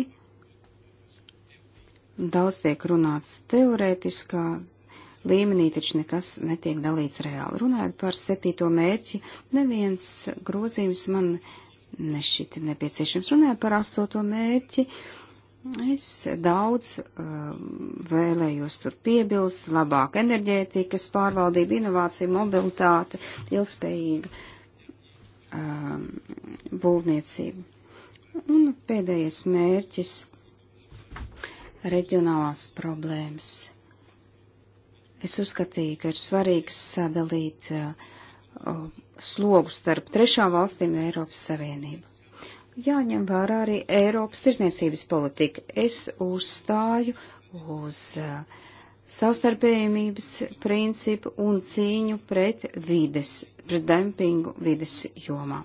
Daudz tiek runāts teorētiskā līmenī, taču nekas netiek dalīts reāli. Runājot par septīto mērķi, neviens grozījums man nešķita nepieciešams. Runājot par astoto mērķi, es daudz uh, vēlējos tur piebilst, labāk enerģētikas pārvaldība, inovācija, mobilitāte, ilgspējīga um, būvniecību. Un pēdējais mērķis - reģionālās problēmas. Es uzskatīju, ka ir svarīgi sadalīt uh, slogu starp trešām valstīm un Eiropas Savienību. Jāņem vērā arī Eiropas tirzniecības politika. Es uzstāju uz uh, savstarpējumības principu un cīņu pret vides pret dempingu vides jomā.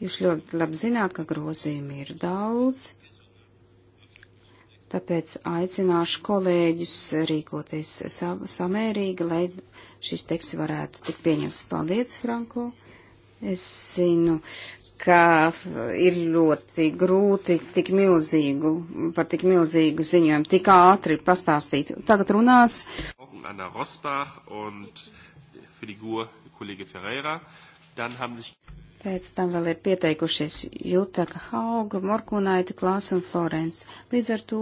Jūs ļoti labi zināt, ka grozījumi ir daudz, tāpēc aicināšu kolēģus rīkoties sam samērīgi, lai šis teksts varētu tikt pieņemts. Paldies, Franko! Es zinu, ka ir ļoti grūti tik milzīgu, par tik milzīgu ziņojumu tik ātri pastāstīt. Tagad runās. Anna Rosbach und Figur, Kollege Ferreira. Dann haben sich Pēc tam vēl ir pieteikušies Jutaka Hauga, Morkunaita, Klāsa un Florence. Līdz ar to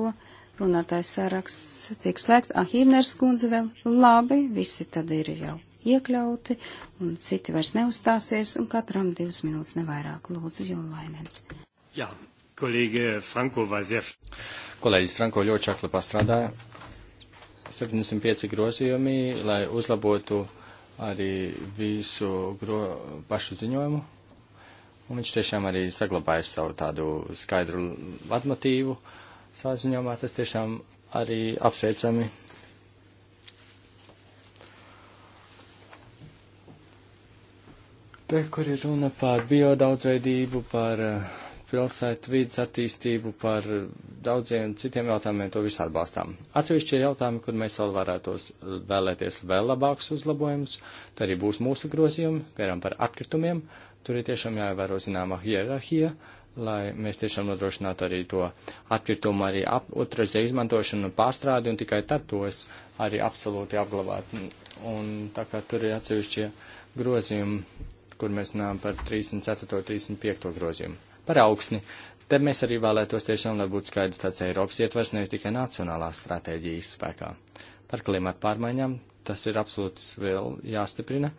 runātājs saraksts tiek slēgts. Ah, Hībners kundze vēl labi, visi tad ir jau iekļauti, un citi vairs neuzstāsies, un katram divas minūtes nevairāk. Lūdzu, Jūlainens. Jā, kolēģi Franko Vazef. Kolēģis Franko ļoti čakli pastrādāja. 75 grozījumi, lai uzlabotu arī visu gro, pašu ziņojumu, un viņš tiešām arī saglabāja savu tādu skaidru vadmatīvu savā ziņojumā, tas tiešām arī apsveicami. Te, kur ir runa par biodaudzveidību, par uh, pilsētu vidas attīstību, par daudziem citiem jautājumiem, to visu atbalstām. Atsevišķie jautājumi, kur mēs vēl varētos eh, vēlēties vēl labākus uzlabojumus, tad arī būs mūsu grozījumi, piemēram, par atkritumiem. Tur ir tiešām jāievēro zināma hierarhija, lai mēs tiešām nodrošinātu arī to atkritumu, arī ap, otrreizēju izmantošanu un pārstrādi, un tikai tad tos arī absolūti apglabāt. Un tā kā tur ir atsevišķie grozījumi, kur mēs runājam par 34. un 35. grozījumu par augsni. Te mēs arī vēlētos tiešām, lai būtu skaidrs tāds Eiropas ietvers, nevis tikai nacionālās stratēģijas spēkā. Par klimatu pārmaiņām tas ir absolūti vēl jāstiprina.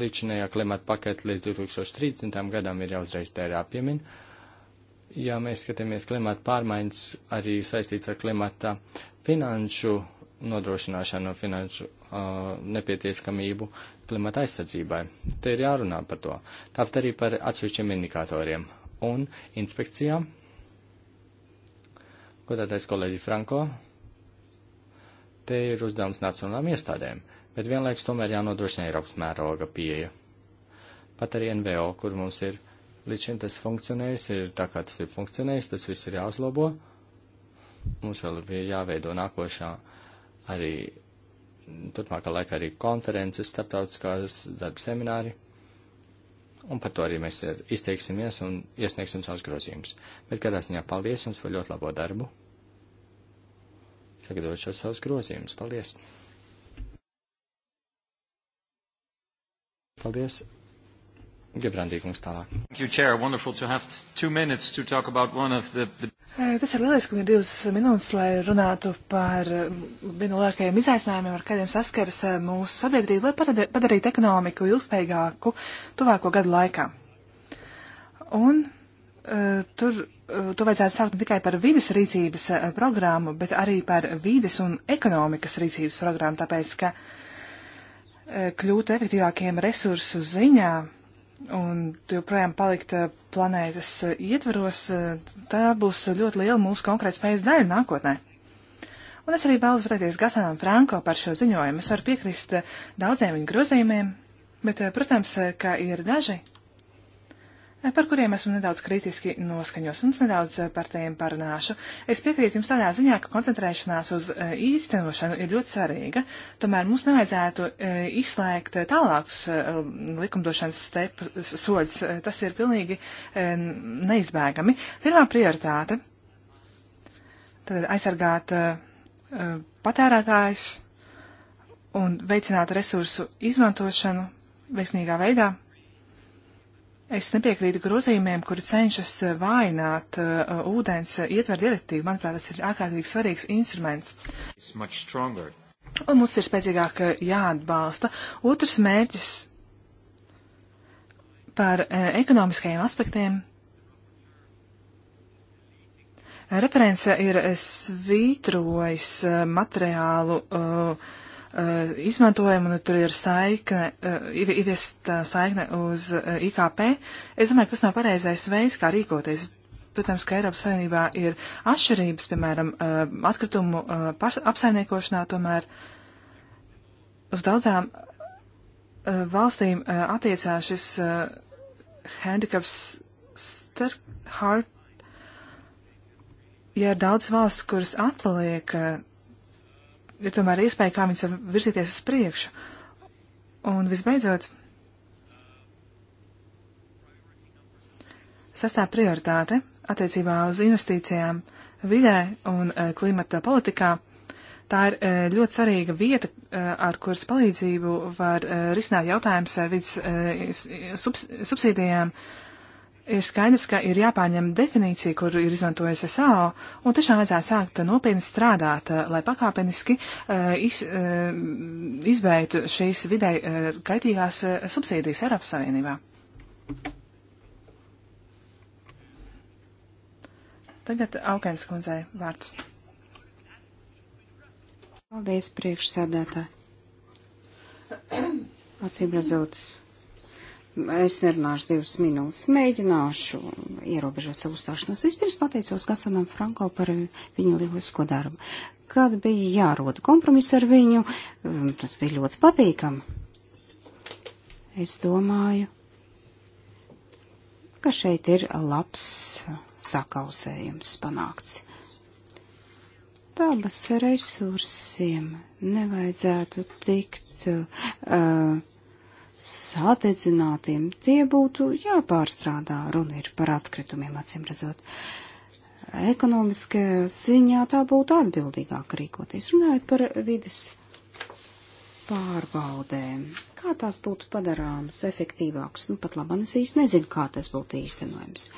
Līdzinējā klimata paketa līdz 2030. gadam ir jāuzreiz tā ir jāpiemin. Ja mēs skatāmies klimata pārmaiņas arī saistīts ar klimata finanšu nodrošināšanu, finanšu uh, nepietiekamību, klimata aizsardzībai. Te ir jārunā par to. Tāpat arī par atsevišķiem indikatoriem un inspekcijām. Godātais kolēģi Franko, te ir uzdevums nacionālām iestādēm, bet vienlaiks tomēr jānodrošina Eiropas mēroga pieeja. Pat arī NVO, kur mums ir līdz šim tas funkcionējis, ir tā kā tas ir funkcionējis, tas viss ir jāuzlabo. Mums vēl ir jāveido nākošā arī turpmākā laikā arī konferences, starptautiskās darba semināri, un par to arī mēs izteiksimies un iesniegsim savus grozījumus. Bet kādā ziņā paldies jums par ļoti labo darbu. Sagatavot šos savus grozījumus. Paldies! Paldies! Gebrandīgums tālāk. You, Chair. Wonderful to have two minutes to talk about one of the... the... Tas ir lieliski, ka ir divas minūtes, lai runātu par uh, vienu no lielākajiem izaicinājumiem, ar kādiem saskaras uh, mūsu sabiedrība, lai padarītu ekonomiku ilgspējīgāku tuvāko gadu laikā. Un uh, tur uh, to vajadzētu saukt ne tikai par vides rīcības uh, programmu, bet arī par vides un ekonomikas rīcības programmu, tāpēc, ka uh, kļūt efektīvākiem resursu ziņā un joprojām palikt eh, planētas eh, ietvaros, eh, tā būs ļoti liela mūsu konkurētspējas daļa nākotnē. Un es arī vēlos pateikties Gasanam Franko par šo ziņojumu. Es varu piekrist daudziem viņa grozījumiem, bet, protams, ka ir daži par kuriem esmu nedaudz kritiski noskaņos un nedaudz eh, par tiem parunāšu. Es piekrītu jums tādā ziņā, ka koncentrēšanās uz eh, īstenošanu ir ļoti svarīga, tomēr mums nevajadzētu eh, izslēgt tālākus likumdošanas stepu, soļus. Tas ir pilnīgi neizbēgami. Pirmā prioritāte - tad aizsargāt patērētājus un veicināt resursu izmantošanu veiksmīgā veidā Es nepiekrītu grozījumiem, kuri cenšas vājināt uh, ūdens ietver direktīvu. Manuprāt, tas ir ārkārtīgi svarīgs instruments. Un mums ir spēcīgāk jāatbalsta. Otrs mērķis par uh, ekonomiskajiem aspektiem. Reference ir svītrojis uh, materiālu. Uh, Eh, izmantojumu, un tur ir saikne, eh, ieviest eh, saikne uz IKP. Es domāju, ka tas nav pareizais veids, kā rīkoties. Protams, ka Eiropas Savienībā ir atšķirības, piemēram, atkritumu apsaimniekošanā, tomēr uz daudzām valstīm attiecās šis handicaps starp hard ja ir daudz valsts, kuras atpaliek ir tomēr iespēja, kā viņas var virzīties uz priekšu. Un visbeidzot, sastāv prioritāte attiecībā uz investīcijām vidē un eh, klimata politikā. Tā ir eh, ļoti svarīga vieta, eh, ar kuras palīdzību var risināt jautājums ar vidas subs subsīdijām. Subs ir skaidrs, ka ir jāpārņem definīcija, kuru ir izmantojusi SAO, un tiešām vajadzētu sākt nopietni strādāt, eh, lai pakāpeniski eh, iz, eh, izbeigtu šīs vidē kaitīgās subsīdijas Eiropas Savienībā. Tagad Aukens kundzei vārds. Paldies, priekšsēdētāji. Acīm redzot, Es nerunāšu divas minūtes, mēģināšu ierobežot savu stāšanos. Vispirms pateicos Gasanam Franko par viņa lielisko darbu. Kad bija jāroda kompromiss ar viņu, um, tas bija ļoti patīkami. Es domāju, ka šeit ir labs sakausējums panākts. Dabas resursiem nevajadzētu tikt. Uh, sadedzinātiem, tie būtu jāpārstrādā. Runa ir par atkritumiem, acīm redzot. Ekonomiskajā ziņā tā būtu atbildīgāk rīkoties. Runājot par vides pārbaudēm, kā tās būtu padarāmas efektīvākas, nu pat labāk es īsti nezinu, kā tas būtu īstenojams.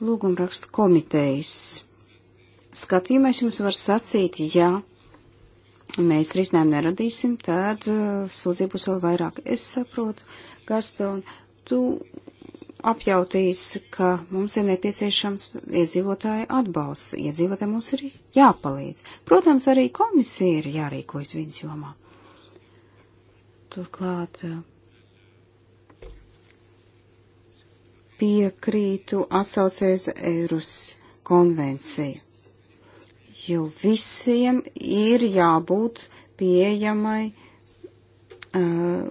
Lūgumrakstu komitejas skatījumais jums var sacīt, ja mēs risinājumu neradīsim, tad uh, sūdzību būs vēl vairāk. Es saprotu, Gaston, tu apjautīs, ka mums ir nepieciešams iedzīvotāju atbalsts. Iedzīvotājiem mums ir jāpalīdz. Protams, arī komisija ir jārīkojas viņas jomā. Turklāt uh, piekrītu atsaucēs Eirus konvenciju jo visiem ir jābūt pieejamai uh,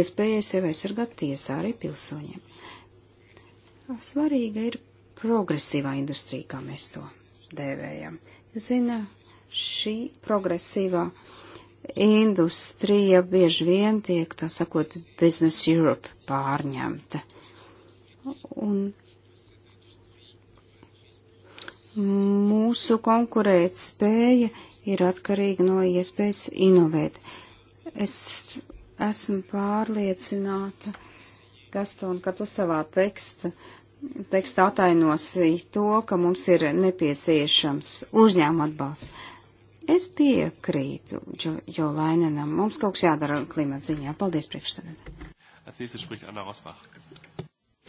iespējai sevi aizsargāt tiesā arī pilsoņiem. Svarīga ir progresīvā industrija, kā mēs to dēvējam. Jūs zina, šī progresīvā industrija bieži vien tiek, tā sakot, Business Europe pārņemta. Un Mūsu konkurēt spēja ir atkarīga no iespējas inovēt. Es esmu pārliecināta, Gaston, ka tu savā teksta, teksta atainosi to, ka mums ir nepieciešams uzņēmuma atbalsts. Es piekrītu jo, jo Lainenam. Mums kaut kas jādara klimata ziņā. Paldies, priekšstādātāji.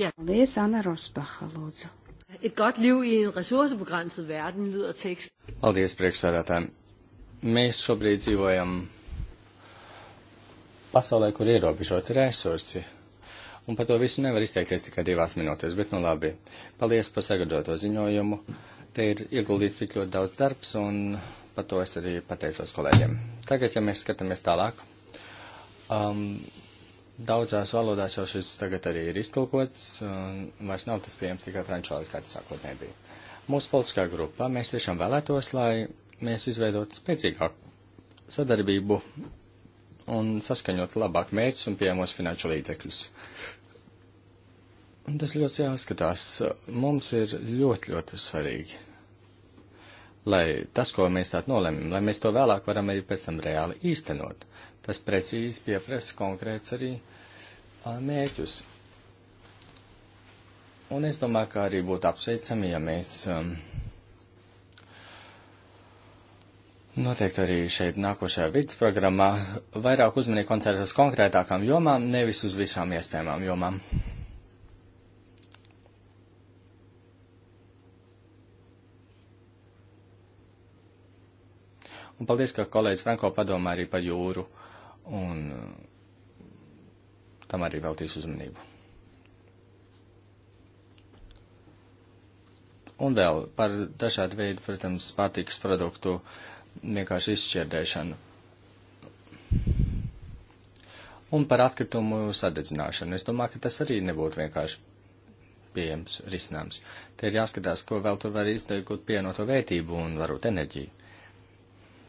Paldies, Anna Rosbacha, lūdzu. Et godt liv i en ressourcebegrænset verden, lyder tekst. Paldies, priekšsēdētājiem. Mēs šobrīd dzīvojam pasaulē, kur ierobežoti resursi. Un par to visu nevar izteikties tikai divās minūtēs, bet nu labi. Paldies par sagadoto ziņojumu. Te ir ieguldīts tik ļoti daudz darbs, un par to es arī pateicos kolēģiem. Tagad, ja mēs skatāmies tālāk, um, Daudzās valodās jau šis tagad arī ir iztulkots, un vairs nav tas pieejams tikai franču valodā, kā tas sākotnēji bija. Mūsu politiskā grupā mēs tiešām vēlētos, lai mēs izveidotu spēcīgāku sadarbību un saskaņot labāk mērķus un pieejamos finanšu līdzekļus. Un tas ļoti jāskatās. Mums ir ļoti, ļoti svarīgi, lai tas, ko mēs tādu nolemjam, lai mēs to vēlāk varam arī pēc tam reāli īstenot. Tas precīzi pieprasa konkrēts arī mērķus. Un es domāju, ka arī būtu apsveicami, ja mēs um, Noteikti arī šeit nākošajā vidas programmā vairāk uzmanīgi koncentrēt uz konkrētākām jomām, nevis uz visām iespējamām jomām. Un paldies, ka kolēģis Franko padomā arī par jūru un eh, tam arī veltīšu uzmanību. Un vēl par dažādu veidu, protams, pārtikas produktu vienkārši izšķirdēšanu. Un par atkritumu sadedzināšanu. Es domāju, ka tas arī nebūtu vienkārši pieejams risinājums. Te ir jāskatās, ko vēl tur var izteikt, pievienoto vērtību un varbūt enerģiju.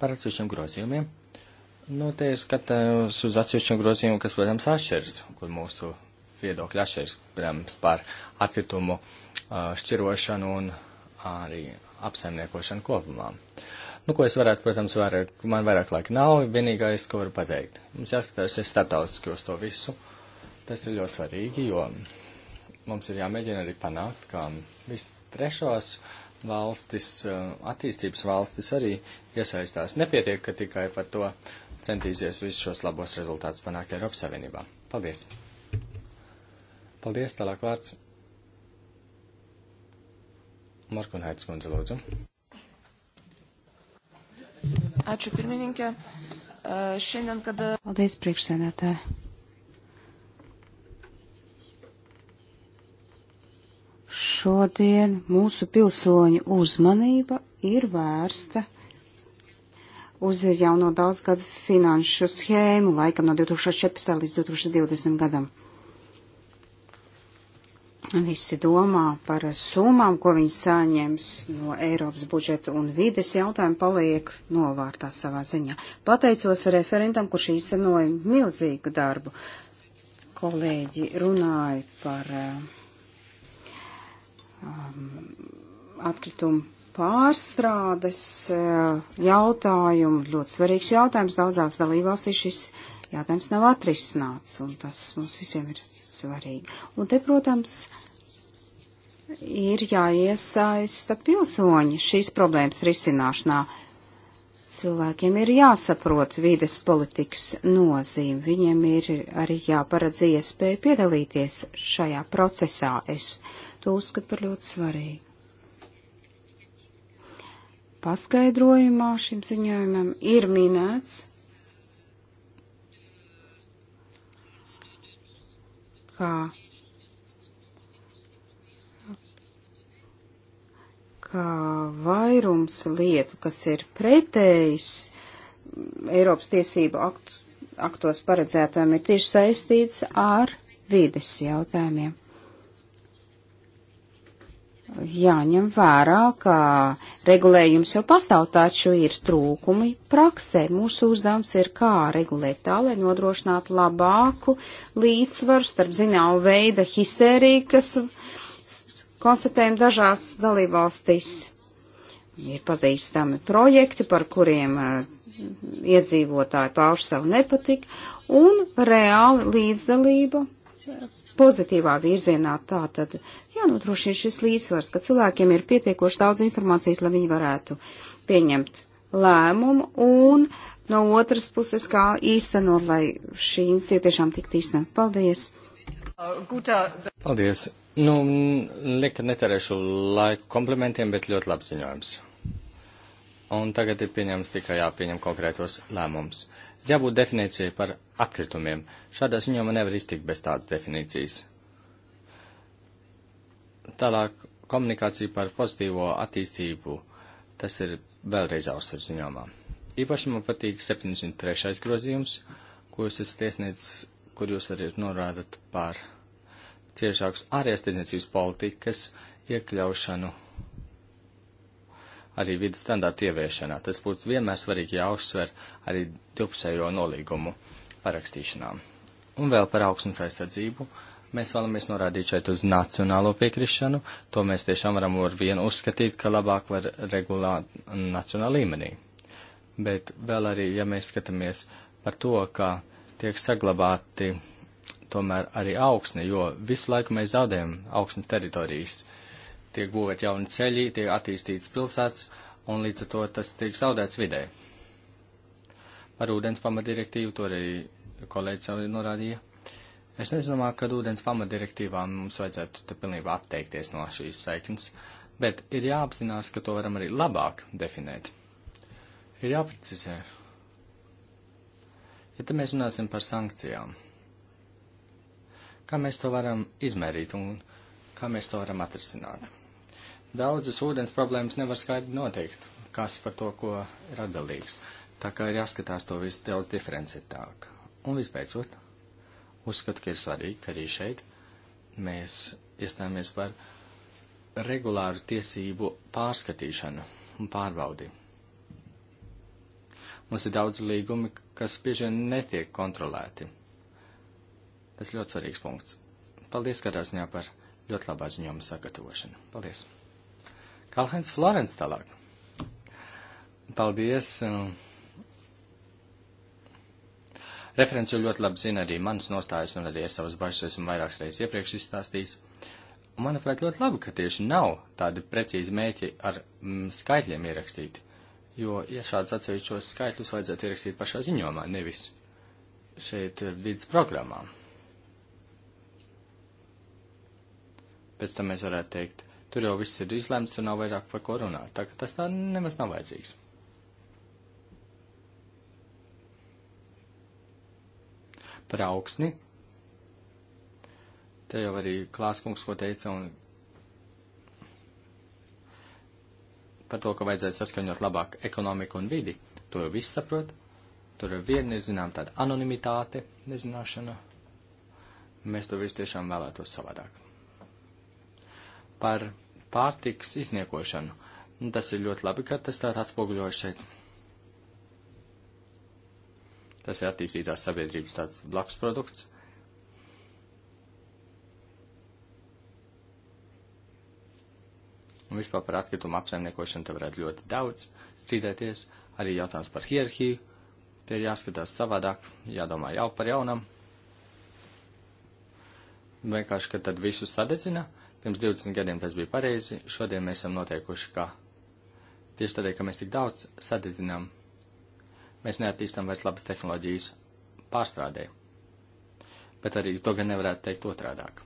Par atsevišķiem grozījumiem. Nu, te ir skatījums uz atsevišķiem grozījumiem, kas, protams, atšķiras, kur mūsu viedokļi atšķiras, protams, par atkritumu šķirošanu un arī apsaimniekošanu kopumā. Nu, ko es varētu, protams, vairāk, man vairāk laika nav, vienīgais, ko varu pateikt. Mums jāskatās, es startautiski uz to visu. Tas ir ļoti svarīgi, jo mums ir jāmēģina arī panākt, ka visi trešos valstis, attīstības valstis arī iesaistās. Nepietiek, ka tikai par to centīsies visus šos labos rezultātus panākt Eiropas Savienībā. Paldies! Paldies, tālāk vārds. Markunhaits kundze, lūdzu. Ačiū pirmininkė. Šiandien, kada. Paldies, priekšsēdētāji. Šodien mūsu pilsoņu uzmanība ir vērsta uz jauno daudzgadu finanšu schēmu, laikam no 2014. līdz 2020. gadam. Visi domā par summām, ko viņi saņems no Eiropas budžeta un vides jautājumu paliek novārtā savā ziņā. Pateicos referentam, kurš īstenoja milzīgu darbu. Kolēģi runāja par eh, um, atkritumu pārstrādes e, jautājumu, ļoti svarīgs jautājums. Daudzās dalībvalstīs šis jautājums nav atrisināts, un tas mums visiem ir svarīgi. Un te, protams, ir jāiesaista pilsoņi šīs problēmas risināšanā. Cilvēkiem ir jāsaprot vides politikas nozīme, viņiem ir arī jāparedz iespēja piedalīties šajā procesā. Es to uzskatu par ļoti svarīgu paskaidrojumā šim ziņojumam ir minēts, ka, ka vairums lietu, kas ir pretējis Eiropas tiesību aktu, aktos paredzētām, ir tieši saistīts ar vides jautājumiem jāņem vērā, ka regulējums jau pastāv, taču ir trūkumi praksē. Mūsu uzdevums ir kā regulēt tā, lai nodrošinātu labāku līdzsvaru starp zināmu veida histēriju, kas konstatējam dažās dalībvalstīs. Ir pazīstami projekti, par kuriem eh, iedzīvotāji pauž savu nepatiku, un reāli līdzdalība pozitīvā virzienā. Tātad jānodrošina šis līdzsvars, ka cilvēkiem ir pietiekoši daudz informācijas, lai viņi varētu pieņemt lēmumu un no otras puses kā īstenot, lai šī institīva tiešām tiktu īstenot. Paldies! Paldies! Nu, lieka neterēšu laiku komplementiem, bet ļoti labs ziņojums. Un tagad ir pieņems tikai jāpieņem konkrētos lēmums jābūt definīcijai par atkritumiem. Šādā ziņā man nevar iztikt bez tādas definīcijas. Tālāk komunikācija par pozitīvo attīstību. Tas ir vēlreiz ausars ziņāmā. Īpaši man patīk 73. grozījums, ko jūs esat iesniedzis, kur jūs arī norādat par ciešāks ārējās tirdzniecības politikas iekļaušanu arī vidas standārtu ieviešanā. Tas būtu vienmēr svarīgi jāuzsver arī divpusējo nolīgumu parakstīšanā. Un vēl par augsnes aizsardzību. Mēs vēlamies norādīt šeit uz nacionālo piekrišanu, to mēs tiešām varam ar vienu uzskatīt, ka labāk var regulēt nacionālā līmenī. Bet vēl arī, ja mēs skatāmies par to, ka tiek saglabāti tomēr arī augsne, jo visu laiku mēs zaudējam augsne teritorijas tiek būvēt jauni ceļi, tiek attīstīts pilsētas, un līdz ar to tas tiek zaudēts vidē. Par ūdens pamatdirektīvu to arī kolēģis jau norādīja. Es nedomāju, ka ūdens pamatdirektīvā mums vajadzētu te pilnībā atteikties no šīs saiknes, bet ir jāapzinās, ka to varam arī labāk definēt. Ir jāprecizē. Ja te mēs runāsim par sankcijām, kā mēs to varam izmērīt un kā mēs to varam atrisināt? daudzas ūdens problēmas nevar skaidri noteikt, kas par to, ko ir atbildīgs. Tā kā ir jāskatās to visu daudz diferencētāk. Un visbeidzot, uzskatu, ka ir svarīgi, ka arī šeit mēs iestāmies par regulāru tiesību pārskatīšanu un pārbaudi. Mums ir daudz līgumi, kas bieži vien netiek kontrolēti. Tas ļoti svarīgs punkts. Paldies, skatās ņā par ļoti labā ziņojuma sagatavošanu. Paldies! Kalhens Florence tālāk. Paldies. Um, referents jau ļoti labi zina arī manas nostājas un arī es savas bažas esmu vairākas reizes iepriekš izstāstījis. Manuprāt, ļoti labi, ka tieši nav tādi precīzi mēķi ar mm, skaitļiem ierakstīti, jo, ja šāds atsevišķos skaitļus vajadzētu ierakstīt pašā ziņomā, nevis šeit eh, vidas programmā. Pēc tam mēs varētu teikt, Tur jau viss ir izlemts, tur nav vairāk par ko runāt. Tā ka tas tā nemaz nav vajadzīgs. Par augsni. Te jau arī klāskungs, ko teica, un par to, ka vajadzētu saskaņot labāk ekonomiku un vidi. To jau viss saprot. Tur ir viena, zinām, tāda anonimitāte, nezināšana. Mēs to visu tiešām vēlētos savādāk. Par pārtiks izniekošanu. Un tas ir ļoti labi, ka tas tā atspoguļojas šeit. Tas ir attīstītās sabiedrības tāds blakus produkts. Un vispār par atkritumu apsaimniekošanu te varētu ļoti daudz strīdēties. Arī jautājums par hierarhiju. Te ir jāskatās savādāk, jādomā jau par jaunam. Vienkārši, ka tad visu sadedzina Pirms 20 gadiem tas bija pareizi, šodien mēs esam noteikuši, ka tieši tādēļ, ka mēs tik daudz sadedzinām, mēs neattīstam vairs labas tehnoloģijas pārstrādē. Bet arī to gan nevarētu teikt otrādāk.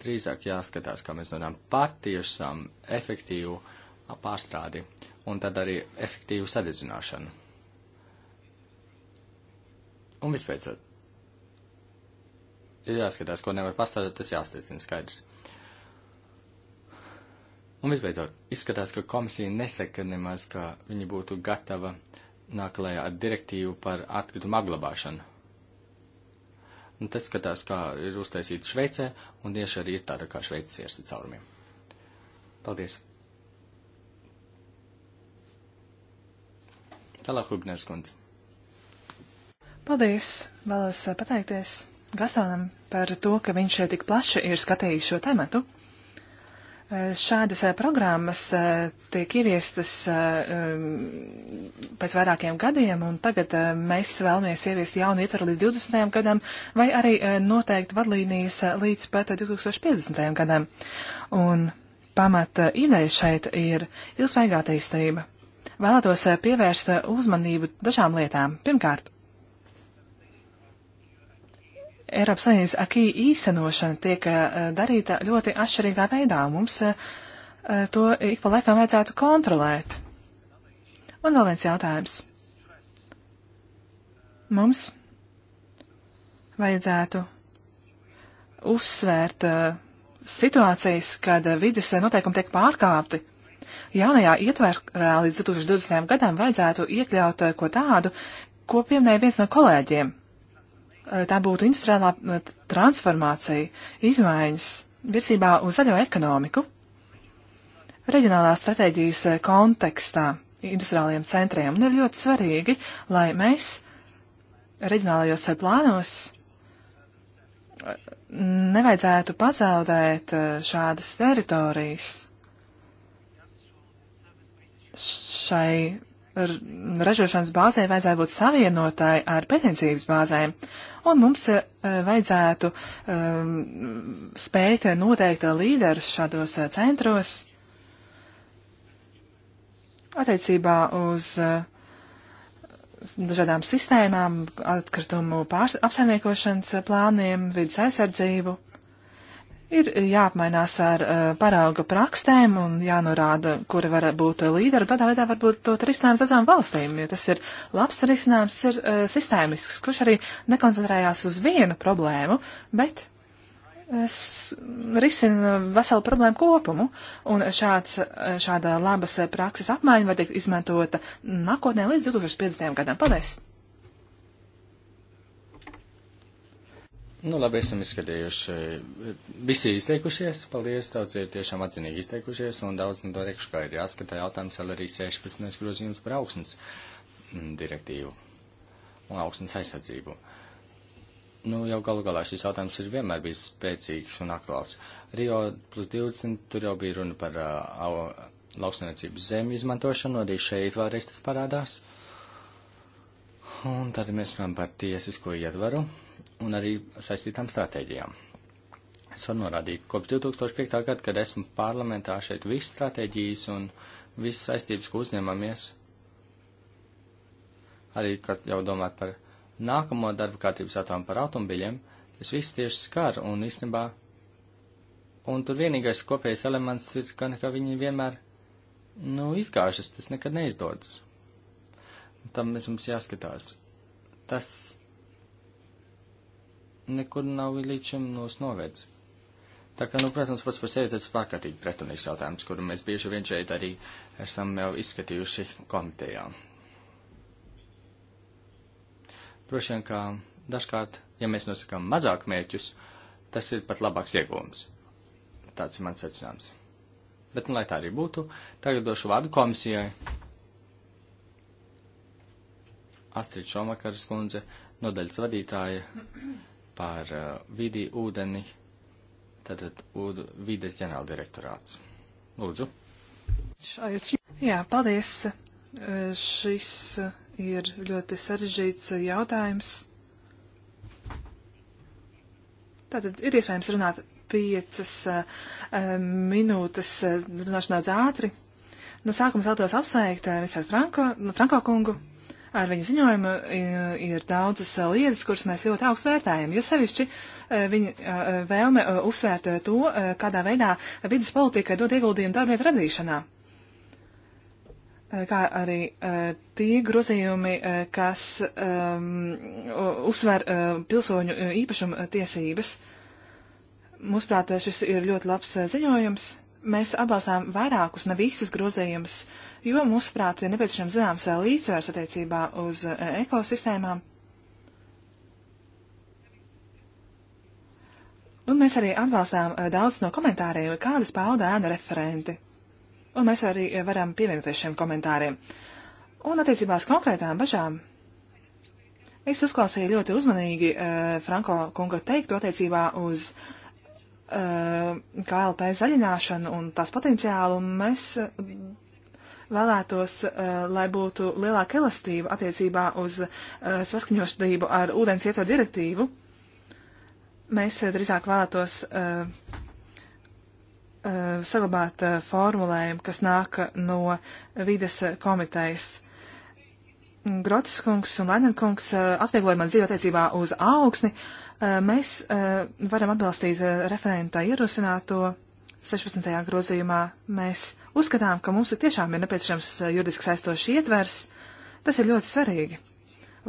Drīzāk jāskatās, kā mēs nonām patiešām efektīvu pārstrādi un tad arī efektīvu sadedzināšanu. Un vispēcot, ir jāskatās, ko nevar pastāstīt, tas jāstiecina skaidrs. Un visbeidzot, izskatās, ka komisija nesaka nemaz, ka viņi būtu gatava nākamajā ar direktīvu par atkritumu apglabāšanu. Un tas skatās, kā ir uztaisīta Šveicē, un tieši arī ir tāda kā Šveices iersta caurumiem. Paldies! Tālāk, Hubners kundze. Paldies! Vēlos eh, pateikties Gasonam par to, ka viņš tik plaši ir skatījis šo tematu. Eh, šādas eh, programmas eh, tiek ieviestas um, pēc vairākiem gadiem, un tagad mēs vēlamies ieviest jaunu ietvaru līdz 20. gadam, vai arī noteikti vadlīnijas līdz pat 2050. gadam. Un pamata ideja šeit ir ilgspējīga attīstība. Vēlētos pievērst uzmanību dažām lietām. Pirmkārt, Eiropas Savienības akī īstenošana tiek eh, darīta ļoti atšķirīgā veidā. Mums eh, eh, to ik pa laikam vajadzētu kontrolēt. Un vēl viens jautājums. Mums vajadzētu uzsvērt situācijas, kad vides noteikumi tiek pārkāpti. Jaunajā ietverā līdz 2020. gadam vajadzētu iekļaut ko tādu, ko pieminēja viens no kolēģiem Eh, tā būtu industriālā eh, transformācija, izmaiņas virsībā uz zaļo ekonomiku, reģionālā stratēģijas eh, kontekstā industriāliem centriem. Un ir ļoti svarīgi, lai mēs reģionālajos plānos nevajadzētu pazaudēt šādas teritorijas šai ražošanas bāzē vajadzētu būt savienotāji ar pētniecības bāzēm un mums eh, vajadzētu ehm, spēt noteikt līderus šādos eh, centros attiecībā uz eh, dažādām sistēmām, atkritumu apsaimniekošanas plāniem, vidas aizsardzību. Ir jāapmainās ar uh, parauga prakstēm un jānorāda, kura var būt eh, līderi. Tādā veidā varbūt to risinājums daudzām valstīm, jo tas ir labs risinājums, ir uh, sistēmisks, kurš arī nekoncentrējās uz vienu problēmu, bet es risinu veselu problēmu kopumu, un šāds, šāda labas prakses apmaiņa var tikt izmantota nākotnē līdz 2050. gadam. Paldies! Nu, labi, esam izskatījuši. Eh, visi izteikušies, paldies, daudz ir tiešām atzinīgi izteikušies, un daudz no to rekšu, kā ir jāskatā jautājums vēl arī 16. grozījums par augsnes mm, direktīvu un augsnes aizsardzību. Nu, jau galu galā šis jautājums ir vienmēr bijis spēcīgs un aktuāls. Rio plus 20, tur jau bija runa par eh, uh, lauksniecības zemi izmantošanu, arī šeit vēlreiz tas parādās. Un tad mēs runājam par tiesisko ietvaru un arī saistītām stratēģijām. Es varu norādīt, kopš 2005. gada, kad esmu parlamentā, šeit viss stratēģijas un visas saistības, ko uzņemamies, arī, kad jau domāt par nākamo darba kārtības atomu par automobiļiem, tas viss tieši skar un īstenībā, un tur vienīgais kopējais elements ir, ka, ka viņi vienmēr, nu, izgāžas, tas nekad neizdodas. Tam mēs mums jāskatās. Tas nekur nav līdz šim mūs novedis. Tā kā, nu, protams, pats par sevi tas pārkārtīgi pretrunīgs jautājums, kuru mēs bieži vien šeit arī esam jau izskatījuši komitejā. Droši vien, ka dažkārt, ja mēs nosakām mazāk mērķus, tas ir pat labāks iegūms. Tāds ir mans secinājums. Bet, nu, lai tā arī būtu, tagad došu vārdu komisijai. Astrid Šomakaras kundze, nodaļas vadītāja par uh, vidi, ūdeni, tātad ūd, vides ģenerāldirektorāts. Lūdzu. Jā, paldies. Šis ir ļoti sarežģīts jautājums. Tātad ir iespējams runāt piecas uh, minūtes, uh, runāšu daudz ātri. No sākuma vēlos apsveikt Visāru Franko, no Franko kungu Ar viņa ziņojumu e, ir daudzas e, lietas, kuras mēs ļoti augstu vērtējam, jo sevišķi e, viņa vēlme uzsvērt to, kādā veidā vidas politika dod ieguldījumu darbietu radīšanā. Kā arī tie grozījumi, kas um, uzsver pilsoņu īpašumu tiesības. Mūsuprāt, šis ir ļoti labs ziņojums mēs atbalstām vairākus, ne visus grozējumus, jo mūsuprāt ir nepieciešams zināms eh, līdzsvars attiecībā uz eh, ekosistēmām. Un mēs arī atbalstām eh, daudz no komentāriem, kādas pauda ēnu referenti. Un mēs arī varam pievienoties šiem komentāriem. Un attiecībās konkrētām bažām. Es uzklausīju ļoti uzmanīgi uh, Franko kunga teiktu attiecībā uz uh, Uh, KLP zaļināšanu un tās potenciālu, un mēs uh, vēlētos, uh, lai būtu lielāka elastība attiecībā uz saskaņošanību ar ūdens ietvaru direktīvu. Mēs drīzāk vēlētos saglabāt formulējumu, kas nāk no vides komitejas. Grotiskungs un Lenenkungs atviegloja man dzīvi attiecībā uz augsni. Uh, Eh, mēs eh, varam atbalstīt eh, referentā ierosināto 16. grozījumā. Mēs uzskatām, ka mums ir tiešām ir nepieciešams juridiski saistošs ietvers. Tas ir ļoti svarīgi,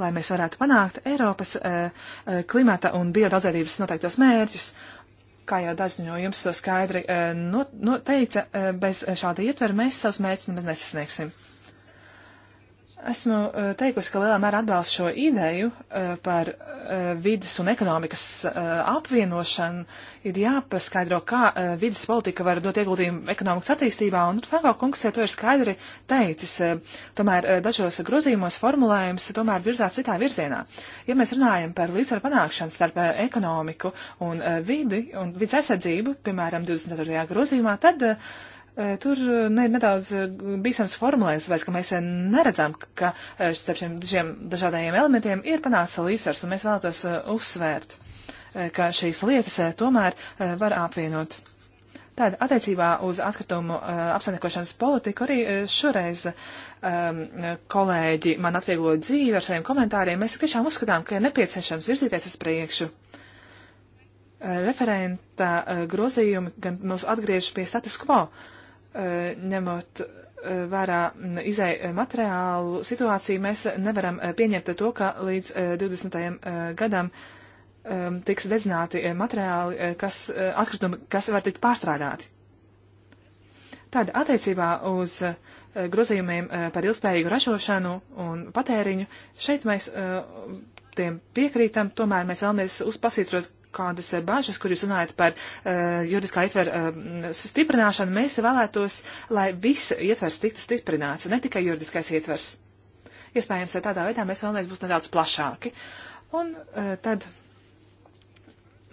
lai mēs varētu panākt Eiropas klimata un biodaudzveidības noteiktos mērķus. Kā jau daži no jums to skaidri noteica, bez šāda ietvera mēs savus mērķus nemaz nesasniegsim. Esmu eh, teikusi, ka lielā mērā atbalstu šo ideju eh, par eh, vidas un ekonomikas apvienošanu. Ir jāpaskaidro, kā vidas politika var dot ieguldījumu ekonomikas attīstībā, un Fango kungs ja to ir skaidri teicis. Tomēr dažos grozījumos formulējums tomēr virzās citā virzienā. Ja mēs runājam par līdzsvaru panākšanu starp ekonomiku un vidi un vidas aizsardzību, piemēram, 24. grozījumā, tad uh, Eh, tur eh, ne, nedaudz eh, bīstams formulējums, tāpēc, ka mēs neredzam, ka starp šiem, šiem dažādajiem elementiem ir panāca līdzsvars, un mēs vēlētos uzsvērt, ka šīs lietas tomēr var apvienot. Tad attiecībā uz atkritumu apsainiekošanas politiku arī šoreiz um, kolēģi man atvieglo dzīvi ar saviem komentāriem. Mēs tiešām uzskatām, ka ir nepieciešams virzīties uz priekšu referenta grozījumi gan mūs atgriež pie status quo ņemot vērā izai materiālu situāciju, mēs nevaram pieņemt to, ka līdz 20. gadam tiks dedzināti materiāli, kas, atkritumi, kas var tikt pārstrādāti. Tad attiecībā uz grozījumiem par ilgspējīgu ražošanu un patēriņu, šeit mēs tiem piekrītam, tomēr mēs vēlamies uzpasītrot kādas eh, bažas, kur jūs runājat par uh, juridiskā ietvera uh, eh, stiprināšanu, mēs vēlētos, lai viss ietvers tiktu stiprināts, ne tikai juridiskais ietvers. Iespējams, tādā veidā mēs vēlamies būt nedaudz plašāki. Un uh, tad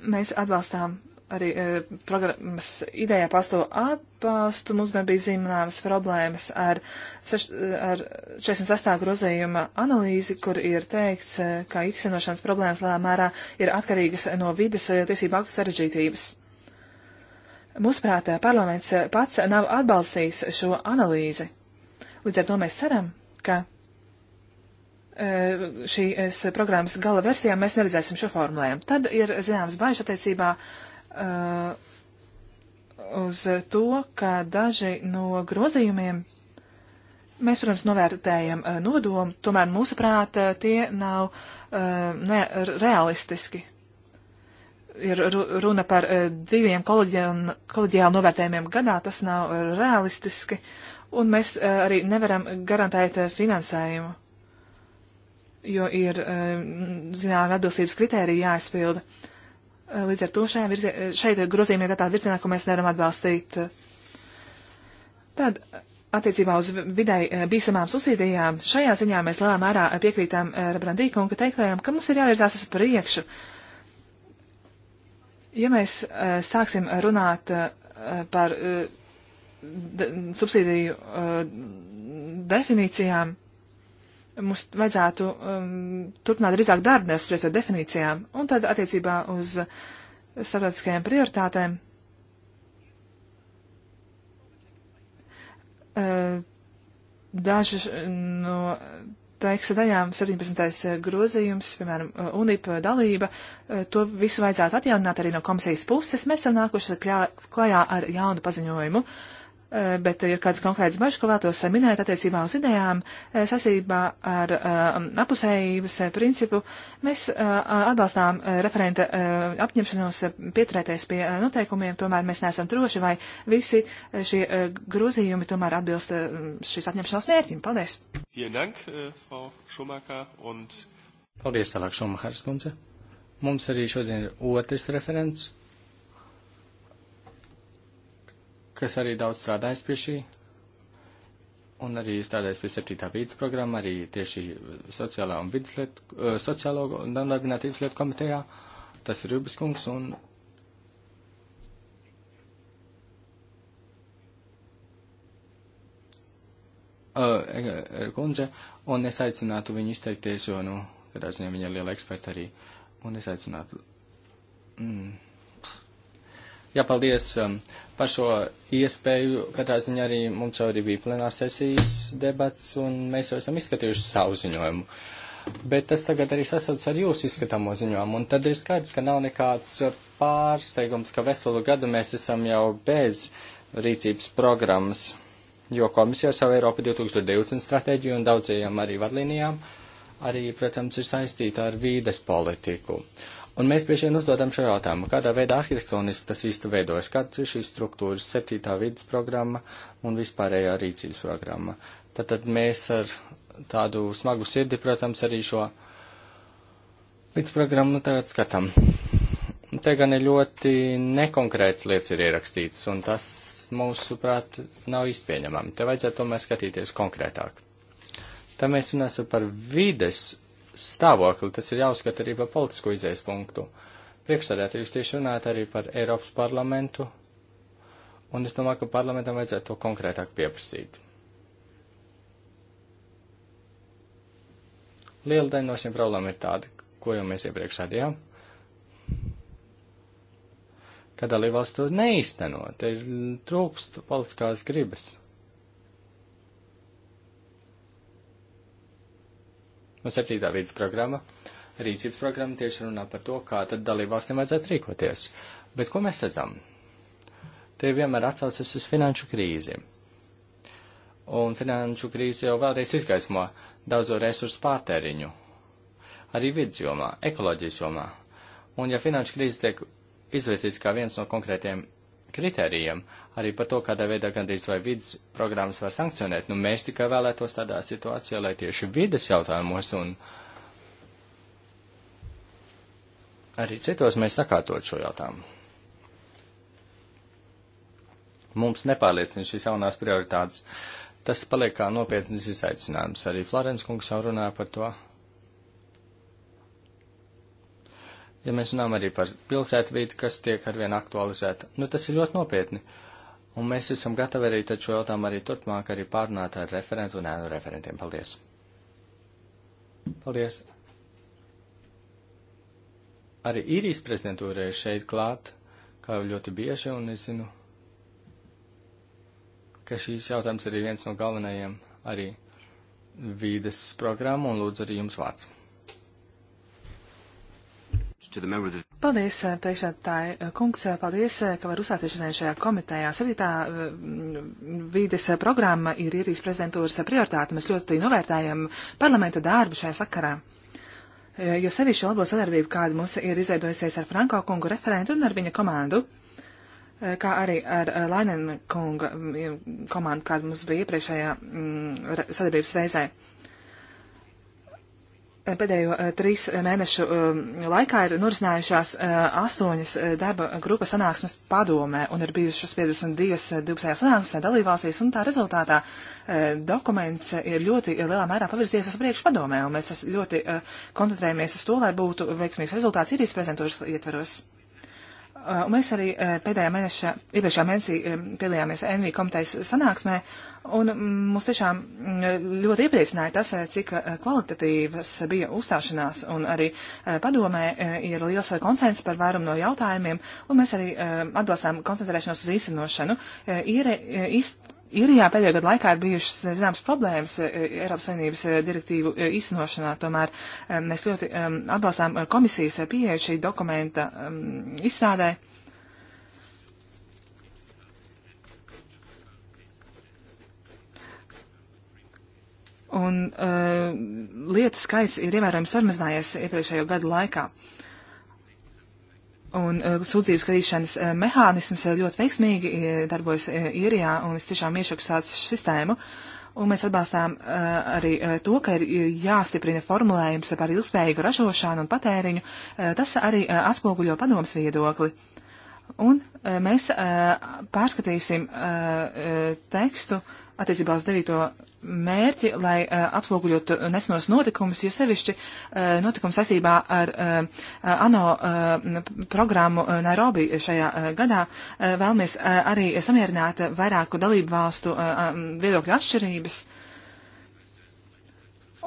mēs atbalstām arī e, programmas idejā pastāv atbalstu. Mums gan bija zināmas problēmas ar, seš, e, ar 46. grozījuma analīzi, kur ir teikts, e, ka īstenošanas problēmas lielā mērā ir atkarīgas no vides e, tiesību aktu sarežģītības. Mūsuprāt, parlaments pats nav atbalstījis šo analīzi. Līdz ar to mēs ceram, ka šīs programmas gala versijā mēs neredzēsim šo formulējumu. Tad ir zināms bažas attiecībā uh, uz to, ka daži no grozījumiem mēs, protams, novērtējam uh, nodomu, tomēr mūsuprāt uh, tie nav uh, ne, realistiski. Ir runa par uh, diviem koleģiāli novērtējumiem gadā, tas nav uh, realistiski, un mēs uh, arī nevaram garantēt finansējumu, jo ir, zinām, atbilstības kritērija jāizpilda. Eh, līdz ar to virzie, eh, šeit grozījumi ir tādā virzienā, ko mēs nevaram atbalstīt. Tad attiecībā uz vidai eh, bīsamām susīdījām, šajā ziņā mēs lielā mērā piekrītām Rebrandīku un ka teiktajām, ka mums ir jāvirzās uz priekšu. Ja mēs sāksim runāt par subsīdiju definīcijām, mums vajadzētu um, turpināt drīzāk darbu, nevis spriest par definīcijām, un tad attiecībā uz starptautiskajām prioritātēm. Uh, daži no teksta daļām 17. grozījums, piemēram, uh, UNIP dalība, uh, to visu vajadzētu atjaunināt arī no komisijas puses. Mēs esam nākuši klā, klajā ar jaunu paziņojumu. Uh, Eh, bet ir kāds konkrēts bažs, ko vēlos eh, minēt attiecībā uz idejām, eh, sasībā ar apusējības principu. Mēs atbalstām referenta apņemšanos pieturēties pie noteikumiem, tomēr mēs neesam droši, vai visi šie grozījumi tomēr atbilst šīs apņemšanās mērķim. Paldies! Paldies, tālāk Šumahars kundze. Mums arī šodien ir otrs referents kas arī daudz strādājis pie šī, un arī strādājis pie septītā vīdes programma, arī tieši sociālā un vidas lietu, eh, sociālo un nodarbinātības lietu komitejā. Tas ir Rubis kungs, un uh, kundze, un es aicinātu viņu izteikties, jo, nu, kādā ziņā viņa ir liela eksperta arī, un es aicinātu. Mm. Jāpaldies um, par šo iespēju. Katrā ziņā arī mums jau arī bija plenārsesijas debats, un mēs jau esam izskatījuši savu ziņojumu. Bet tas tagad arī sasaucas ar jūsu izskatāmo ziņojumu, un tad ir skaidrs, ka nav nekāds pārsteigums, ka veselu gadu mēs esam jau bez rīcības programmas, jo komisija ar savu Eiropa 2020 stratēģiju un daudzajām arī vadlīnijām arī, protams, ir saistīta ar vīdes politiku. Uh, Un mēs bieži vien uzdodam šo jautājumu, kādā veidā arhitektoniski tas īsti veidojas, kāds ir šīs struktūras, septītā vidas programma un vispārējā rīcības programma. Tad, tad mēs ar tādu smagu sirdi, protams, arī šo vidas programmu tagad skatām. Te gan ir ļoti nekonkrēts lietas ir ierakstītas, un tas, mūsuprāt, nav īsti pieņemami. Te vajadzētu tomēr skatīties konkrētāk. Tā mēs runāsim par vides stāvokli, tas ir jāuzskata arī par politisko izējas punktu. Priekšsēdētāji, jūs tieši runājat arī par Eiropas parlamentu, un es domāju, ka parlamentam vajadzētu to konkrētāk pieprasīt. Liela daļa no šiem problēmām ir tāda, ko jau mēs iepriekš redzējām, ka dalībvalsts to neīsteno, te ir trūkst politiskās gribas. No 7. vīdes programma, rīcības programma tieši runā par to, kā tad dalībvalstīm vajadzētu rīkoties. Bet ko mēs redzam? Te vienmēr atsaucas uz finanšu krīzi. Un finanšu krīze jau vēlreiz izgaismo daudzo resursu pārtēriņu. Arī vidas jomā, ekoloģijas jomā. Un ja finanšu krīze tiek izvērtīts kā viens no konkrētiem kritērijiem, arī par to, kādā veidā gandrīz vai vidas programmas var sankcionēt. Nu, mēs tikai vēlētos tādā situācijā, lai tieši vidas jautājumos un arī citos mēs sakārtot šo jautājumu. Mums nepārliecina šīs jaunās prioritātes. Tas paliek kā nopietnas izaicinājums. Arī Florence kungs jau runāja par to. ja mēs runājam arī par pilsētvidi, kas tiek arvien aktualizēta, nu tas ir ļoti nopietni. Un mēs esam gatavi arī taču jautājumu arī turpmāk arī pārunāt ar referentu un ēnu referentiem. Paldies! Paldies! Arī īrijas prezidentūra ir šeit klāt, kā jau ļoti bieži, un es zinu, ka šīs jautājums arī viens no galvenajiem arī vīdes programmu, un lūdzu arī jums vārds. Paldies, eh, priekšētāji eh, kungs, eh, paldies, ka var uzsāties šodien šajā komitejā. Sadītā vīdes programma ir Irijas prezidentūras prioritāte. Mēs ļoti novērtējam parlamenta darbu šajā sakarā. Jo sevišķi labo sadarbību, kāda mums ir izveidojusies ar Franko kungu referentu un ar viņa komandu, kā arī ar Lainena kunga mm, komandu, kāda mums bija iepriekšējā mm, sadarbības reizē. Eh, pēdējo eh, trīs eh, mēnešu laikā ir norisinājušās astoņas darba grupas sanāksmes padomē un ir bijušas 52 divpusējās sanāksmes dalībvalstīs, un tā rezultātā dokuments ir ļoti lielā mērā pavirzies uz priekšu padomē, un mēs ļoti koncentrējamies uz to, lai būtu veiksmīgs rezultāts īrijas prezentūras ietveros. Eh, un mēs arī eh, pēdējā mēneša, iepriekšējā mēnesī eh, piedalījāmies NV komitejas sanāksmē, un mm, mums tiešām mm, ļoti iepriecināja tas, cik kvalitatīvas bija uzstāšanās, un arī padomē ir liels konsens par vairumu no jautājumiem, un mēs arī atbalstām koncentrēšanos uz īstenošanu. Ir, īst, Irijā pēdējo gadu laikā ir bijušas zināmas problēmas e, e, Eiropas Savienības e, direktīvu īstenošanā, tomēr mēs ļoti atbalstām komisijas pieeja šī dokumenta izstrādē. Un uh, lietu skaits ir ievērojami samazinājies iepriekšējo gadu laikā. Uh, Un uh, sūdzību skatīšanas uh, mehānisms uh, ļoti veiksmīgi uh, darbojas uh, īrijā, un es tiešām iešaku tādu sistēmu. Un mēs atbalstām uh, arī uh, to, ka ir jāstiprina formulējums par ilgspējīgu ražošanu un patēriņu. Uh, tas arī uh, atspoguļo padomas viedokli. Uh, Un eh, mēs eh, pārskatīsim eh, tekstu attiecībā uz devīto mērķi, lai atspoguļotu nesenos notikumus, jo sevišķi notikums saistībā ar ANO programmu Nairobi šajā gadā vēlamies arī samierināt vairāku dalību valstu viedokļu atšķirības.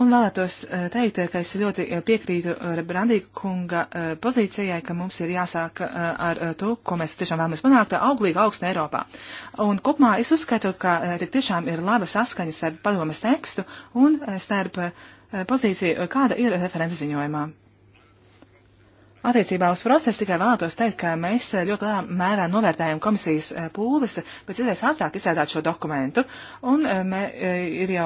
Un vēlētos eh, teikt, eh, ka es ļoti eh, piekrītu Brandīka kunga pozīcijai, ka mums ir jāsāk ar to, ko mēs tiešām vēlamies panākt - auglīga augstne Eiropā. Un kopumā es uzskatu, ka tik tiešām ir laba saskaņa starp padomas tekstu un starp pozīciju, kāda ir referenta ziņojumā. Attiecībā uz procesu tikai vēlētos teikt, ka mēs eh, ļoti lielā mērā novērtējam komisijas eh, pūles pēc iespējas ātrāk izsēdāt šo dokumentu. Un eh, mē, ir jau,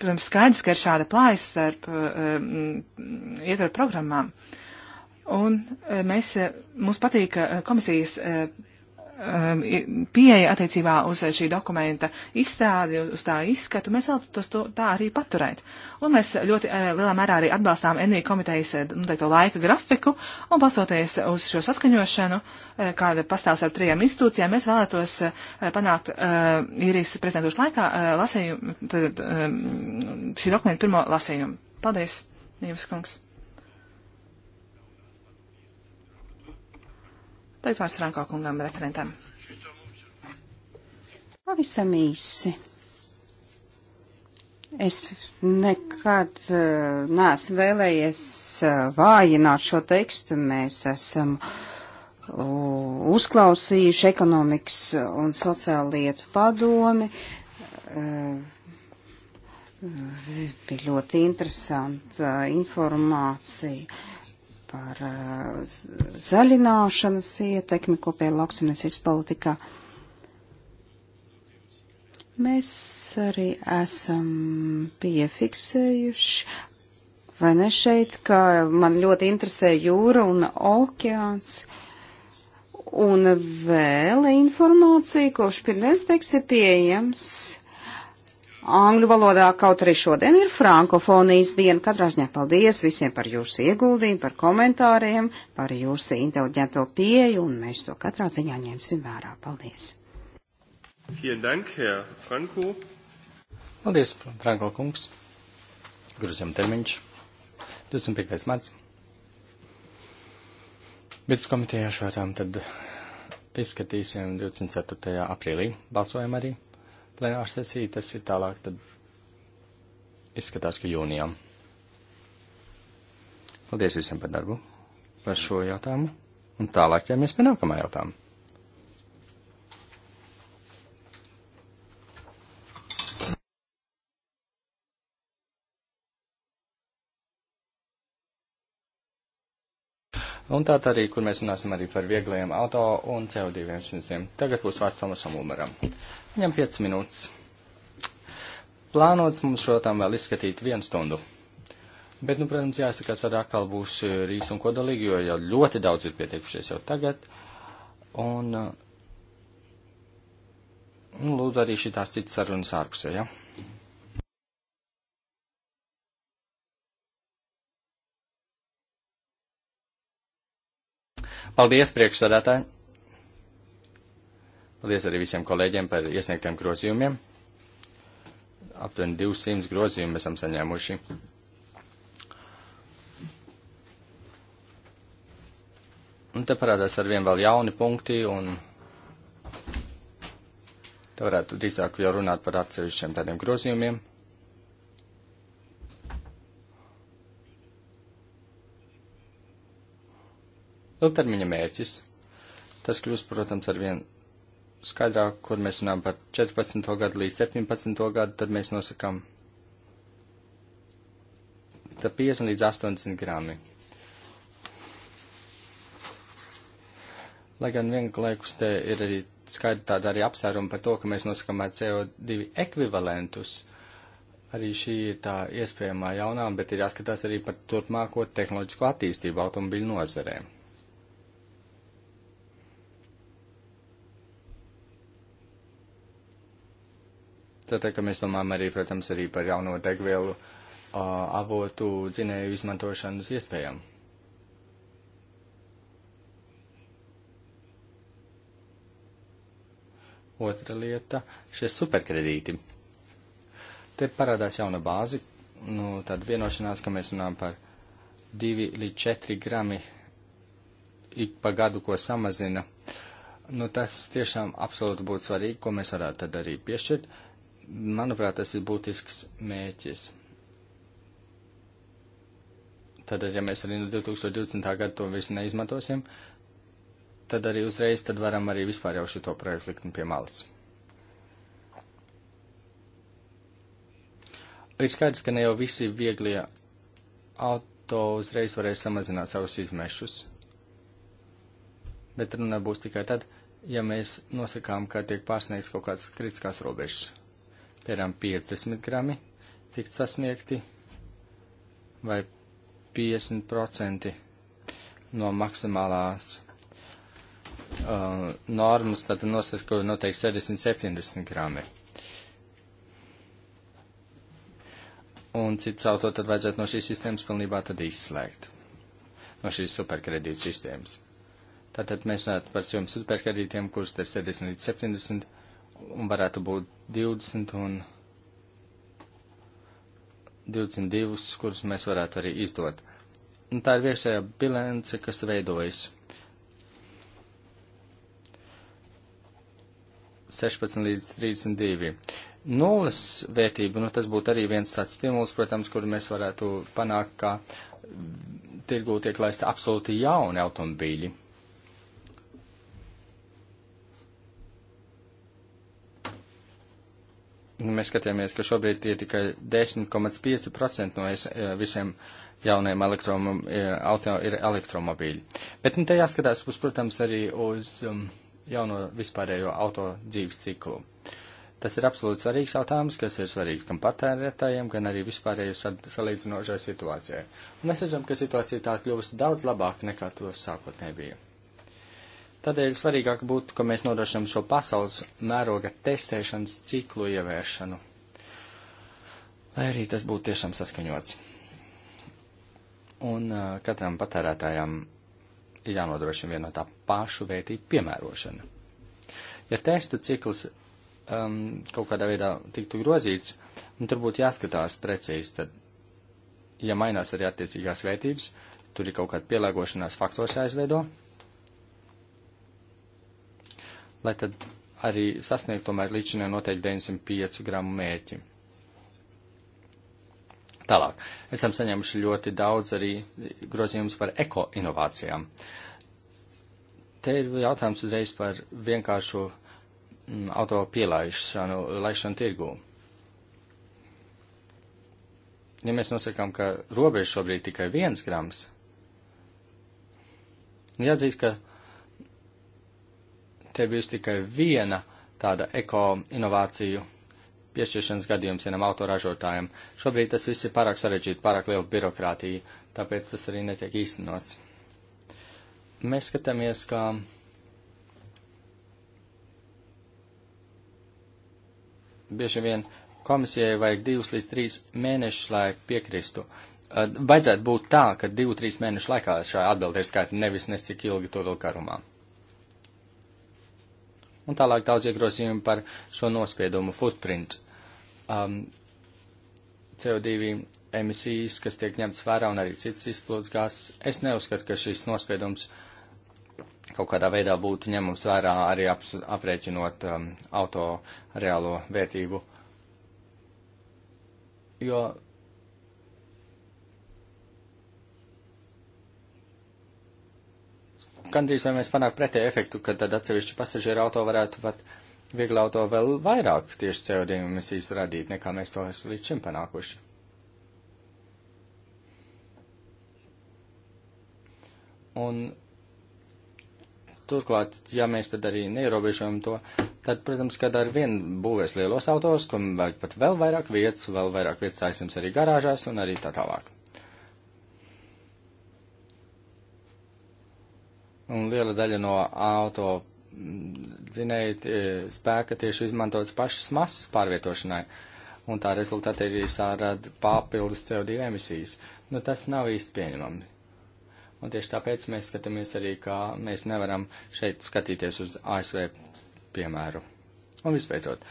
protams, skaidrs, ka ir šāda plājas starp mm, ietveru programmām. Un mēs, mums patīk komisijas Um, pieeja attiecībā uz šī dokumenta izstrādi, uz tā izskatu, mēs vēlamies to tā arī paturēt. Un mēs ļoti eh, lielā mērā arī atbalstām NV komitejas eh, noteikto nu, laika grafiku, un balsoties uz šo saskaņošanu, eh, kāda pastāv ar trijām institūcijām, mēs vēlētos panākt īrijas prezidentūras laikā lasējumu, tad, šī dokumenta pirmo lasējumu. Paldies, Jums kungs! Teikt vārds Franko kungam referentam. Pavisam īsi. Es nekad uh, neesmu vēlējies uh, vājināt šo tekstu. Mēs esam uh, uzklausījuši ekonomikas un sociālu lietu padomi. Uh, bija ļoti interesanta informācija par eh, zaļināšanas ietekmi kopējā lauksanesības politikā. Mēs arī esam piefiksējuši, vai ne šeit, ka man ļoti interesē jūra un okeāns. Un vēl informācija, kopš pirmdienas teiks, ir pieejams angļu valodā, kaut arī šodien ir frankofonijas diena. Katrā ziņā paldies visiem par jūsu ieguldījumu, par komentāriem, par jūsu inteliģento pieju, un mēs to katrā ziņā ņemsim vērā. Paldies! Dank, Franko. Paldies, Franko kungs! Grūzjam termiņš 25. marts. Bits komitejā šo jautājumu tad izskatīsim 24. aprīlī. Balsojam arī plenāra sesija, tas ir tālāk, tad izskatās, ka jūnijām. Paldies visiem par darbu, par šo jautājumu, un tālāk ķeramies pie nākamā jautājuma. Un tā arī, kur mēs runāsim arī par viegliem auto un CO2 emisijām. Tagad būs vārds Tomasam Umaram. Viņam 5 minūtes. Plānots mums šo tam vēl izskatīt vienu stundu. Bet, nu, protams, jāsaka, ar atkal būs eh, rīs un kodolīgi, jo jau ļoti daudz ir pieteikušies jau tagad. Un, eh, nu, lūdzu arī šitās citas sarunas ārpusē, ja? Paldies, priekšsādātāji! Paldies arī visiem kolēģiem par iesniegtiem grozījumiem. Aptuveni 200 grozījumu esam saņēmuši. Un te parādās ar vien vēl jauni punkti, un te varētu drīzāk jau runāt par atsevišķiem tādiem grozījumiem. Ilgtermiņa mērķis. Tas kļūst, protams, ar vien skaidrāk, kur mēs runājam par 14. gadu līdz 17. gadu, tad mēs nosakam 50 līdz 80 grami. Lai gan vienlaikus te ir arī skaidri tāda arī apsvēruma par to, ka mēs nosakām CO2 ekvivalentus. Arī šī ir tā iespējamā jaunā, bet ir jāskatās arī par turpmāko tehnoloģisko attīstību automobiļu nozarēm. Tātad, ka mēs domājam arī, protams, arī par jauno degvielu uh, avotu dzinēju izmantošanas iespējām. Otra lieta - šie superkredīti. Te parādās jauna bāzi, nu, tāda vienošanās, ka mēs runājam par 2 līdz 4 grami ik pa gadu, ko samazina. Nu, tas tiešām absolūti būtu svarīgi, ko mēs varētu tad arī piešķirt. Uh, manuprāt, tas ir būtisks mēķis. Tad, ja mēs arī no 2020. gada to visu neizmantosim, tad arī uzreiz tad varam arī vispār jau šito projektu likt pie malas. Ir skaidrs, ka ne jau visi vieglie auto uzreiz varēs samazināt savus izmešus, bet runa būs tikai tad, ja mēs nosakām, ka tiek pārsniegts kaut kāds kritiskās robežas piemēram, 50 grami tikt sasniegti vai 50% no maksimālās uh, normas, tad nosaka, ka noteikti 60-70 grami. Un cits auto tad vajadzētu no šīs sistēmas pilnībā tad izslēgt, no šīs superkredīta sistēmas. Tātad mēs runājam par superkredītiem, kurus te 70 līdz 70 un varētu būt 20 un 22, kurus mēs varētu arī izdot. Un tā ir iekšējā bilance, kas veidojas. 16 līdz 32. Nulles vērtība, nu tas būtu arī viens tāds stimuls, protams, kur mēs varētu panākt, ka tirgū tiek laista absolūti jauni automobīļi. Mēs skatījāmies, ka šobrīd ir tikai 10,5% no es, e, visiem jaunajiem e, auto ir elektromobīļi. Bet nu, te jāskatās, uz, protams, arī uz um, jauno vispārējo auto dzīves ciklu. Tas ir absolūti svarīgs jautājums, kas ir svarīgs gan patērētājiem, gan arī vispārējai salīdzinošai situācijai. Un mēs redzam, ka situācija tā kļūst daudz labāka nekā to sākotnēji bija. Tādēļ svarīgāk būtu, ka mēs nodrošinām šo pasaules mēroga testēšanas ciklu ieviešanu, lai arī tas būtu tiešām saskaņots. Un uh, katram patērētājam ir jānodrošina vienotā pašu vērtību piemērošana. Ja testu cikls um, kaut kādā veidā tiktu grozīts, un tur būtu jāskatās precīzi, tad, ja mainās arī attiecīgās vērtības, tur ir kaut kāda pielāgošanās faktors jāizveido. Ja lai tad arī sasniegtu tomēr līdšanai noteikti 905 gramu mērķi. Tālāk, esam saņēmuši ļoti daudz arī grozījumus par ekoinovācijām. Te ir jautājums uzreiz par vienkāršu m, mm, auto pielaišanu, laišanu tirgū. Ja mēs nosakām, ka robeža šobrīd tikai viens grams, nu jāatzīst, ka te būs tikai viena tāda eko-inovāciju piešķiršanas gadījums vienam autoražotājam. Šobrīd tas viss ir pārāk sarežģīti, pārāk liela birokrātija, tāpēc tas arī netiek īstenots. Mēs skatāmies, ka bieži vien komisijai vajag divus līdz trīs mēnešus, lai piekristu. Vajadzētu būt tā, ka divu, trīs mēnešu laikā šā atbilde ir skaita, nevis nesik ilgi to vēl karumā un tālāk daudz iegrozījumi par šo nospiedumu footprint. Um, CO2 emisijas, kas tiek ņemts vērā un arī cits izplūdes gāzes, es neuzskatu, ka šis nospiedums kaut kādā veidā būtu ņemams vērā arī ap, aprēķinot um, auto reālo vērtību. Jo gandrīz vai mēs panāk pretēju efektu, ka tad atsevišķi pasažieru auto varētu pat viegli auto vēl vairāk tieši CO2 emisijas radīt, nekā mēs to esam līdz šim panākuši. Un turklāt, ja mēs tad arī neierobežojam to, tad, protams, kad ar vienu būvēs lielos autos, kam vajag pat vēl vairāk vietas, vēl vairāk vietas aizņems arī garāžās un arī tā tālāk. Un liela daļa no auto mm, dzinēja spēka tieši izmantots pašas masas pārvietošanai. Un tā rezultātā arī sārada papildus CO2 emisijas. Nu, tas nav īsti pieņemami. Un tieši tāpēc mēs skatāmies arī, kā mēs nevaram šeit skatīties uz ASV piemēru. Un vispēcot,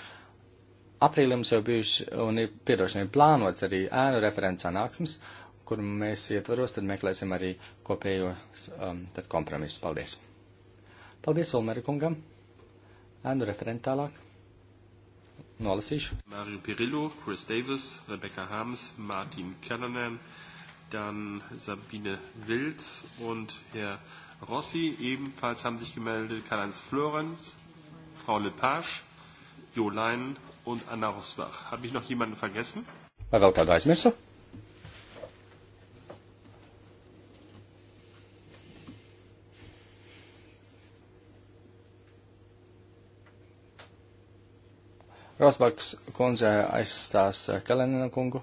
aprīlī mums jau bijuši un ir piedošanai plānots arī ēnu referents sanāksmes. Uh, kur mēs ietvaros, tad meklēsim arī kopējo um, kompromisu. Paldies! Paldies Olmeri kungam! Ēnu referentu tālāk. Nolasīšu. Mario Pirillo, Chris Davis, Rebecca Harms, Martin Callanan, dann Sabine Wilz und Herr Rossi. Ebenfalls haben sich gemeldet Karl-Heinz Florenz, Frau Lepage, Jo Leinen und Anna Rosbach. Habe ich noch jemanden vergessen? Vai vēl kādu aizmirsu? Krosbaks kundze aizstās eh, Kalenina kungu.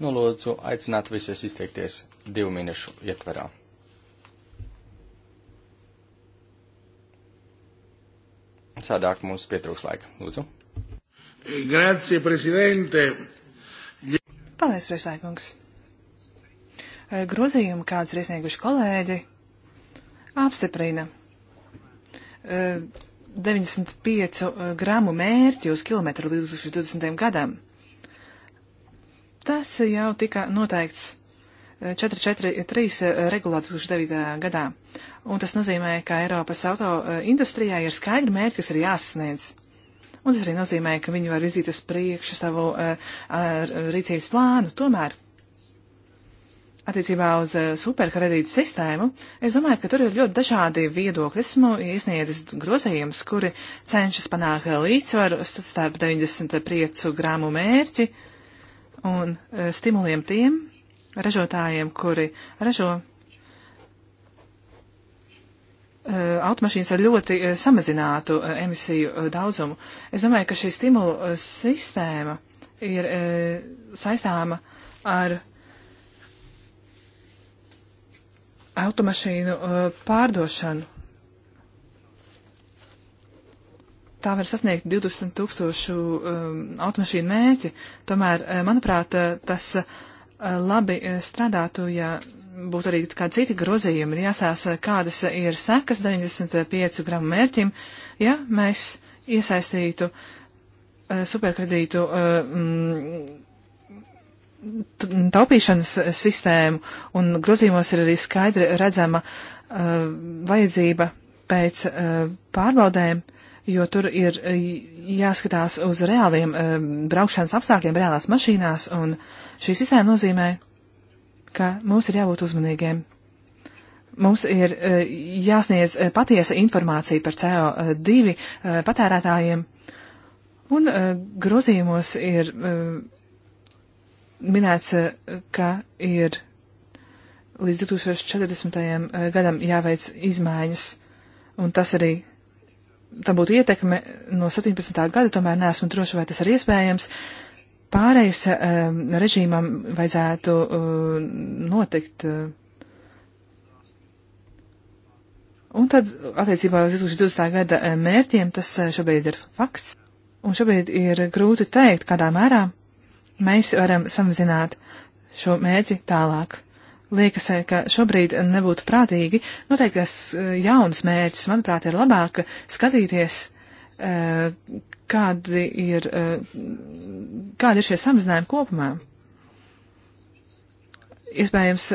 Nu, lūdzu, aicināt visies izteikties divu minūšu ietverā. Sādāk mums pietrūks laika. Lūdzu. Grazie, prezidente. Paldies, priekšlēkungs. Eh, grozījumi, kāds ir iesnieguši kolēģi, apstiprina. Uh, 95 uh, gramu mērķi uz kilometru līdz 2020. gadam. Tas jau tika noteikts 443 regulā 2009. gadā, un tas nozīmē, ka Eiropas auto uh, industrijā ir skaidri mērķi, kas ir jāsasniedz. Un tas arī nozīmē, ka viņi var vizīt uz priekšu savu uh, uh rīcības plānu. Tomēr Attiecībā uz eh, superkredītu sistēmu, es domāju, ka tur ir ļoti dažādi viedokļi. Esmu iesniedzis grozījumus, kuri cenšas panākt eh, līdzsvaru starp 95 grāmu mērķi un eh, stimuliem tiem ražotājiem, kuri ražo automašīnas ar ļoti samazinātu emisiju daudzumu. Es domāju, ka šī stimulu sistēma ir saistāma ar automašīnu uh, pārdošanu. Tā var sasniegt 20 tūkstošu um, automašīnu mērķi. Tomēr, uh, manuprāt, uh, tas labi strādātu, ja būtu arī kādi citi grozījumi. Ir jāsās, kādas ir sekas 95 gramu mērķim, ja mēs iesaistītu superkredītu mm, taupīšanas sistēmu, un grozījumos ir arī skaidri redzama uh, vajadzība pēc uh, pārbaudēm, jo tur ir uh, jāskatās uz reāliem uh, braukšanas apstākļiem, reālās mašīnās, un šī sistēma nozīmē, ka mums ir jābūt uzmanīgiem. Mums ir uh, jāsniedz uh, patiesa informācija par CO2 uh, patērētājiem, un uh, grozījumos ir. Uh, minēts, eh, ka ir līdz 2040. Eh, gadam jāveic izmaiņas, un tas arī tam būtu ietekme no 17. gada, tomēr neesmu droši, vai tas ir iespējams. Pārējais um, režīmam vajadzētu uh, notikt. Un tad attiecībā uz 2020. gada mērķiem tas šobrīd ir fakts. Un šobrīd ir grūti teikt, kādā mērā mēs varam samazināt šo mērķi tālāk. Liekas, ka šobrīd nebūtu prātīgi noteikt tas eh, jaunas mērķus. Manuprāt, ir labāk skatīties, eh, kādi ir, eh, kādi ir šie samazinājumi kopumā. Iespējams,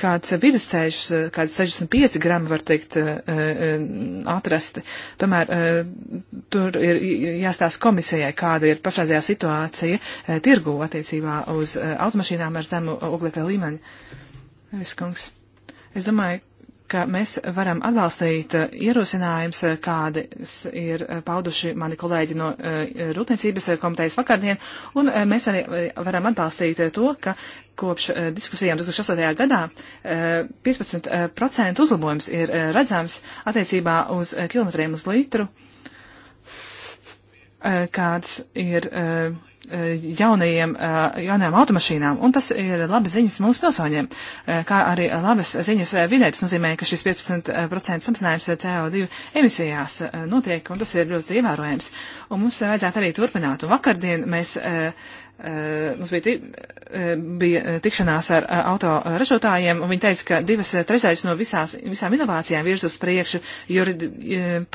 kāds vidusceļš, kāds 65 gramu var teikt eh, eh, atrasti. Tomēr eh, tur ir jāstāsta komisijai, kāda ir pašreizējā situācija tirgu attiecībā uz automašīnām ar zemu oglekļa līmeni. Viskungs. Es domāju, ka mēs varam atbalstīt eh, ierosinājums, eh, kādas ir eh, pauduši mani kolēģi no Rūpniecības komitejas vakardien, un mēs arī varam atbalstīt to, ka kopš diskusijām 2008. gadā 15% uzlabojums ir redzams attiecībā uz kilometriem uz litru, kāds ir Eh, jaunajiem, eh, jaunajām automašīnām, un tas ir labi ziņas mūsu pilsoņiem, eh, kā arī labas ziņas vidē. Tas nozīmē, ka šis 15% samazinājums CO2 emisijās notiek, un tas ir ļoti ievērojams. Un mums vajadzētu arī turpināt, un vakardien mēs uh, Eh, mums bija, eh, bija eh, tikšanās ar autoražotājiem, un viņi teica, ka divas trešdaļas no visās, visām inovācijām virz uz priekšu juridi,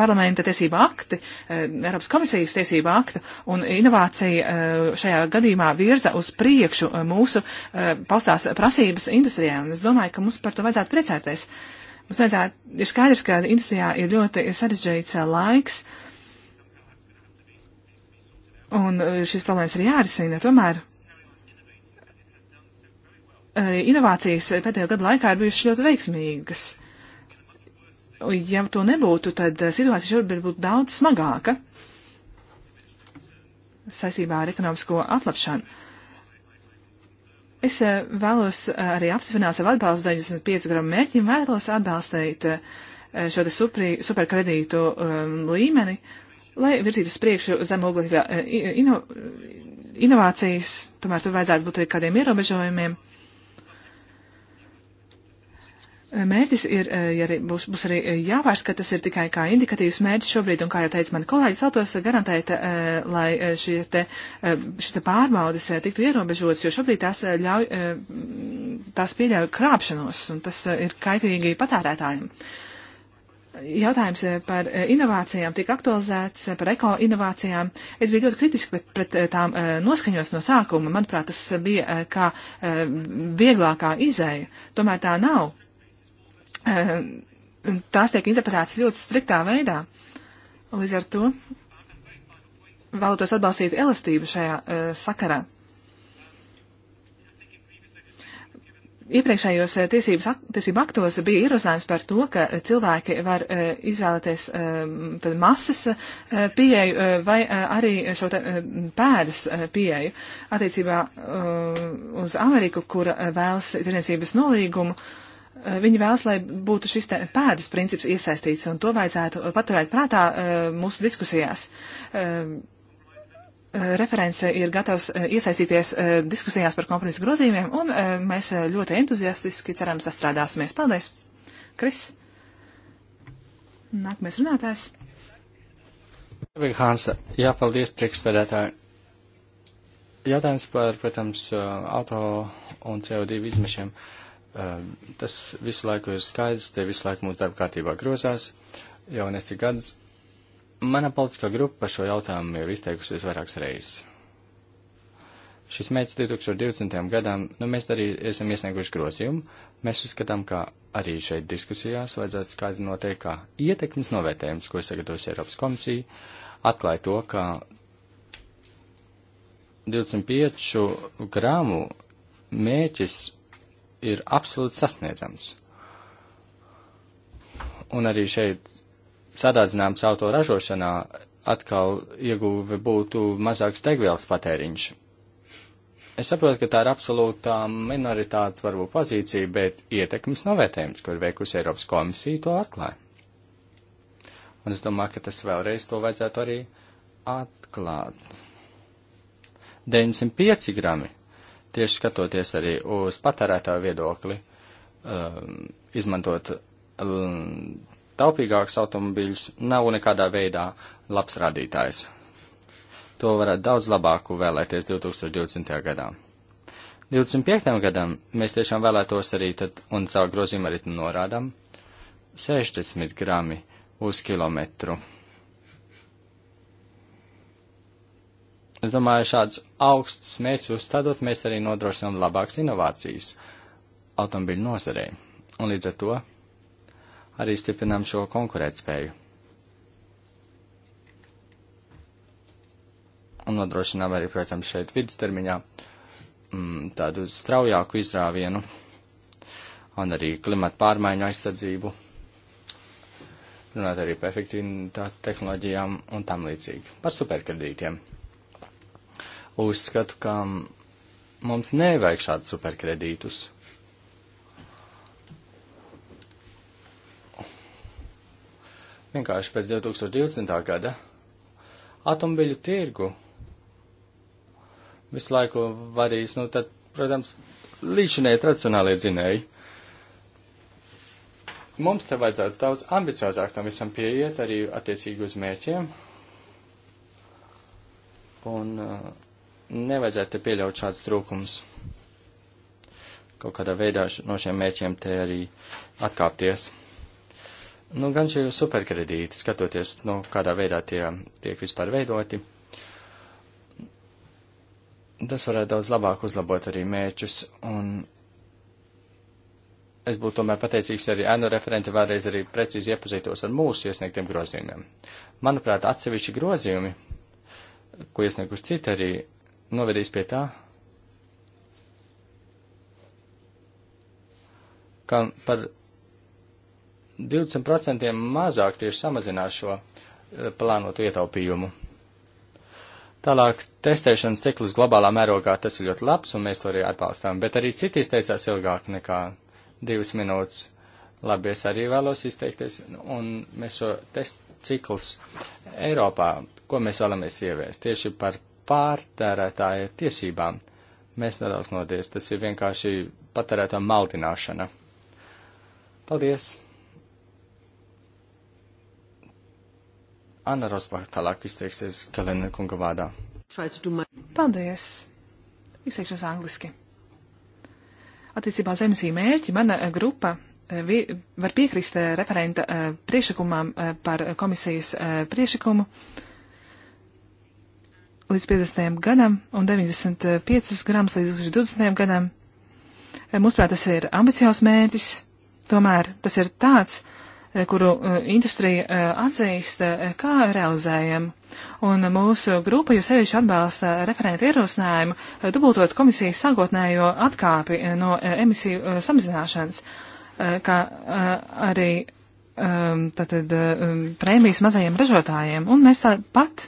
parlamenta tiesība akti, Eiropas komisijas tiesība aktu, un inovācija šajā gadījumā virza uz priekšu mūsu paustās prasības industrijā, un es domāju, ka mums par to vajadzētu priecēties. Mums vajadzētu, ir skaidrs, ka industrijā ir ļoti sarežģīts laiks. Uh, Un e, šīs problēmas ir jārisina. Tomēr arī e, inovācijas pēdējo gadu laikā ir bijušas ļoti veiksmīgas. Ja to nebūtu, tad situācija šobrīd būtu daudz smagāka saistībā ar ekonomisko atlapšanu. Es e, vēlos arī apstiprināt savu atbalstu 95 gramu mērķim, vēlos atbalstīt šo superkredītu um, līmeni. Uh, Lai virzītu uz priekšu zem oglekļa e, e, ino, inovācijas, tomēr tur vajadzētu būt arī kādiem ierobežojumiem. E, mērķis ir, ja arī būs, būs arī jāvērst, ka tas ir tikai kā indikatīvs mērķis šobrīd, un kā jau teica mani kolēģi, celtos garantēt, lai šī te, šī te pārbaudas tiktu ierobežotas, jo šobrīd tās, ļauj, tās pieļauj krāpšanos, un tas ir kaitīgi patērētājiem. Uh, jautājums eh, par eh, inovācijām tika aktualizēts, eh, par ekoinovācijām. Es biju ļoti kritiski pret, pret tām noskaņos no sākuma. Manuprāt, tas bija kā vieglākā izēja. Tomēr tā nav. Tās tiek interpretētas ļoti striktā veidā. Līdz ar to vēlētos atbalstīt elastību šajā sakarā. Iepriekšējos eh, tiesības, ak tiesību aktos bija ierosinājums par to, ka cilvēki var eh, izvēlēties ehm, tad masas eh, pieeju vai arī šo te pēdas pieeju attiecībā uz Ameriku, kura vēlas tirniecības nolīgumu. Viņi vēlas, lai būtu šis pēdas princips iesaistīts, un to vajadzētu paturēt prātā mūsu diskusijās. Ehm, Referents ir gatavs eh, iesaistīties eh, diskusijās par kompromisu grozījumiem, un eh, mēs ļoti entuziastiski ceram sastrādāsimies. Paldies! Kris! Nākamais runātājs. Hansa, jāpaldies priekšstādātāji. Jautājums par, protams, auto un CO2 izmešiem. Tas visu laiku ir skaidrs, te visu laiku mūsu darba kārtībā grozās jau nesik gadus Mana politiskā grupa par šo jautājumu ir izteikusies vairākas reizes. Šis mērķis 2020. gadam, nu, mēs arī esam iesnieguši grozījumu. Mēs uzskatām, ka arī šeit diskusijās vajadzētu skaidri noteikt, kā ietekmes novērtējums, ko sagatavos Eiropas komisija, atklāja to, ka 25 grāmu mērķis ir absolūti sasniedzams. Un arī šeit sadādzinājums auto ražošanā atkal ieguve būtu mazāks degvielas patēriņš. Es saprotu, ka tā ir absolūtā minoritātes varbūt pozīcija, bet ietekmes novērtējums, kur veikusi Eiropas komisija, to atklāja. Un es domāju, ka tas vēlreiz to vajadzētu arī atklāt. 905 grami, tieši skatoties arī uz patērētāju viedokli, um, izmantot um, taupīgāks automobīļus nav nekādā veidā labs rādītājs. To varētu daudz labāku vēlēties 2020. gadā. 25. gadam mēs tiešām vēlētos arī tad, un savu grozījumu arī norādām, 60 grami uz kilometru. Es domāju, šāds augsts mērķis uzstādot, mēs arī nodrošinām labākas inovācijas automobiļu nozarei. Un līdz ar to arī stiprinām šo konkurētspēju. Un nodrošinām arī, protams, šeit vidustermiņā mm, tādu straujāku izrāvienu un arī klimata pārmaiņu aizsardzību, runāt arī par efektivitātes tehnoloģijām un tam līdzīgi. Par superkredītiem. Uzskatu, ka mums nevajag šādus superkredītus vienkārši pēc 2020. gada atomobiļu tirgu visu laiku vadīs, nu tad, protams, līdšanai tradicionālie dzinēji. Mums te vajadzētu daudz ambiciozāk tam visam pieiet, arī attiecīgi uz mērķiem. Un uh, nevajadzētu te pieļaut šāds trūkums. Kaut kādā veidā no šiem mērķiem te arī atkāpties. Nu, gan šie superkredīti, skatoties, nu, kādā veidā tie tiek vispār veidoti, tas varētu daudz labāk uzlabot arī mērķus, un es būtu tomēr pateicīgs arī ēnu referenti vēlreiz arī precīzi iepazītos ar mūsu iesniegtiem grozījumiem. Manuprāt, atsevišķi grozījumi, ko iesnieguši citi arī, novedīs pie tā, ka par 20% mazāk tieši samazinās šo eh, plānotu ietaupījumu. Tālāk, testēšanas ciklus globālā mērogā tas ir ļoti labs, un mēs to arī atbalstām, bet arī citi izteicās ilgāk nekā divas minūtes. Labi, es arī vēlos izteikties, un mēs šo testu ciklus Eiropā, ko mēs vēlamies ieviest, tieši par pārtērētāju tiesībām, mēs nedaudz nodies, tas ir vienkārši patērētā maldināšana. Paldies! Anna Rosbach tālāk izteiksies Kalina kunga vārdā. Paldies! Izteikšos angliski. Attiecībā uz emisiju mērķi mana eh, grupa eh, vi, var piekrist eh, referenta priešakumam par komisijas priešakumu līdz 50. gadam un 95 gramus līdz 2020. gadam. Mūsuprāt, tas ir ambiciozs mērķis, tomēr tas ir tāds, uh, Eh, kuru eh, industrija eh, atzīst, kā realizējam. Un mūsu grupa jau sevišķi atbalsta referentu ierosinājumu, dubultot komisijas sākotnējo atkāpi no emisiju samazināšanas, kā arī ehm, tātad ehm, prēmijas mazajiem ražotājiem. Un mēs tāpat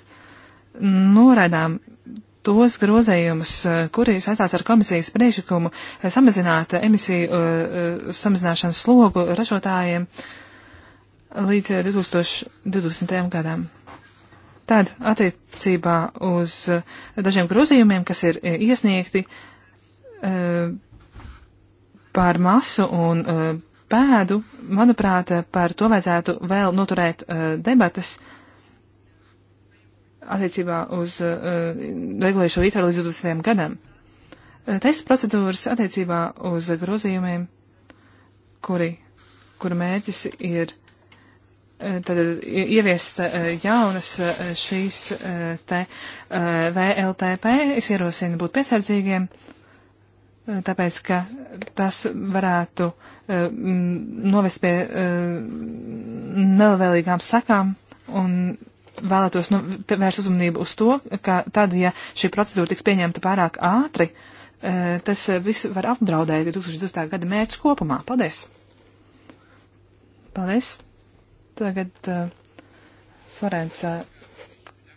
noraidām tos grozījumus, kuri saistās ar komisijas priekšlikumu samazināt emisiju samazināšanas slogu ražotājiem. Uh, līdz 2020. Eh, gadam. Tad attiecībā uz eh, dažiem grozījumiem, kas ir eh, iesniegti par masu un pēdu, manuprāt, par to vajadzētu vēl noturēt debatas attiecībā uz regulējušo līdzsvaru līdz 20. gadam. Testa procedūras attiecībā uz grozījumiem, kuri, kuru mērķis ir uh, tad ieviest e, jaunas e, šīs e, te VLTP. Es ierosinu būt piesardzīgiem, tāpēc, ka tas varētu novest pie nelabvēlīgām sakām un vēlētos nu, vērst uzmanību uz to, ka tad, ja šī procedūra tiks pieņemta pārāk ātri, tas viss var apdraudēt 2020. gada mērķus kopumā. Paldies! Paldies! Tagad uh, Florence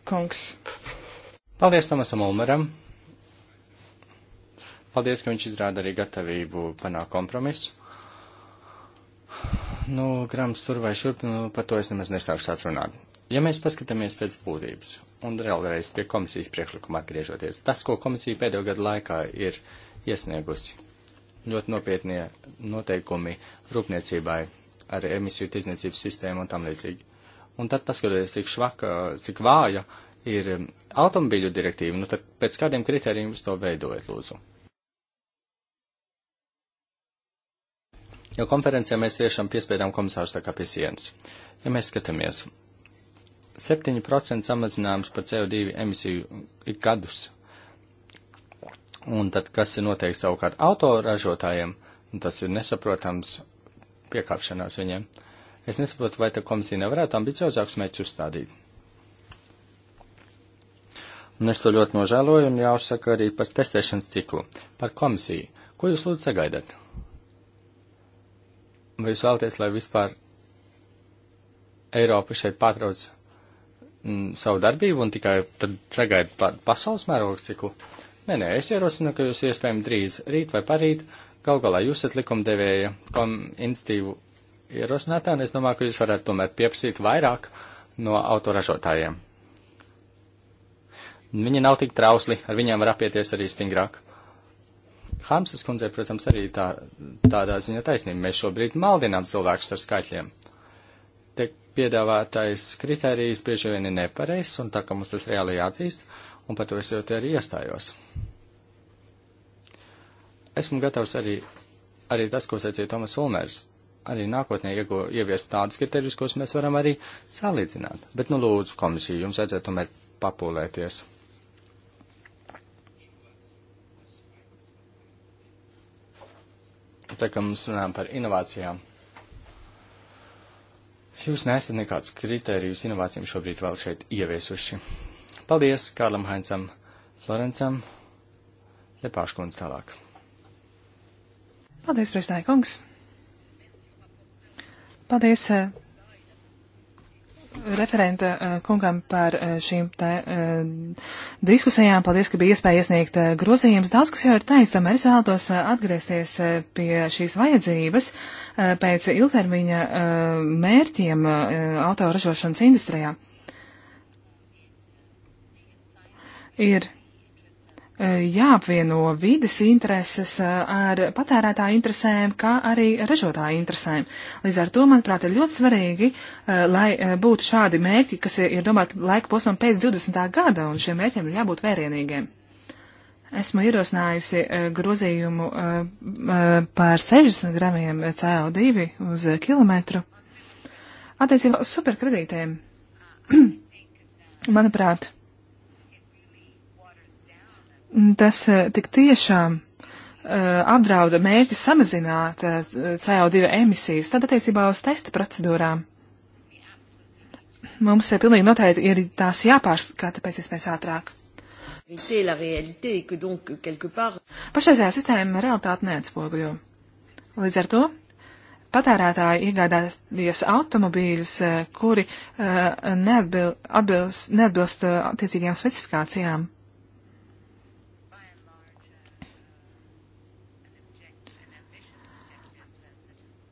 kungs. Paldies Tomasam Ulmeram. Paldies, ka viņš izrāda arī gatavību panākt kompromisu. Nu, grams tur vai šurp, nu, par to es nemaz nesākšu atrunāt. Ja mēs paskatāmies pēc būtības, un vēlreiz pie komisijas priekšlikuma atgriežoties, tas, ko komisija pēdējo gadu laikā ir iesniegusi, ļoti nopietnie noteikumi rūpniecībai ar emisiju tirdzniecības sistēmu un tam līdzīgi. Un tad paskatieties, cik švaka, cik vāja ir um, automobīļu direktīva, nu tad pēc kādiem kritērijiem jūs to veidojat, lūdzu? Jo konferencijā mēs tiešām piespiedām komisārus tā kā pie sienas. Ja mēs skatāmies, 7% samazinājums par CO2 emisiju ik gadus. Un tad, kas ir noteikti savukārt autoražotājiem, tas ir nesaprotams piekāpšanās viņiem. Es nesaprotu, vai tā komisija nevarētu ambiciozākus mērķus uzstādīt. Un es to ļoti nožēloju un jāuzsaka arī par testēšanas ciklu, par komisiju. Ko jūs lūdzu sagaidat? Vai jūs vēlaties, lai vispār Eiropa šeit pārtrauc mm, savu darbību un tikai tad sagaida pa, pasaules mēroga ciklu? Nē, nē, es ierosinu, ka jūs iespējami drīz rīt vai parīt Gal galā jūs esat likumdevēja institīvu ierosinātā, un es domāju, ka jūs varētu tomēr pieprasīt vairāk no autoražotājiem. Viņi nav tik trausli, ar viņiem var apieties arī stingrāk. Hamsas kundzei, protams, arī tā, tādā ziņā taisnība. Mēs šobrīd maldinām cilvēkus ar skaitļiem. Te piedāvātais kritērijs bieži vien ir nepareizs, un tā kā mums tas reāli jāatzīst, un par to es jau te arī iestājos. Esmu gatavs arī, arī tas, ko sacīja Tomas Ulmers, arī nākotnē iego, ieviest tādus kriterijus, kos mēs varam arī salīdzināt. Bet, nu, lūdzu, komisija, jums vajadzētu tomēr papūlēties. Tā kā mums runājam par inovācijām. Jūs nesat nekādus kriterijus inovācijām šobrīd vēl šeit ieviesuši. Paldies Kārlam Haincam, Florencam, Lepāškundz tālāk. Paldies, priekšstāja kungs. Paldies eh, referenta eh, kungam par eh, šīm tā, diskusijām. Paldies, ka bija iespēja iesniegt grozījumus. Daudz, kas jau ir teicis, tomēr es vēlētos atgriezties pie šīs vajadzības pēc ilgtermiņa mērķiem autoražošanas industrijā. Ir E, jāapvieno vides intereses e, ar patērētāju interesēm, kā arī ražotāju interesēm. Līdz ar to, manuprāt, ir ļoti svarīgi, e, lai būtu šādi mērķi, kas ir domāti laika posmam pēc 20. gada, un šiem mērķiem ir jābūt vērienīgiem. Esmu ierosinājusi grozījumu par 60 gramiem CO2 uz kilometru. Attiecībā uz superkredītēm, manuprāt, Mm, tas eh, tik tiešām eh, apdrauda mērķi samazināt eh, CO2 emisijas, tad attiecībā uz testa procedūrām. Mums pilnīgi noteikti ir tās jāpārskata pēc iespējas ātrāk. Pašreizējā sistēma realitāti neatspoguļo. Līdz ar to patērētāji iegādājas automobīļus, kuri neatbilst, neatbilst attiecīgajām specifikācijām.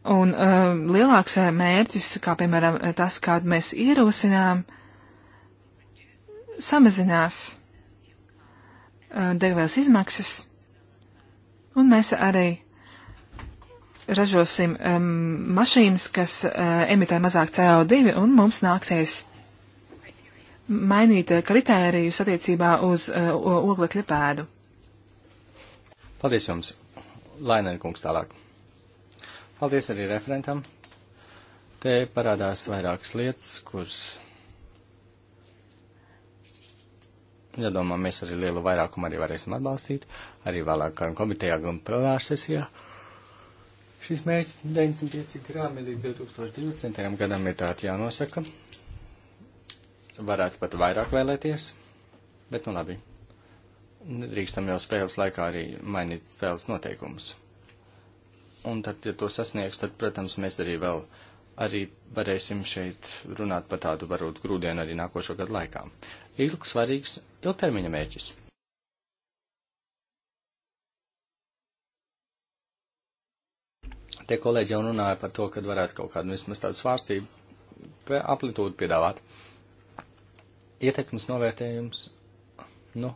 Un uh, lielāks uh, mērķis, kā piemēram uh, tas, kādu mēs ierosinām, samazinās uh, degvielas izmaksas, un mēs arī ražosim um, mašīnas, kas uh, emitē mazāk CO2, un mums nāksies mainīt uh, kritērijus attiecībā uz uh, oglekļa pēdu. Paldies jums, Lainēkungs tālāk. Paldies arī referentam. Te parādās vairākas lietas, kuras jādomā, ja mēs arī lielu vairākumu arī varēsim atbalstīt, arī vēlāk gan komitejā, gan plenāra sesijā. Šis mērķis 95 grāmi līdz 2020. gadam ir tāds jānosaka. Varētu pat vairāk vēlēties, bet nu labi. Drīkstam jau spēles laikā arī mainīt spēles noteikumus un tad, ja to sasniegs, tad, protams, mēs arī vēl arī varēsim šeit runāt par tādu varbūt grūdienu arī nākošo gadu laikā. Ilgs svarīgs ilgtermiņa mērķis. Te kolēģi jau runāja par to, kad varētu kaut kādu vismaz tādu svārstību amplitūdu piedāvāt. Ietekmes novērtējums, nu,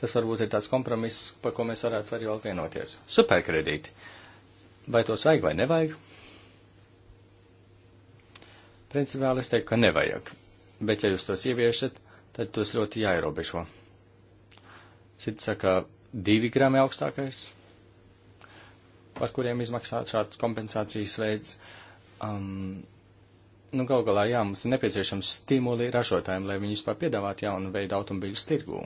tas varbūt ir tāds kompromiss, par ko mēs varētu arī vēl vienoties. Superkredīti. Uh, Vai tos vajag vai nevajag? Principāli es teiktu, ka nevajag, bet ja jūs tos ieviešat, tad tos ļoti jāierobežo. Cits saka, divi grami augstākais, par kuriem izmaksāt šāds kompensācijas veids. Um, nu, gal galā, jā, mums ir nepieciešams stimuli ražotājiem, lai viņi vispār piedāvātu jaunu veidu automobīļu tirgū.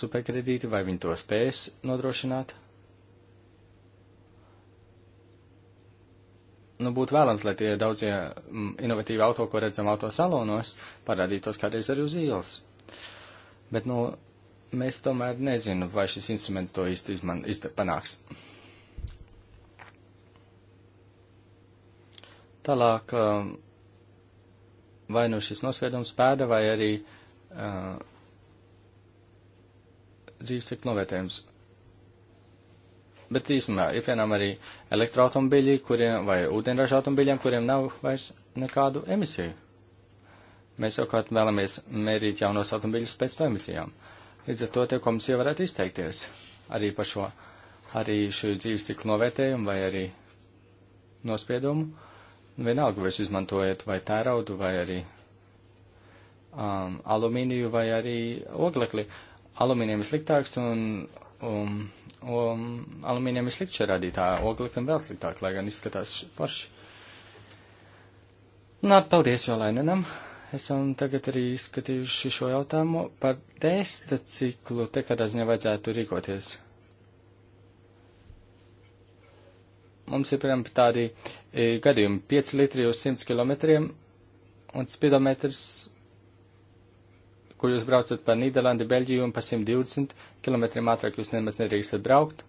Superkredīti, vai viņi to spēs nodrošināt? nu, būtu vēlams, lai tie daudzie mm, inovatīvi auto, ko redzam autosalonos, parādītos kādreiz arī uz ielas. Bet, nu, mēs tomēr nezinu, vai šis instruments to īsti izman, izte, panāks. Tālāk, um, vai nu šis nosviedums pēda, vai arī uh, dzīves ciklu novērtējums Bet īstenībā ir piemēram arī elektroautomobiļi, kuriem vai ūdeņraža automobiļiem, kuriem nav vairs nekādu emisiju. Mēs savukārt vēlamies mērīt jaunos automobiļus pēc to emisijām. Līdz ar to te komisija varētu izteikties arī par šo, arī šo dzīves ciklu novērtējumu vai arī nospiedumu. Vienalga, vai es izmantojat vai tēraudu vai arī um, alumīniju vai arī oglekli. Alumīnijam ir sliktāks un um, um, alumīniem ir sliktie radītāji, ogleklim vēl sliktāk, lai gan izskatās forši. Nā, nu, paldies Jolainenam. Esam tagad arī izskatījuši šo jautājumu par testa ciklu, te kādā ziņā vajadzētu rīkoties. Mums ir, piemēram, tādi e, gadījumi 5 litri uz 100 km un spidometrs kur jūs braucat pa Nīderlandi, Beļģiju un pa 120 km ātrāk jūs nemaz nedrīkstat braukt.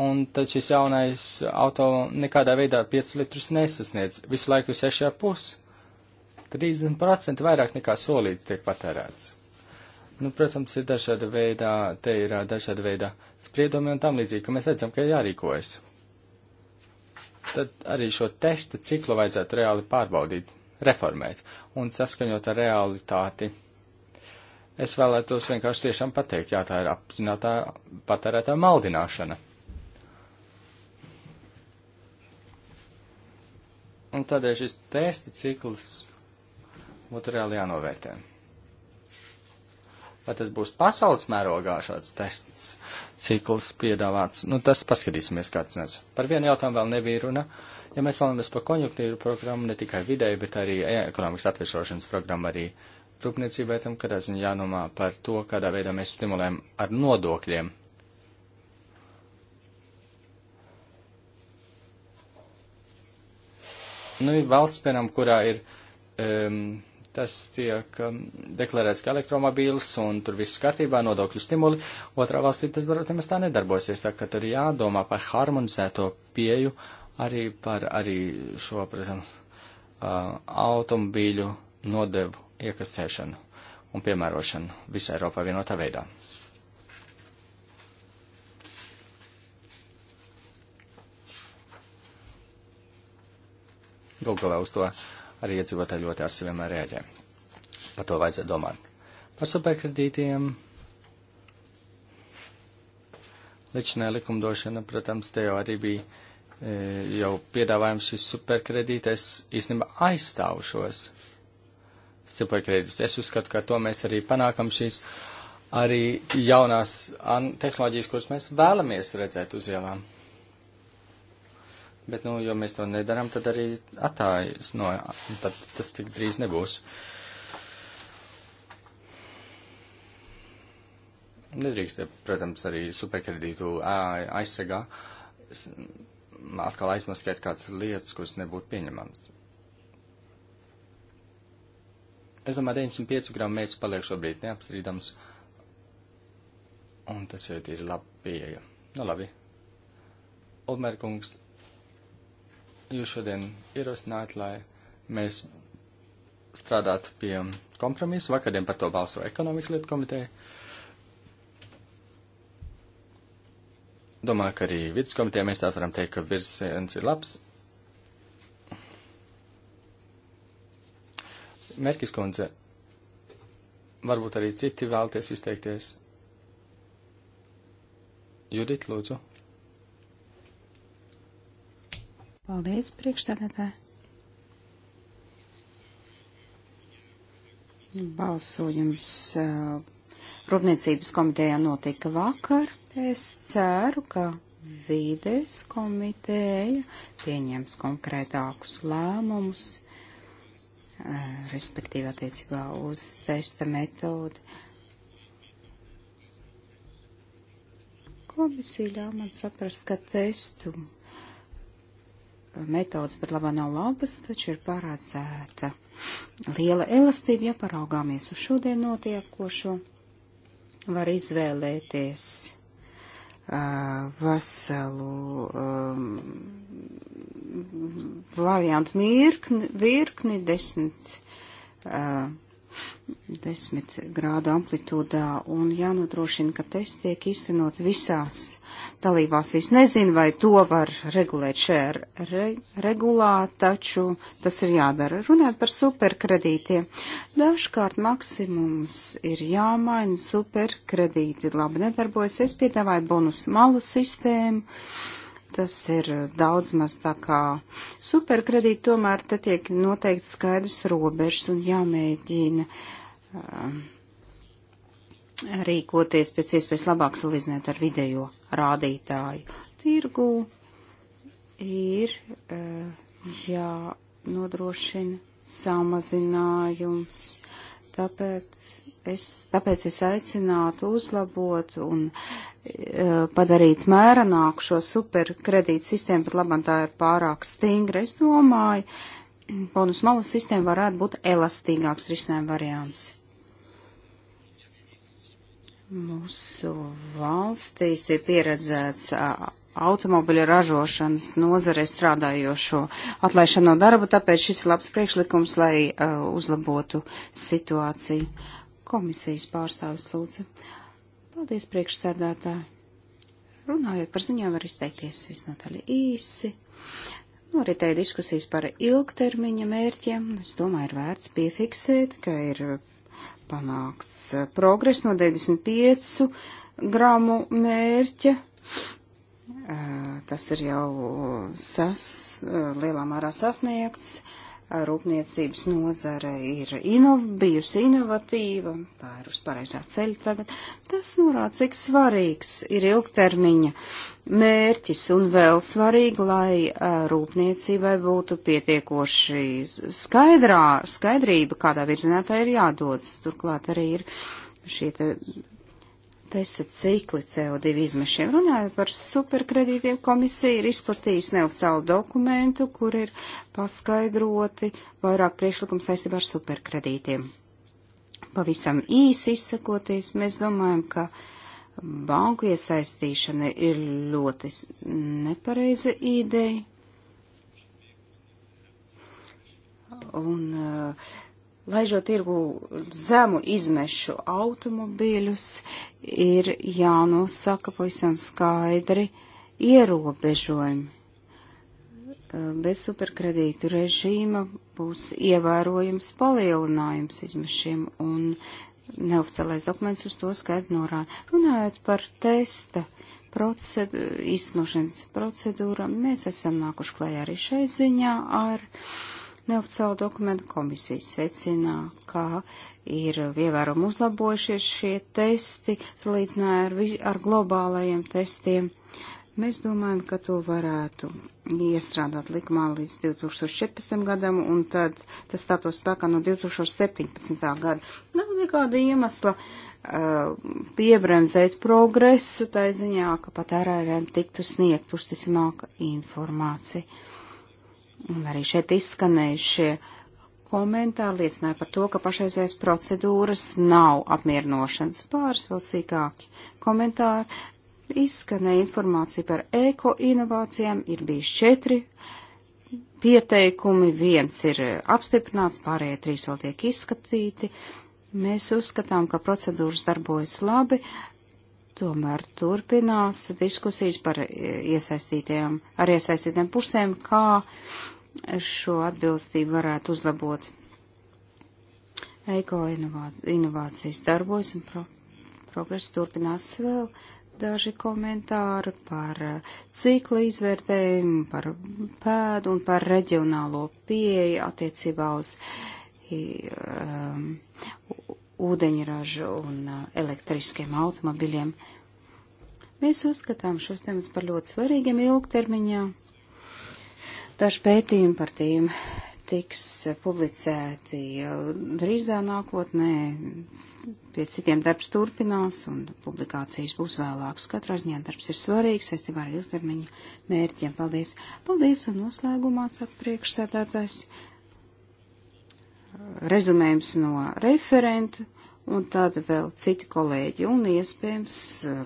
Un tad šis jaunais auto nekādā veidā 5 litrus nesasniedz, visu laiku 6,5. 30% vairāk nekā solīts tiek patērēts. Nu, protams, ir dažāda veidā, te ir dažāda veidā spriedumi un tam līdzīgi, ka mēs redzam, ka ir jārīkojas. Tad arī šo testa ciklu vajadzētu reāli pārbaudīt, reformēt un saskaņot ar realitāti Es vēlētos vienkārši tiešām pateikt, jā, tā ir apzinātā patērētā maldināšana. Un tādēļ šis testa cikls būtu reāli jānovērtē. Vai tas būs pasaules mērogā šāds tests cikls piedāvāts? Nu, tas paskatīsimies, kāds nes. Par vienu jautājumu vēl nebija runa. Ja mēs vēlamies par konjunktīvu programmu, ne tikai vidēji, bet arī ekonomikas atvesošanas programmu arī uh, rūpniecībai tam kādā ziņā jādomā par to, kādā veidā mēs stimulējam ar nodokļiem. Nu, ir valsts, piemēram, kurā ir um, tas tiek um, deklarēts kā elektromobīls un tur viss kārtībā, nodokļu stimuli. Otrā valstī tas varbūt nemaz tā nedarbosies, tā ka tur jādomā par harmonizēto pieju arī par arī šo, protams, uh, automobīļu nodevu iekasēšanu un piemērošanu visā Eiropā vienotā veidā. Galu galā uz to arī iedzīvotāji ļoti asi vienmēr rēģē. Par to vajadzētu domāt. Par superkredītiem. Līdšanai likumdošana, protams, te jau arī bija e, jau piedāvājums šis superkredītais īstenībā aizstāv šos superkredītus. Es uzskatu, ka to mēs arī panākam šīs arī jaunās tehnoloģijas, kuras mēs vēlamies redzēt uz ielām. Bet, nu, jo mēs to nedaram, tad arī attājas, no, tad tas tik drīz nebūs. Nedrīkst, protams, arī superkredītu aizsegā atkal aizmaskēt kādas lietas, kuras nebūtu pieņemamas. Es domāju, 95 gramu mērķis paliek šobrīd neapstrīdams. Un tas jau ir labi pieeja. Nu labi. Olmērkungs, jūs šodien ierosināt, lai mēs strādātu pie kompromisa. Vakardien par to balso ekonomikas lietu komiteja. Domāju, ka arī vidus komiteja mēs tā varam teikt, ka virziens ir labs. Merkis kundze, varbūt arī citi vēlties izteikties. Judit, lūdzu. Paldies, priekšstādātāji. Balsojums uh, Rūpniecības komitejā notika vakar. Es ceru, ka vīdes komiteja pieņems konkrētākus lēmumus Eh, respektīvi attiecībā uz testa metodi. Komisija ļauj man saprast, ka testu metodas pat labā nav labas, taču ir parādzēta liela elastība, ja paraugāmies uz šodien notiekošo, var izvēlēties veselu um, variantu mirkni, virkni desmit, uh, desmit grādu amplitūdā un jānodrošina, ka tests tiek īstenot visās dalībvalstīs. Nezinu, vai to var regulēt šajā re, regulā, taču tas ir jādara. Runāt par superkredītiem. Dažkārt maksimums ir jāmaina, superkredīti labi nedarbojas. Es piedāvāju bonus malu sistēmu. Tas ir daudz maz tā kā superkredīti, tomēr te tiek noteikti skaidrs robežs un jāmēģina. Uh, um, rīkoties pēc iespējas labāk salīdzinot ar vidējo rādītāju. Tirgu ir eh, jānodrošina samazinājums, tāpēc es, tāpēc es aicinātu uzlabot un eh, padarīt mērenāku šo superkredītu sistēmu, pat labam tā ir pārāk stingra. Es domāju, bonus malas sistēma varētu būt elastīgāks risinājuma variants. Mūsu valstīs ir pieredzēts automobiļu ražošanas nozarē strādājošo atlaišanu no darba, tāpēc šis ir labs priekšlikums, lai uh, uzlabotu situāciju. Komisijas pārstāvis lūdzu. Paldies, priekšsēdētāji. Runājot par ziņām, var izteikties visnotaļ īsi. Noritēja diskusijas par ilgtermiņa mērķiem. Es domāju, ir vērts piefiksēt, ka ir panākts eh, progress no 95 gramu mērķa. Eh, tas ir jau sas, eh, lielā mērā sasniegts rūpniecības nozare ir inov, bijusi inovatīva, tā ir uz pareizā ceļa tagad. Tas norāda, nu, cik svarīgs ir ilgtermiņa mērķis un vēl svarīgi, lai rūpniecībai būtu pietiekoši skaidrā, skaidrība, kādā virzienā tā ir jādodas. Turklāt arī ir šie te testa cikli CO2 izmešiem. Runājot par superkredītiem, komisija ir izplatījusi neoficiālu dokumentu, kur ir paskaidroti vairāk priekšlikumu saistībā ar superkredītiem. Pavisam īsi izsakoties, mēs domājam, ka banku iesaistīšana ir ļoti nepareiza ideja. Un uh, laižot tirgu zemu izmešu automobīļus, ir jānosaka pavisam skaidri ierobežojumi. Bez superkredītu režīma būs ievērojams palielinājums izmešiem, un neoficiālais dokuments uz to skaidri norāda. Runājot par testa procedu, īstenošanas procedūru, mēs esam nākuši klajā arī šai ziņā ar. Uh, Neoficiāla dokumenta komisija secina, ka ir ievērojami uzlabojušies šie testi, salīdzināja ar, ar globālajiem testiem. Mēs domājam, ka to varētu iestrādāt likumā līdz 2014. gadam, un tad tas stātos spēkā no 2017. gada. Nav nekāda iemesla uh, piebremzēt progresu, tā ziņā, ka patērējiem tiktu sniegt uzticamāka informācija. Un arī šeit izskanējušie komentāri liecināja par to, ka pašreizējās procedūras nav apmierinošanas. Pāris vēl sīkāki komentāri. Izskanēja informācija par eko-inovācijām. Ir bijis četri pieteikumi, viens ir apstiprināts, pārējie trīs vēl tiek izskatīti. Mēs uzskatām, ka procedūras darbojas labi, tomēr turpinās diskusijas par iesaistītiem, ar iesaistītiem pusēm, kā šo atbilstību varētu uzlabot. Eiko inovācijas darbojas un pro progress turpinās vēl daži komentāri par eh, cikla izvērtējumu, par pēdu un par reģionālo pieeju attiecībā uz um, ūdeņražu un eh, elektriskiem automobiļiem. Mēs uzskatām šos temas par ļoti svarīgiem ilgtermiņā Daži pētījumi par tīm tiks publicēti jau drīzā nākotnē, pie citiem darbs turpinās un publikācijas būs vēlākas. Katrā ziņā darbs ir svarīgs, saistībā ar ilgtermiņa mērķiem. Paldies! Paldies un noslēgumā saka priekšsēdētājs. Rezumējums no referentu un tad vēl citi kolēģi un iespējams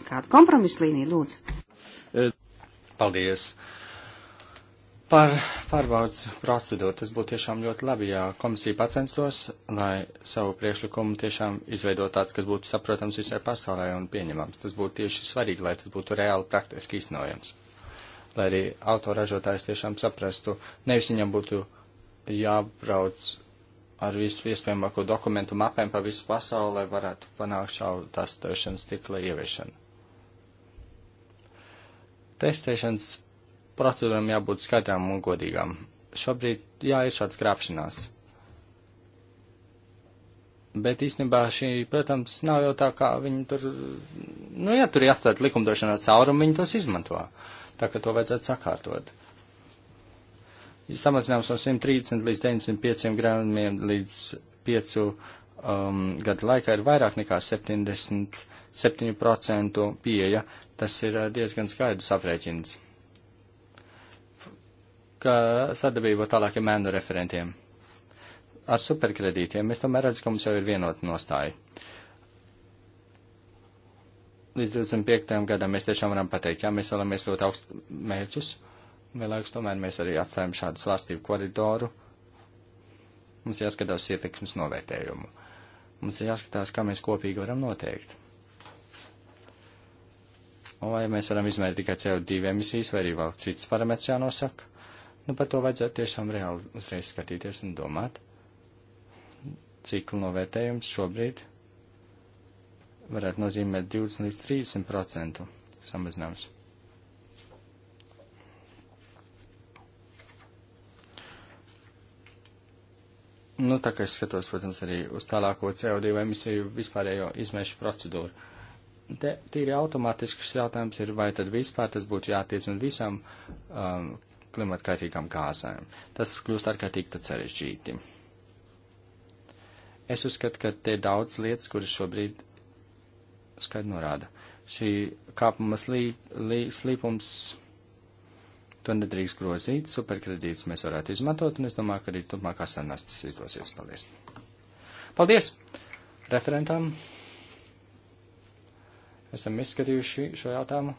kādu kompromisu līniju lūdzu. Paldies! Par pārbaudas procedūru tas būtu tiešām ļoti labi, ja komisija pacenstos, lai savu priekšlikumu tiešām izveidot tāds, kas būtu saprotams visai pasaulē un pieņemams. Tas būtu tieši svarīgi, lai tas būtu reāli praktiski iznojams. Lai arī autoražotājs tiešām saprastu, nevis viņam būtu jābrauc ar visu iespējamāko dokumentu mapēm pa visu pasauli, lai varētu panākt šau testēšanas stikla ieviešanu. Testēšanas procedūram jābūt skaidrām un godīgām. Šobrīd, jā, ir šāds krāpšanās. Bet īstenībā šī, protams, nav jau tā, kā viņi tur, nu jā, tur jāstāt likumdošanā caurumu, viņi tos izmanto. Tā ka to vajadzētu sakārtot. Samazinājums no 130 līdz 905 gramiem līdz 5 um, gadu laikā ir vairāk nekā 77% pieeja. Tas ir uh, diezgan skaidrs aprēķins ka sadarbība tālākiem mēnu referentiem. Ar superkredītiem mēs tomēr redzam, ka mums jau ir vienota nostāja. Līdz 25. gadam mēs tiešām varam pateikt, jā, mēs vēlamies ļoti augstu mērķus, vienlaikus tomēr mēs arī atstājam šādu svārstību koridoru. Mums jāskatās ietekmes novērtējumu. Mums ir jāskatās, kā mēs kopīgi varam noteikt. Un vai mēs varam izmērīt tikai CO2 emisijas, vai arī vēl cits parametrs jānosaka. Nu, par to vajadzētu tiešām reāli uzreiz skatīties un domāt. Cikla novērtējums šobrīd varētu nozīmēt 20 līdz 30% samazinājums. Nu, tā kā es skatos, protams, arī uz tālāko CO2 emisiju vispārējo izmēšu procedūru. Te tīri automātiski šis jautājums ir, vai tad vispār tas būtu jātiec un visam um, klimata kaitīgām gāzēm. Tas kļūst ārkārtīgi sarežģīti. Es uzskatu, ka te ir daudz lietas, kuras šobrīd skaidri norāda. Šī kāpuma slī, lī, slīpums, to nedrīkst grozīt, superkredītus mēs varētu izmantot, un es domāju, ka arī turpmākā sarunās tas izdosies. Paldies! Paldies referentam! Esam izskatījuši šo jautājumu.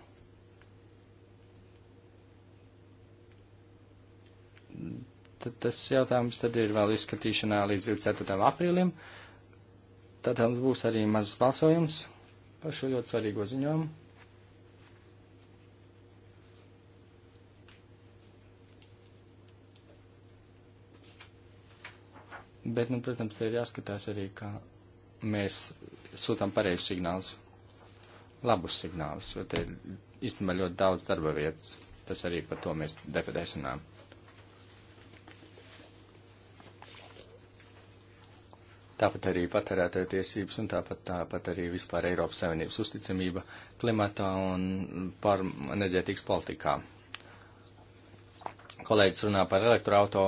Tad tas jautājums tad ir vēl izskatīšanā līdz 24. aprīlim. Tad mums būs arī mazs balsojums par šo ļoti svarīgo ziņojumu. Bet, nu, protams, te ir jāskatās arī, ka mēs sūtām pareizi signālus, labus signālus, jo te ir īstenībā ļoti daudz darba vietas. Tas arī par to mēs debatēsim. tāpat arī patērētāju tiesības un tāpat, tāpat arī vispār Eiropas Savienības uzticamība klimatā un par enerģētikas politikā. Kolēģis runā par elektroauto,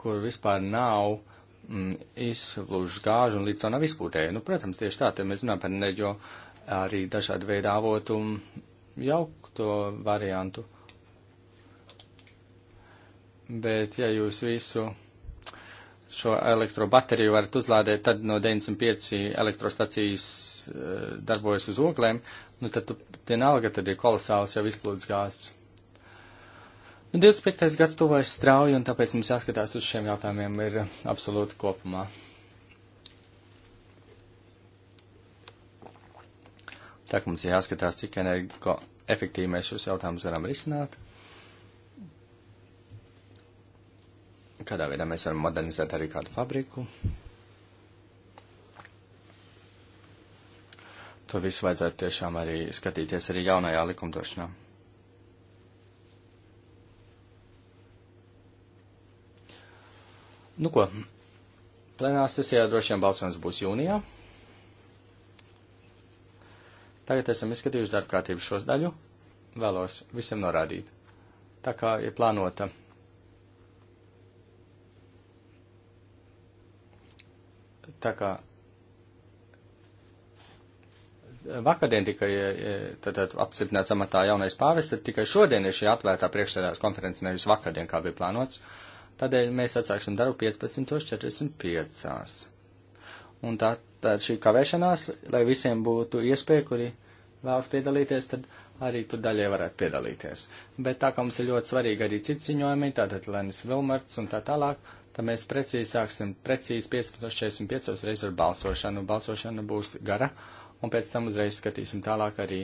kur vispār nav mm, izplūžu gāžu un līdz tam nav izpūtēju. Nu, protams, tieši tā, te mēs runājam par enerģo arī dažādu veidu avotu jaukto variantu. Bet, ja jūs visu šo elektrobateriju varat uzlādēt, tad no 95 elektrostacijas eh, darbojas uz oglēm, nu tad tu, vienalga tad ir kolosāls jau izplūdes gāzes. Nu, 25. gads tuvojas strauji, un tāpēc mums jāskatās uz šiem jautājumiem ir absolūti kopumā. Tā kā mums ir jāskatās, cik energo efektīvi mēs šos jautājumus varam risināt. Kādā veidā mēs varam modernizēt arī kādu fabriku? To visu vajadzētu tiešām arī skatīties arī jaunajā likumdošanā. Nu ko, plenārā sesijā droši vien balsojums būs jūnijā. Tagad esam izskatījuši darbkārtības šos daļu. Vēlos visiem norādīt. Tā kā ir plānota Tā kā vakardien tikai tātad e, apstiprināts amatā jaunais pāvis, tad tikai šodien ir šī atvērtā priekšsēdās konferences, nevis vakardien, kā bija plānots. Tādēļ mēs atsāksim darbu 15.45. Un tā, tā šī kavēšanās, lai visiem būtu iespēja, kuri vēlas piedalīties, tad arī tur daļai varētu piedalīties. Bet tā kā mums ir ļoti svarīgi arī citi ziņojumi, tātad Lenis Vilmarts un tā tālāk, tad mēs precīzi sāksim precīzi 15.45 reiz ar balsošanu. Balsošana būs gara, un pēc tam uzreiz skatīsim tālāk arī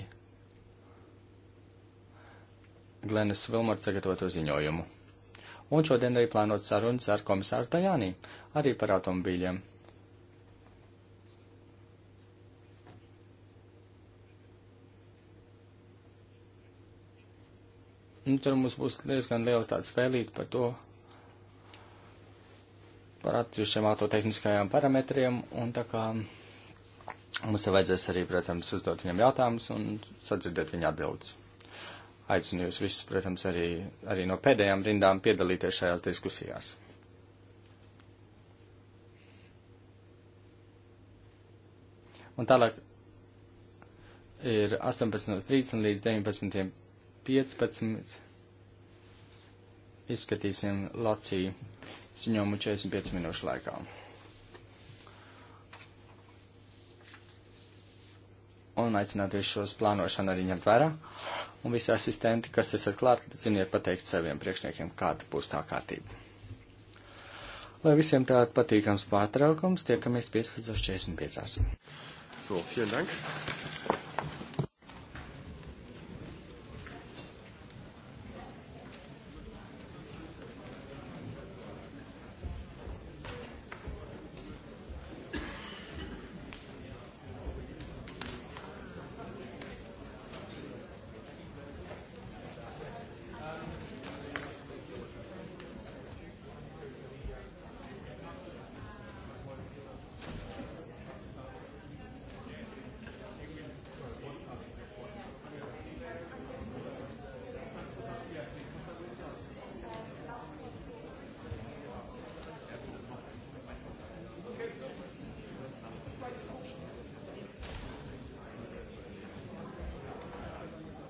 Glenas Vilmars sagatavoto ziņojumu. Un šodien arī plānot sarunas ar komisāru Tajānī, arī par automobīļiem. Nu, tur mums būs diezgan liela tāda spēlīta par to, par atsevišķiem autotehniskajiem parametriem, un tā kā mums te vajadzēs arī, protams, uzdot viņam jautājumus un sadzirdēt viņa atbildes. Aicinu jūs visus, protams, arī, arī no pēdējām rindām piedalīties šajās diskusijās. Un tālāk ir 18.30 līdz 19.15. Izskatīsim Lāciju ziņojumu 45 minūšu laikā. Un aicinātu visus šos plānošanu arī ņemt vērā. Un visi asistenti, kas esat klāt, ziniet pateikt saviem priekšniekiem, kāda būs tā kārtība. Lai visiem tāds patīkams pārtraukums, tiekamies 15.45. So, vielen Dank.